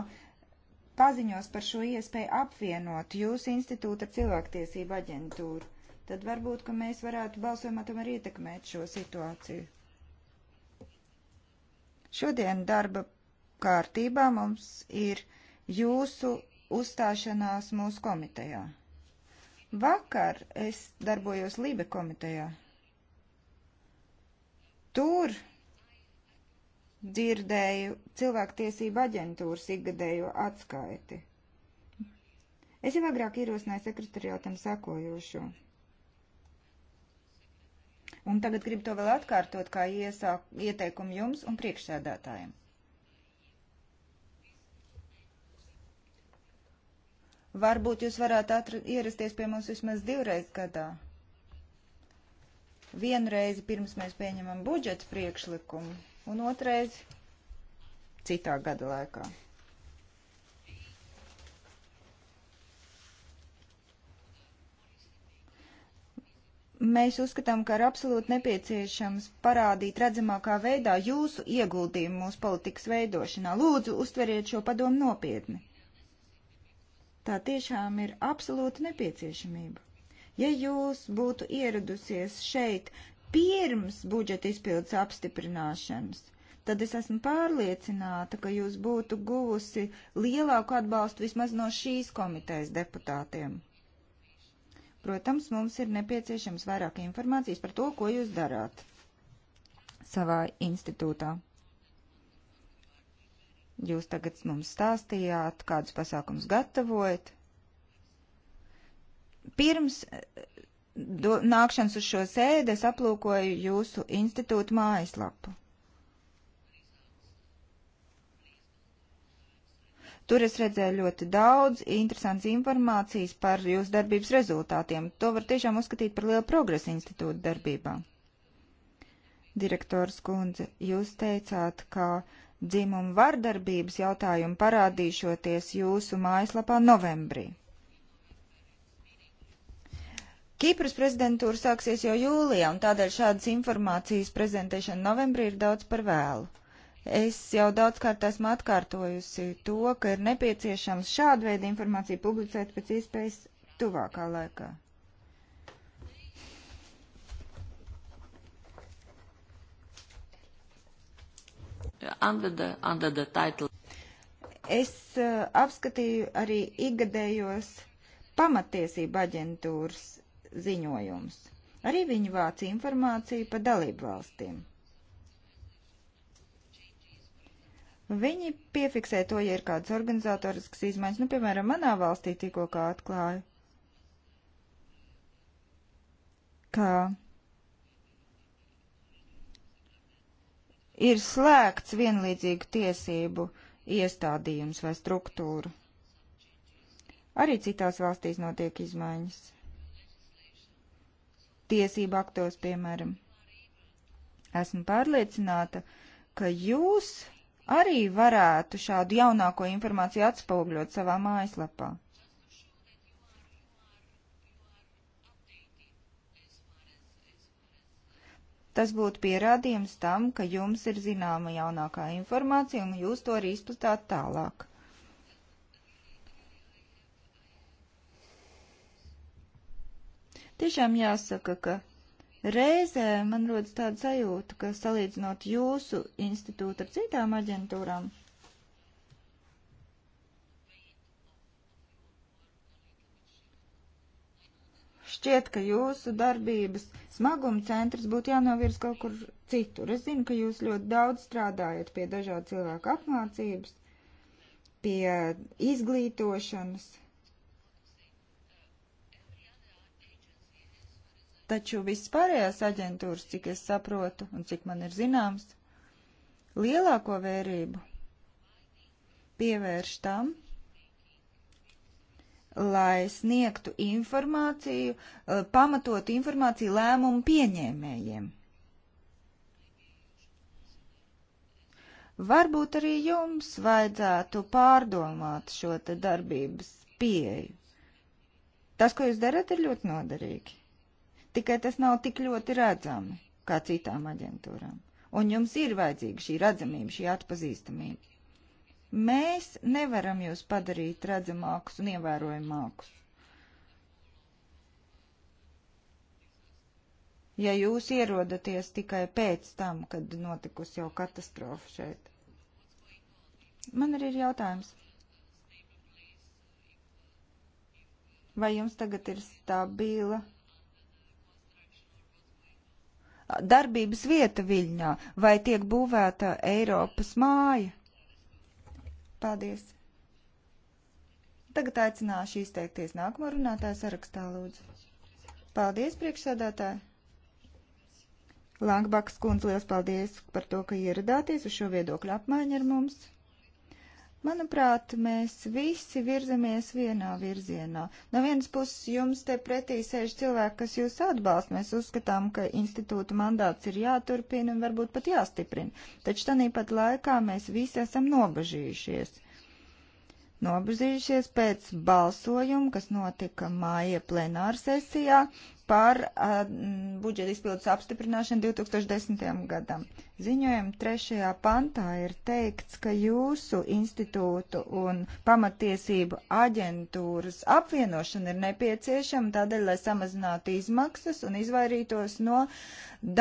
paziņos par šo iespēju apvienot jūsu institūta cilvēktiesību aģentūru. Tad varbūt, ka mēs varētu balsojumā tomēr ietekmēt šo situāciju. Šodien darba kārtībā mums ir jūsu uzstāšanās mūsu komitejā. Vakar es darbojos Lībe komitejā. Tur dzirdēju cilvēktiesību aģentūras ikgadējo atskaiti. Es jau agrāk ierosināju sekretariātam sekojošo. Un tagad gribu to vēl atkārtot kā iesāk, ieteikumu jums un priekšsēdētājiem. Varbūt jūs varētu ierasties pie mums vismaz divreiz gadā. Vienreiz pirms mēs pieņemam budžets priekšlikumu un otrais citā gada laikā. Mēs uzskatām, ka ir absolūti nepieciešams parādīt redzamākā veidā jūsu ieguldījumu mūsu politikas veidošanā. Lūdzu, uztveriet šo padomu nopietni. Tā tiešām ir absolūta nepieciešamība. Ja jūs būtu ieradusies šeit pirms budžeta izpildes apstiprināšanas, tad es esmu pārliecināta, ka jūs būtu guvusi lielāku atbalstu vismaz no šīs komitejas deputātiem. Protams, mums ir nepieciešams vairāk informācijas par to, ko jūs darāt savā institūtā. Jūs tagad mums stāstījāt, kādus pasākums gatavojat. Pirms eh, do, nākšanas uz šo sēdi es aplūkoju jūsu institūtu mājaslapu. Tur es redzēju ļoti daudz interesants informācijas par jūsu darbības rezultātiem. To var tiešām uzskatīt par lielu progresu institūta darbībā. Direktors kundze, jūs teicāt, ka dzimumu vardarbības jautājumu parādīšoties jūsu mājaslapā novembrī. Kīpras prezidentūra sāksies jau jūlijā, un tādēļ šādas informācijas prezentēšana novembrī ir daudz par vēlu. Es jau daudzkārt esmu atkārtojusi to, ka ir nepieciešams šādu veidu informāciju publicēt pēc iespējas tuvākā laikā. under the, under the title. Es uh, apskatīju arī ikgadējos pamatiesība aģentūras ziņojums. Arī viņi vāc informāciju par dalību valstīm. Viņi piefiksē to, ja ir kādas organizatoriskas izmaiņas, nu, piemēram, manā valstī tikko kā atklāju, ka ir slēgts vienlīdzīgu tiesību iestādījums vai struktūra. Arī citās valstīs notiek izmaiņas. Tiesību aktos, piemēram. Esmu pārliecināta, ka jūs arī varētu šādu jaunāko informāciju atspoguļot savā mājaslapā. Tas būtu pierādījums tam, ka jums ir zināma jaunākā informācija un jūs to arī izplatāt tālāk. Tiešām jāsaka, ka reizē man rodas tāda sajūta, ka salīdzinot jūsu institūtu ar citām aģentūrām, Šķiet, ka jūsu darbības smaguma centrs būtu jānovirz kaut kur citur. Es zinu, ka jūs ļoti daudz strādājat pie dažādu cilvēku apmācības, pie izglītošanas. Taču viss pārējās aģentūras, cik es saprotu un cik man ir zināms, lielāko vērību pievērš tam, lai sniegtu informāciju, eh, pamatotu informāciju lēmumu pieņēmējiem. Varbūt arī jums vajadzētu pārdomāt šo te darbības pieeju. Tas, ko jūs darat, ir ļoti noderīgi. Tikai tas nav tik ļoti redzami kā citām aģentūrām. Un jums ir vajadzīga šī redzamība, šī atpazīstamība. Mēs nevaram jūs padarīt redzamākus un ievērojamākus. Ja jūs ierodaties tikai pēc tam, kad notikusi jau katastrofa šeit. Man arī ir jautājums. Vai jums tagad ir stabila darbības vieta Viļņā, vai tiek būvēta Eiropas māja? Paldies! Tagad aicināšu izteikties nākamo runātāju sarakstā, lūdzu. Paldies, priekšsādātāji! Langbaks kundze, liels paldies par to, ka ieradāties uz šo viedokļu apmaiņu ar mums. Manuprāt, mēs visi virzamies vienā virzienā. No vienas puses jums te pretī sēž cilvēki, kas jūs atbalsta. Mēs uzskatām, ka institūta mandāts ir jāturpina un varbūt pat jāstiprina. Taču tanīpat laikā mēs visi esam nobažījušies. Nobažījušies pēc balsojuma, kas notika māja plenāra sesijā, par uh, budžeta izpildes apstiprināšanu 2010. gadam. Ziņojuma trešajā pantā ir teikts, ka jūsu institūtu un pamatiesību aģentūras apvienošana ir nepieciešama tādēļ, lai samazinātu izmaksas un izvairītos no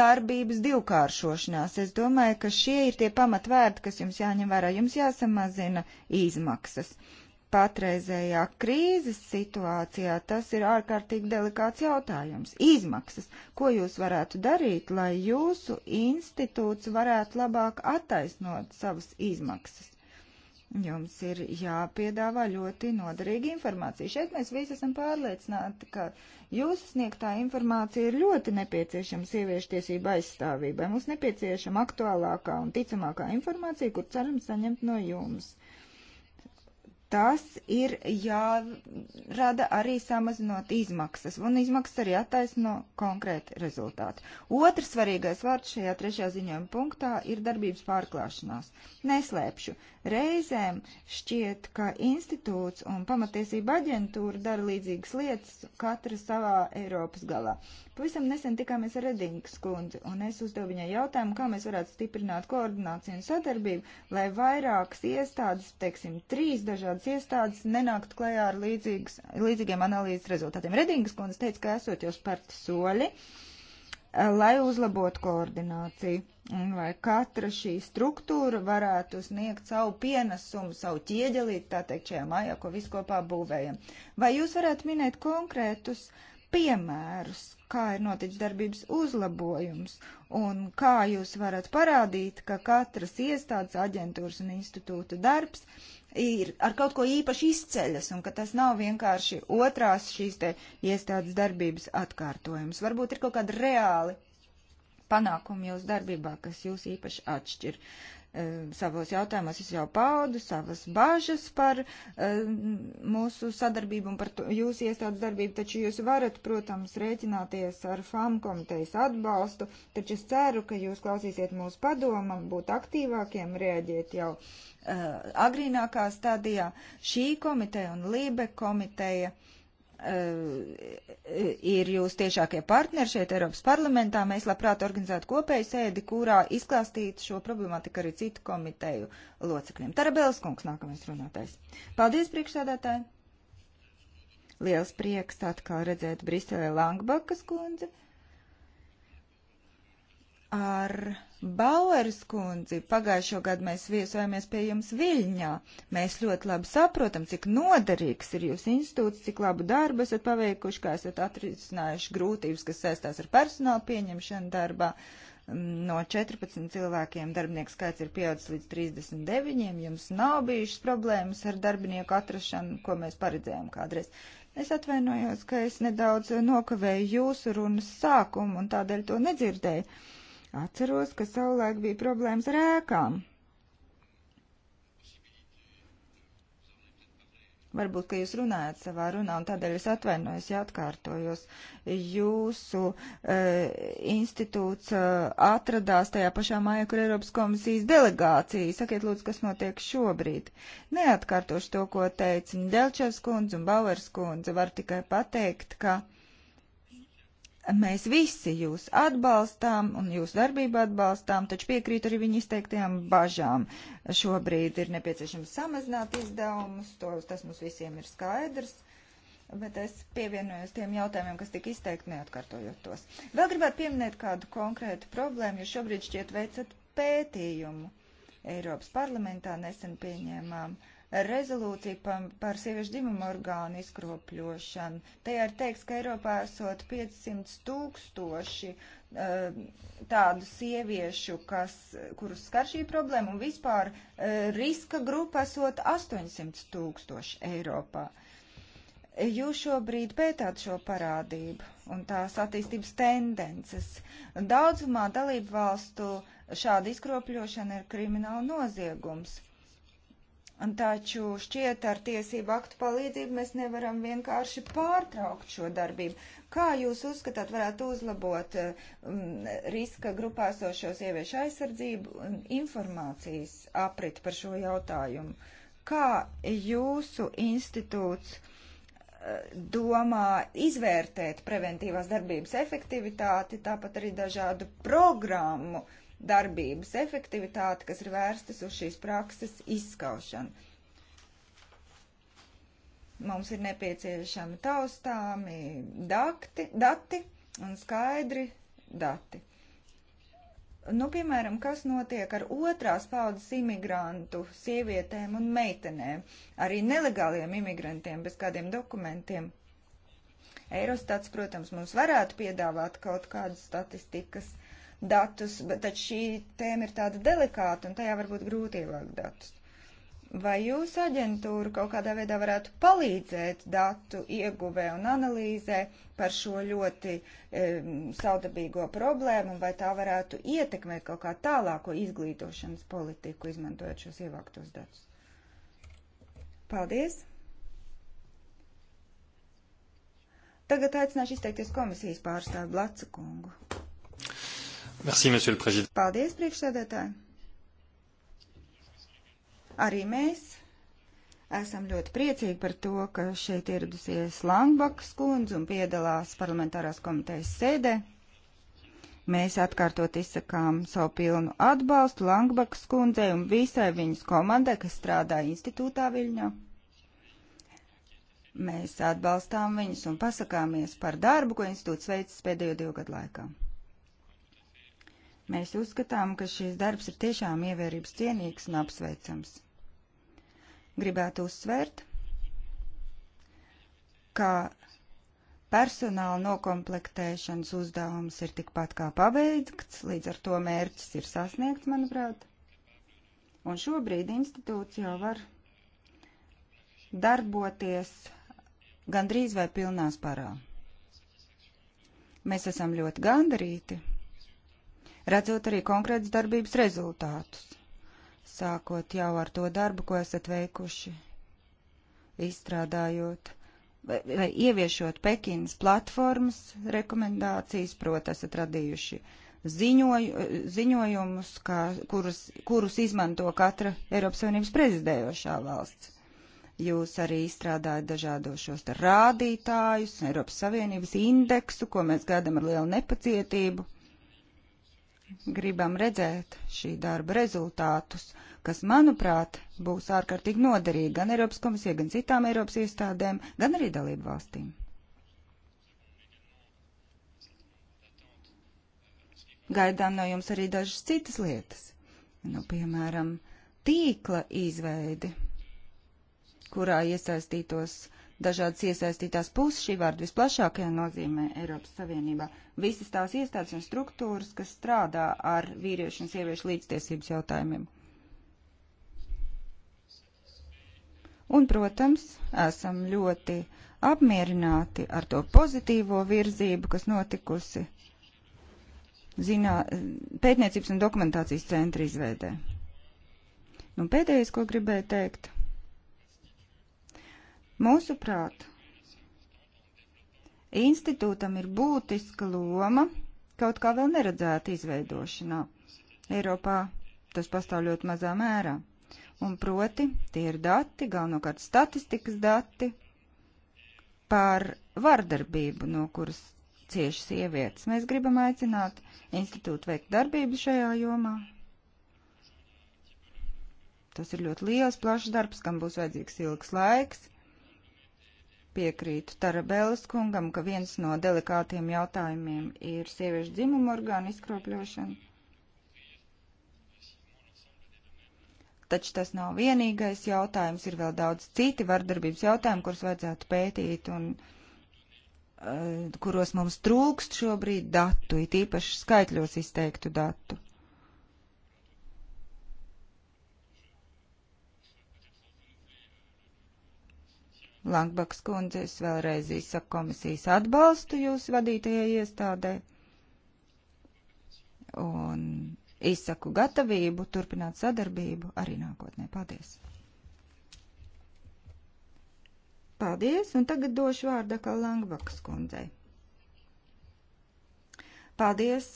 darbības divkāršošanās. Es domāju, ka šie ir tie pamatvērti, kas jums jāņem vērā. Jums jāsamazina izmaksas. Uh, patreizējā krīzes situācijā tas ir ārkārtīgi delikāts jautājums. Izmaksas. Ko jūs varētu darīt, lai jūsu institūts varētu labāk attaisnot savas izmaksas? Jums ir jāpiedāvā ļoti noderīga informācija. Šeit mēs visi esam pārliecināti, ka jūsu sniegtā informācija ir ļoti nepieciešama sieviešu tiesību aizstāvībai. Mums nepieciešama aktuālākā un ticamākā informācija, kur ceram saņemt no jums tas ir jārada arī samazinot izmaksas, un izmaksas arī attaisno konkrēti rezultāti. Otrs svarīgais vārds šajā trešajā ziņojuma punktā ir darbības pārklāšanās. Neslēpšu, reizēm šķiet, ka institūts un pamatiesība aģentūra dara līdzīgas lietas, katra savā Eiropas galā. Pavisam nesen tikāmies ar Redingas kundzi, un es uzdevu viņai jautājumu, kā mēs varētu stiprināt koordināciju un sadarbību, lai vairākas iestādes, teiksim, trīs dažādas dažādas iestādes nenākt klajā ar līdzīgas, līdzīgiem analīzes rezultātiem. Redingas kundze teica, ka esot jau spērti soļi, eh, lai uzlabotu koordināciju, un lai katra šī struktūra varētu sniegt savu pienesumu, savu ķieģelīti, tā teikt, šajā mājā, ko visu kopā būvējam. Vai jūs varētu minēt konkrētus piemērus, kā ir noticis darbības uzlabojums un kā jūs varat parādīt, ka katras iestādes, aģentūras un institūta darbs ir ar kaut ko īpaši izceļas un ka tas nav vienkārši otrās šīs te iestādes darbības atkārtojums. Varbūt ir kaut kādi reāli panākumi jūsu darbībā, kas jūs īpaši atšķir. E, savos jautājumos es jau paudu savas bažas par e, mūsu sadarbību un par jūsu iestādes darbību, taču jūs varat, protams, rēķināties ar FAM komitejas atbalstu, taču es ceru, ka jūs klausīsiet mūsu padomam, būt aktīvākiem, rēģiet jau e, agrīnākā stadijā. Šī komiteja un Lībe komiteja. Uh, Eh, ir jūs tiešākie partneri šeit Eiropas parlamentā. Mēs labprāt organizētu kopēju sēdi, kurā izklāstītu šo problemātiku arī citu komiteju locekļiem. Tarabēls kungs nākamais runātais. Paldies, priekšsēdētāji! Liels prieks atkal redzēt Briselē Langbakas kundzi ar Baueras kundzi pagājušo gadu mēs viesojamies pie jums Viļņā. Mēs ļoti labi saprotam, cik noderīgs ir jūsu institūts, cik labu darbu esat paveikuši, kā esat atrisinājuši grūtības, kas saistās ar personāla pieņemšanu darbā. Mm, no 14 cilvēkiem darbinieku skaits ir pieaudzis līdz 39. Jums nav bijušas problēmas ar darbinieku atrašanu, ko mēs paredzējām kādreiz. Es atvainojos, ka es nedaudz nokavēju jūsu runas sākumu un tādēļ to nedzirdēju Atceros, ka savulaik bija problēmas ar ēkām. Varbūt, ka jūs runājat savā runā, un tādēļ es atvainojos, ja atkārtojos. Jūsu e, institūts e, atradās tajā pašā mājā, kur Eiropas komisijas delegācija. Sakiet, lūdzu, kas notiek šobrīd. Neatkārtošu to, ko teica Delčevs kundze un Bauers kundze. Var tikai pateikt, ka. E, Mēs visi jūs atbalstām un jūsu darbību atbalstām, taču piekrīt arī viņu izteiktajām bažām. Šobrīd ir nepieciešams samazināt izdevumus, to, tas mums visiem ir skaidrs, bet es pievienojos tiem jautājumiem, kas tika izteikti, neatkārtojot tos. Vēl gribētu pieminēt kādu konkrētu problēmu, jo šobrīd šķiet veicat pētījumu. Eiropas parlamentā nesen pieņēmām uh, rezolūcija par, par sieviešu dzimumu orgānu izkropļošanu. Tajā ir teiks, ka Eiropā esot 500 tūkstoši eh, tādu sieviešu, kas, kurus skar šī problēma, un vispār eh, riska grupa esot 800 tūkstoši Eiropā. Jūs šobrīd pētāt šo parādību un tās attīstības tendences. Daudzumā dalību valstu šāda izkropļošana ir krimināla noziegums Un taču šķiet ar tiesību aktu palīdzību mēs nevaram vienkārši pārtraukt šo darbību. Kā jūs uzskatāt varētu uzlabot um, riska grupā sošo sieviešu aizsardzību un informācijas aprit par šo jautājumu? Kā jūsu institūts uh, domā izvērtēt preventīvās darbības efektivitāti, tāpat arī dažādu programmu uh, darbības efektivitāti, kas ir vērstas uz šīs prakses izskaušanu. Mums ir nepieciešami taustāmi dakti, dati un skaidri dati. Nu, piemēram, kas notiek ar otrās paudzes imigrantu sievietēm un meitenēm, arī nelegāliem imigrantiem bez kādiem dokumentiem? Eirostats, protams, mums varētu piedāvāt kaut kādas statistikas datus, bet tad šī tēma ir tāda delikāta un tajā varbūt grūti ievākt datus. Vai jūsu aģentūra kaut kādā veidā varētu palīdzēt datu ieguvē un analīzē par šo ļoti e, saudabīgo problēmu, vai tā varētu ietekmēt kaut kā tālāko izglītošanas politiku, izmantojot šos ievāktos datus? Paldies! Tagad aicināšu izteikties komisijas pārstāvu Blacu kungu. Merci, monsieur le prezident. Paldies, priekšsēdētāji. Arī mēs esam ļoti priecīgi par to, ka šeit ieradusies Langbakas kundze un piedalās parlamentārās komitejas sēdē. Mēs atkārtot izsakām savu pilnu atbalstu Langbakas kundzei un visai viņas komandai, kas strādā institūtā Viļņā. Mēs atbalstām viņus un pasakāmies par darbu, ko institūts veicis pēdējo divu gadu laikā. Mēs uzskatām, ka šīs darbs ir tiešām ievērības cienīgs un apsveicams. Gribētu uzsvērt, ka personāla nokomplektēšanas uzdevums ir tikpat kā pabeigts, līdz ar to mērķis ir sasniegts, manuprāt. Un šobrīd institūcija var darboties gandrīz vai pilnā sparā. Mēs esam ļoti gandarīti redzot arī konkrētas darbības rezultātus, sākot jau ar to darbu, ko esat veikuši, izstrādājot vai, vai ieviešot Pekinas platformas rekomendācijas, proti esat radījuši ziņoju, ziņojumus, kā, kurus, kurus izmanto katra Eiropas Savienības prezidējošā valsts. Jūs arī izstrādājat dažādos šos rādītājus, Eiropas Savienības indeksu, ko mēs gaidām ar lielu nepacietību gribam redzēt šī darba rezultātus, kas, manuprāt, būs ārkārtīgi noderīgi gan Eiropas komisijai, gan citām Eiropas iestādēm, gan arī dalību valstīm. Gaidām no jums arī dažas citas lietas, nu, piemēram, tīkla izveidi, kurā iesaistītos uh, dažādas iesaistītās puses šī vārda visplašākajā nozīmē Eiropas Savienībā. Visas tās iestādes un struktūras, kas strādā ar vīriešu un sieviešu līdztiesības jautājumiem. Un, protams, esam ļoti apmierināti ar to pozitīvo virzību, kas notikusi zinā, pētniecības un dokumentācijas centra izveidē. Nu, pēdējais, ko gribēju teikt. Mūsuprāt, institūtam ir būtiska loma kaut kā vēl neredzēta izveidošanā. Eiropā tas pastāv ļoti mazā mērā. Un proti, tie ir dati, galvenokārt statistikas dati par vardarbību, no kuras cieši sievietes. Mēs gribam aicināt institūtu veikt darbību šajā jomā. Tas ir ļoti liels, plašs darbs, kam būs vajadzīgs ilgs laiks piekrītu Tarabēlas kungam, ka viens no delikātiem jautājumiem ir sieviešu dzimumu orgānu izkropļošana. Taču tas nav vienīgais jautājums, ir vēl daudz citi vardarbības jautājumi, kurus vajadzētu pētīt un uh, kuros mums trūkst šobrīd datu, it īpaši skaitļos izteiktu datu. Lankbaks kundze, es vēlreiz izsaku komisijas atbalstu jūsu vadītajai iestādē un izsaku gatavību turpināt sadarbību arī nākotnē. Paldies! Paldies, un tagad došu vārdu atkal Langbakas kundzei. Paldies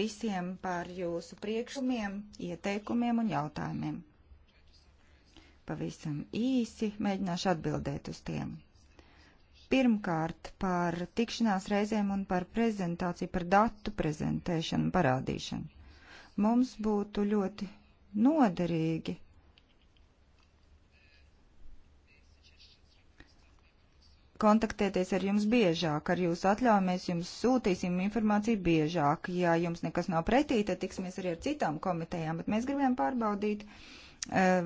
visiem par jūsu priekšlikumiem, ieteikumiem un jautājumiem pavisam īsi mēģināšu atbildēt uz tiem. Pirmkārt, par tikšanās reizēm un par prezentāciju, par datu prezentēšanu un parādīšanu. Mums būtu ļoti noderīgi kontaktēties ar jums biežāk, ar jūsu atļauju mēs jums sūtīsim informāciju biežāk. Ja jums nekas nav pretī, tad tiksimies arī ar citām komitejām, bet mēs gribējām pārbaudīt, uh, Eh,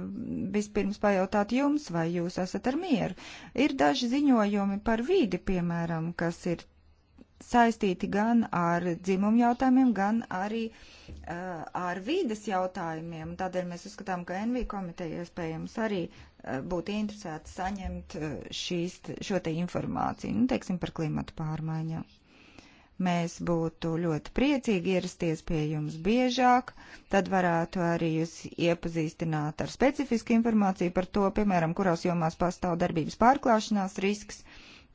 vispirms pajautāt jums, vai jūs esat ar mieru. Ir daži ziņojumi par vīdi, piemēram, kas ir saistīti gan ar dzimumu jautājumiem, gan arī uh, ar vīdes jautājumiem. Tādēļ mēs uzskatām, ka NV komiteja iespējams arī uh, būtu interesēta saņemt uh, šīs, šo te informāciju, nu, teiksim, par klimatu pārmaiņām. Mēs būtu ļoti priecīgi ierasties pie jums biežāk, tad varētu arī jūs iepazīstināt ar specifisku informāciju par to, piemēram, kurās jomās pastāv darbības pārklāšanās risks.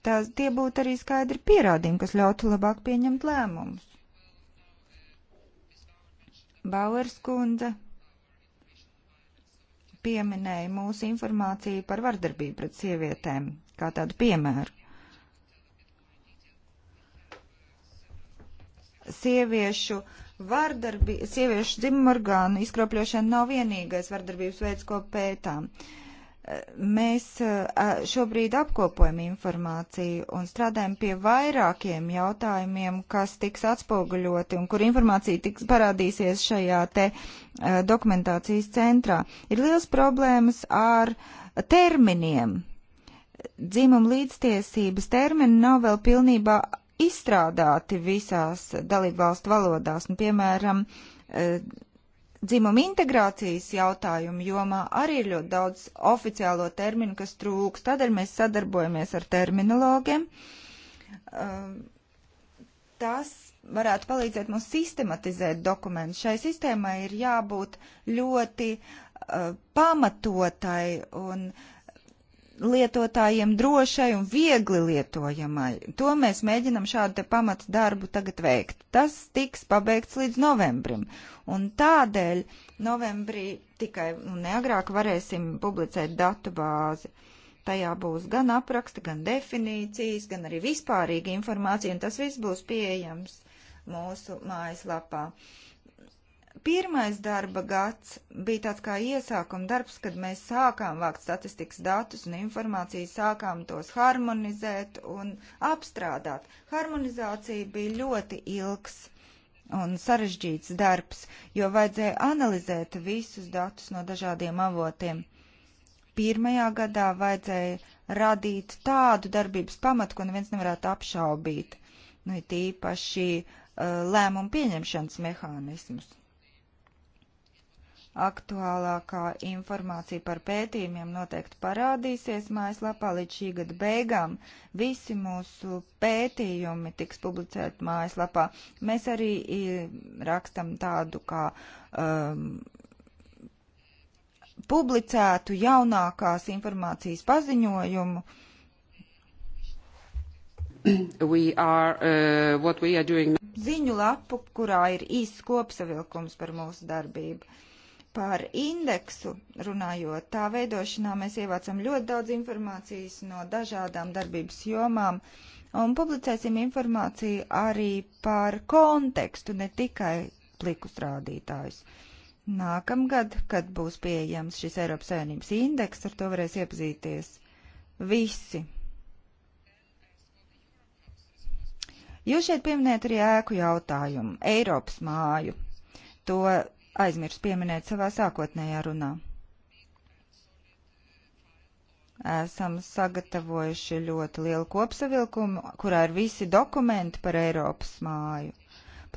Tās, tie būtu arī skaidri pierādījumi, kas ļautu labāk pieņemt lēmumus. Bauers kundze pieminēja mūsu informāciju par vardarbību pret sievietēm kā tādu piemēru. sieviešu vardarbi, sieviešu dzimumorgānu izkropļošana nav vienīgais vardarbības veids, ko pētām. Mēs šobrīd apkopojam informāciju un strādājam pie vairākiem jautājumiem, kas tiks atspoguļoti un kur informācija tiks parādīsies šajā te dokumentācijas centrā. Ir liels problēmas ar terminiem. Dzimuma līdztiesības termini nav vēl pilnībā izstrādāti visās dalībvalstu valodās, un, nu, piemēram, e, dzimuma integrācijas jautājumu jomā arī ir ļoti daudz oficiālo terminu, kas trūks. Tādēļ mēs sadarbojamies ar terminologiem. E, tas varētu palīdzēt mums sistematizēt dokumentus. Šai sistēmai ir jābūt ļoti uh, pamatotai un uh, lietotājiem drošai un viegli lietojamai. To mēs mēģinam šādu te pamats darbu tagad veikt. Tas tiks pabeigts līdz novembrim. Un tādēļ novembrī tikai neagrāk varēsim publicēt datu bāzi. Tajā būs gan apraksti, gan definīcijas, gan arī vispārīga informācija, un tas viss būs pieejams mūsu mājaslapā. Uh, Pirmais darba gads bija tāds kā iesākuma darbs, kad mēs sākām vākt statistikas datus un informāciju, sākām tos harmonizēt un apstrādāt. Harmonizācija bija ļoti ilgs un sarežģīts darbs, jo vajadzēja analizēt visus datus no dažādiem avotiem. Pirmajā gadā vajadzēja radīt tādu darbības pamatu, ko neviens nevarētu apšaubīt, nu, it īpaši uh, lēmumu pieņemšanas mehānismus. Aktuālākā informācija par pētījumiem noteikti parādīsies mājaslapā līdz šī gada beigām. Visi mūsu pētījumi tiks publicēti mājaslapā. Mēs arī rakstam tādu kā um, publicētu jaunākās informācijas paziņojumu. Are, uh, ziņu lapu, kurā ir īsts kopsavilkums par mūsu darbību. Par indeksu runājot, tā veidošanā mēs ievācam ļoti daudz informācijas no dažādām darbības jomām un publicēsim informāciju arī par kontekstu, ne tikai plikus rādītājus. Nākamgad, kad būs pieejams šis Eiropas Savienības indeks, ar to varēs iepazīties visi. Jūs šeit pieminējat arī ēku jautājumu, Eiropas māju. To aizmirsu pieminēt savā sākotnējā runā. Esam sagatavojuši ļoti lielu kopsavilkumu, kurā ir visi dokumenti par Eiropas māju.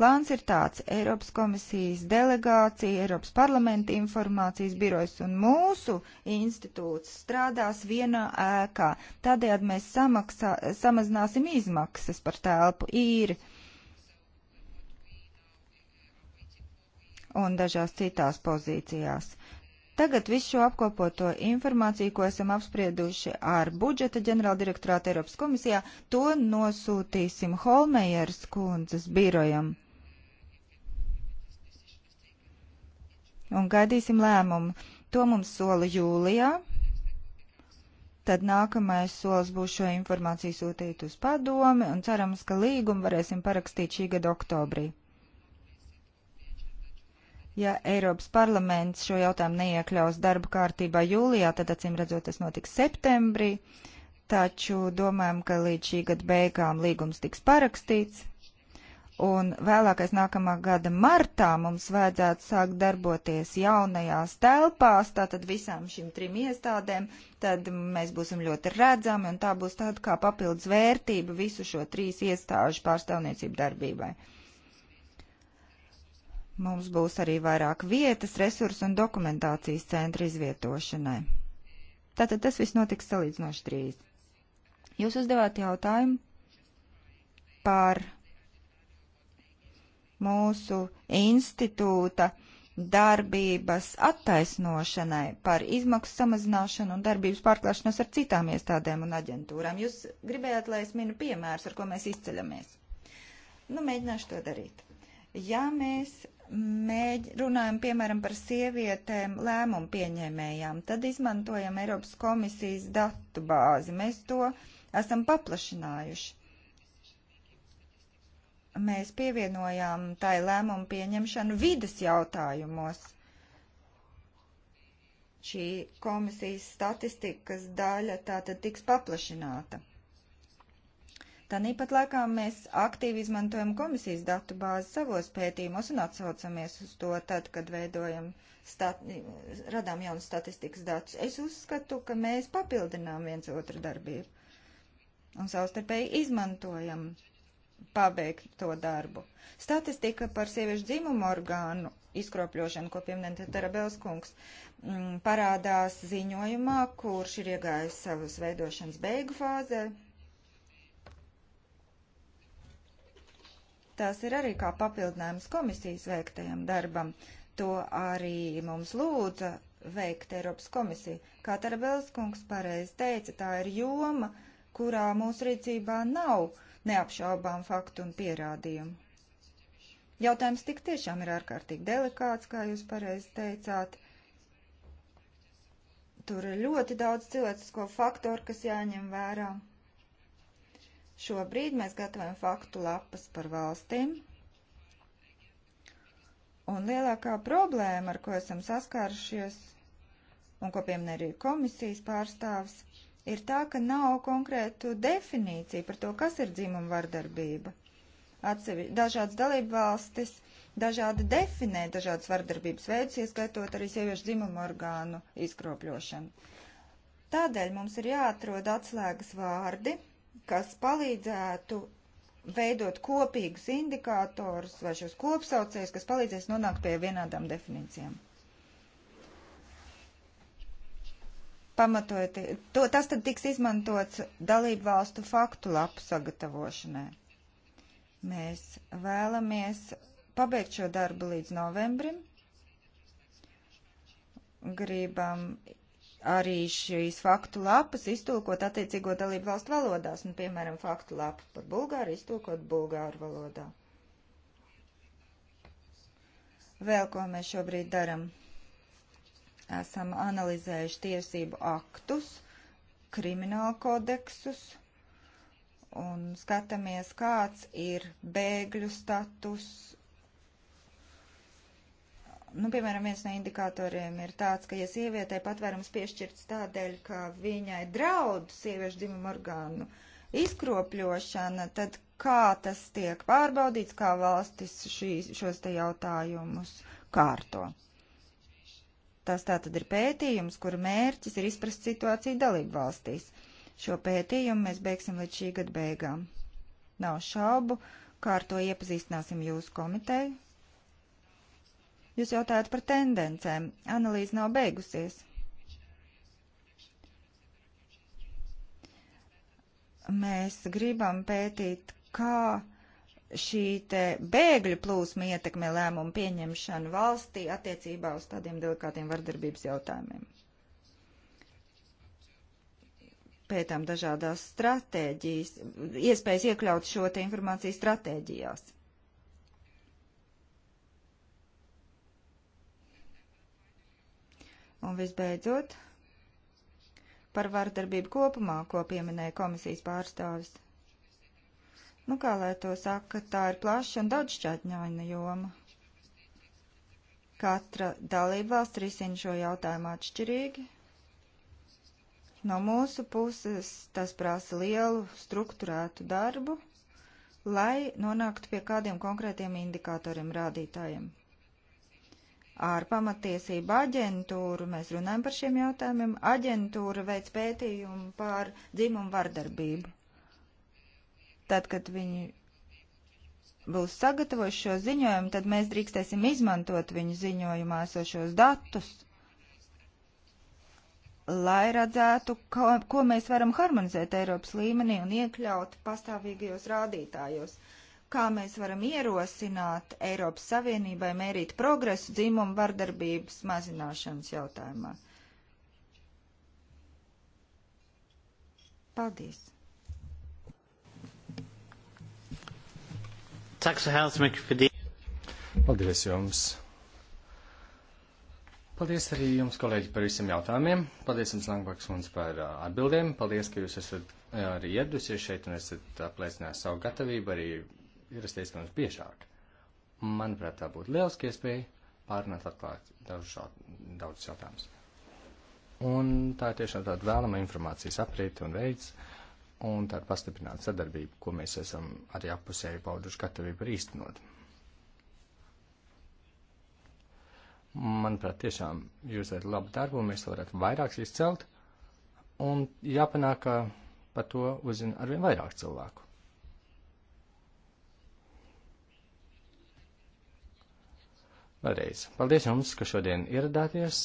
Plāns ir tāds - Eiropas komisijas delegācija, Eiropas parlamenta informācijas birojas un mūsu institūts strādās vienā ēkā. Tādējādi mēs samaksā, samazināsim izmaksas par telpu īri. Uh, un dažās citās pozīcijās. Tagad visu šo apkopoto informāciju, ko esam apsprieduši ar budžeta ģenerāldirektorātu Eiropas komisijā, to nosūtīsim Holmejers kundzes birojam. Un gaidīsim lēmumu. To mums sola jūlijā. Tad nākamais solis būs šo informāciju sūtīt uz padomi un cerams, ka līgumu varēsim parakstīt šī gada oktobrī. Ja Eiropas parlaments šo jautājumu neiekļaus darba kārtībā jūlijā, tad acīm redzot, tas notiks septembrī, taču domājam, ka līdz šī gada beigām līgums tiks parakstīts. Un vēlākais nākamā gada martā mums vajadzētu sākt darboties jaunajās telpās, tātad visām šīm trim iestādēm, tad mēs būsim ļoti redzami un tā būs tāda kā papildus vērtība visu šo trīs iestāžu pārstāvniecību darbībai. Mums būs arī vairāk vietas, resursu un dokumentācijas centra izvietošanai. Tātad tas viss notiks salīdzinoši drīz. Jūs uzdevāt jautājumu par mūsu institūta darbības attaisnošanai, par izmaksu samazināšanu un darbības pārklāšanos ar citām iestādēm un aģentūrām. Jūs gribējāt, lai es minu piemērs, ar ko mēs izceļamies. Nu, mēģināšu to darīt. Ja mēs mēģ, runājam piemēram par sievietēm lēmumu pieņēmējām, tad izmantojam Eiropas komisijas datu bāzi. Mēs to esam paplašinājuši. Mēs pievienojām tai lēmumu pieņemšanu vidas jautājumos. Šī komisijas statistikas daļa tātad tiks paplašināta. Tāpat laikā mēs aktīvi izmantojam komisijas datu bāzi savos pētījumos un atsaucamies uz to tad, kad veidojam, stat, radām jaunus statistikas datus. Es uzskatu, ka mēs papildinām viens otru darbību un savstarpēji izmantojam pabeigt to darbu. Statistika par sieviešu dzimumu orgānu izkropļošanu, ko pieminēja Tarabels kungs, mm, parādās ziņojumā, kurš ir iegājis savas veidošanas beigu fāzē, Tās ir arī kā papildinājums komisijas veiktajam darbam. To arī mums lūdza veikt Eiropas komisija. Kā Tarabels kungs pareizi teica, tā ir joma, kurā mūsu rīcībā nav neapšaubām faktu un pierādījumu. Jautājums tik tiešām ir ārkārtīgi delikāts, kā jūs pareizi teicāt. Tur ir ļoti daudz cilvēcisko faktoru, kas jāņem vērā. Šobrīd mēs gatavojam faktu lapas par valstīm. Un lielākā problēma, ar ko esam saskārušies, un ko piemin arī komisijas pārstāvs, ir tā, ka nav konkrētu definīciju par to, kas ir dzimuma vardarbība. Atsevi, dažādas dalību valstis dažādi definē dažādas vardarbības veidus, ieskaitot arī sieviešu dzimumu orgānu izkropļošanu. Tādēļ mums ir jāatrod atslēgas vārdi, kas palīdzētu veidot kopīgus indikātorus vai šos kopsaucējus, kas palīdzēs nonākt pie vienādām definīcijām. Pamatojot, to, tas tad tiks izmantots dalību valstu faktu lapu sagatavošanai. Mēs vēlamies pabeigt šo darbu līdz novembrim. Gribam arī šīs faktu lapas iztulkot attiecīgo dalību valstu valodās, nu, piemēram, faktu lapu par bulgāru iztulkot bulgāru valodā. Vēl ko mēs šobrīd daram? Esam analizējuši tiesību aktus, kriminālu kodeksus un skatāmies, kāds ir bēgļu status nu, piemēram, viens no indikatoriem ir tāds, ka, ja sievietei patvērums piešķirts tādēļ, ka viņai draud sieviešu dzimumu orgānu izkropļošana, tad kā tas tiek pārbaudīts, kā valstis šī, šos te jautājumus kārto. Tas tā tad ir pētījums, kura mērķis ir izprast situāciju dalību valstīs. Šo pētījumu mēs beigsim līdz šī gada beigām. Nav šaubu, kā ar to iepazīstināsim jūsu komiteju, Jūs jautājat par tendencēm. Analīze nav beigusies. Mēs gribam pētīt, kā šī te bēgļu plūsma ietekmē lēmumu pieņemšanu valstī attiecībā uz tādiem delikātiem vardarbības jautājumiem. Pētām dažādās stratēģijas, iespējas iekļaut šo te informāciju stratēģijās. Un visbeidzot, par vardarbību kopumā, ko pieminēja komisijas pārstāvis. Nu, kā lai to saka, tā ir plaša un daudzšķaitņaina joma. Katra dalībvalsts risina šo jautājumu atšķirīgi. No mūsu puses tas prasa lielu struktūrētu darbu, lai nonāktu pie kādiem konkrētiem indikatoriem rādītājiem ar pamatiesību aģentūru. Mēs runājam par šiem jautājumiem. Aģentūra veic pētījumu par dzimumu vardarbību. Tad, kad viņi būs sagatavojuši šo ziņojumu, tad mēs drīkstēsim izmantot viņu ziņojumā esošos datus, lai redzētu, ko, ko mēs varam harmonizēt Eiropas līmenī un iekļaut pastāvīgajos rādītājos. Uh, kā mēs varam ierosināt Eiropas Savienībai mērīt progresu dzimumu vardarbības mazināšanas jautājumā. Paldies! Paldies jums! Paldies arī jums, kolēģi, par visiem jautājumiem. Paldies jums, Langbaks, mums par uh, atbildēm. Paldies, ka jūs esat uh, arī ieradusies šeit un esat uh, apliecinājis savu gatavību arī ierasties gan biežāk. Manuprāt, tā būtu lieliski iespēja pārnāt atklāt daudzus daudz jautājumus. Un tā ir tiešām tāda vēlama informācijas aprīta un veids, un tāda pastiprināta sadarbība, ko mēs esam arī apusēji pauduši gatavību īstenot. Manuprāt, tiešām jūs darat labu darbu, un mēs to varētu vairāk izcelt, un jāpanāk, ka par to uzzina arvien vairāk cilvēku. Vēlreiz paldies jums, ka šodien ieradāties.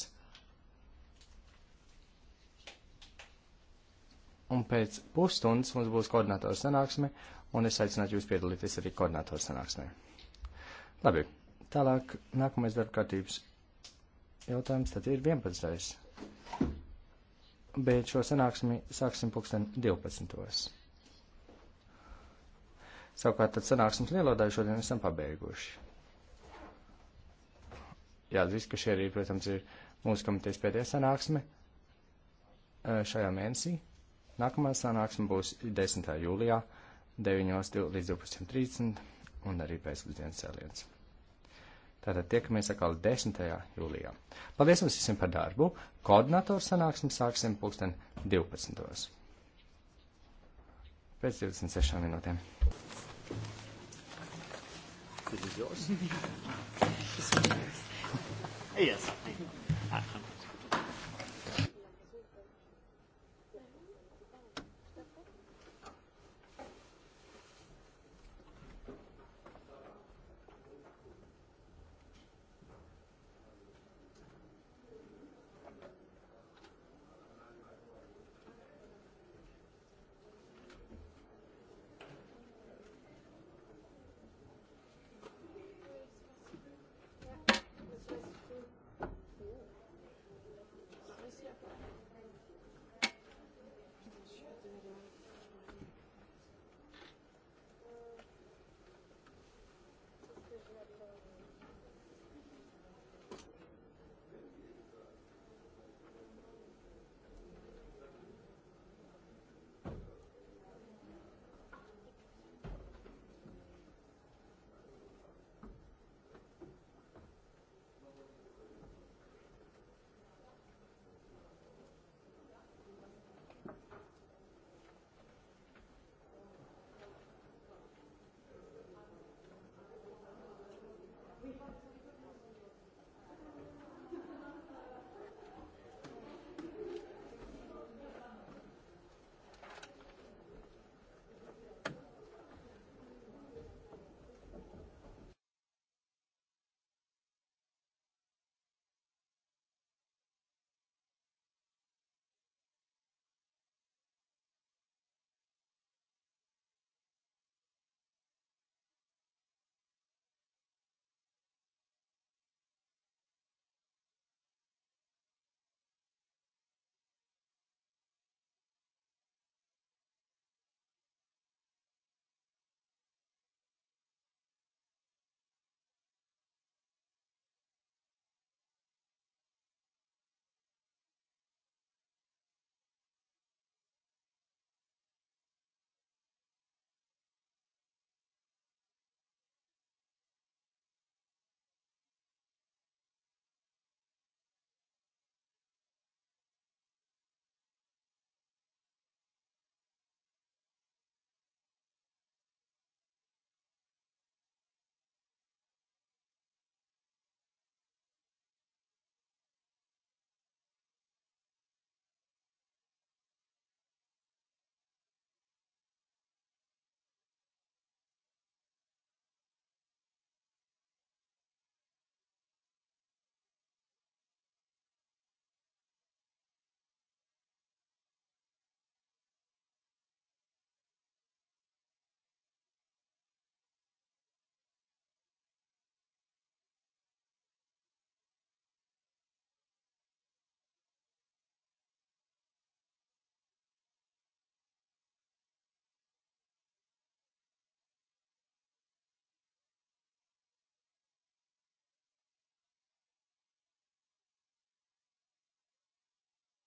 Un pēc pusstundas mums būs koordinātors sanāksme, un es aicinātu jūs piedalīties arī koordinātors sanāksmē. Labi, tālāk nākamais darba kārtības jautājums tad ir 11. Bet šo sanāksmi sāksim pulksten 12. Savukārt tad sanāksmes lielo daļu šodien esam pabeiguši jāatzīst, ka šī arī, protams, ir mūsu komitejas pēdējā sanāksme šajā mēnesī. Nākamā sanāksme būs 10. jūlijā 9 līdz 12.30 un arī pēcpusdienas cēliens. Tātad tiekamies atkal 10. jūlijā. Paldies jums visiem par darbu. Koordinatoru sanāksmi sāksim pulksten 12. Pēc 26 minūtēm. Good is yours. *laughs* yes. I, I,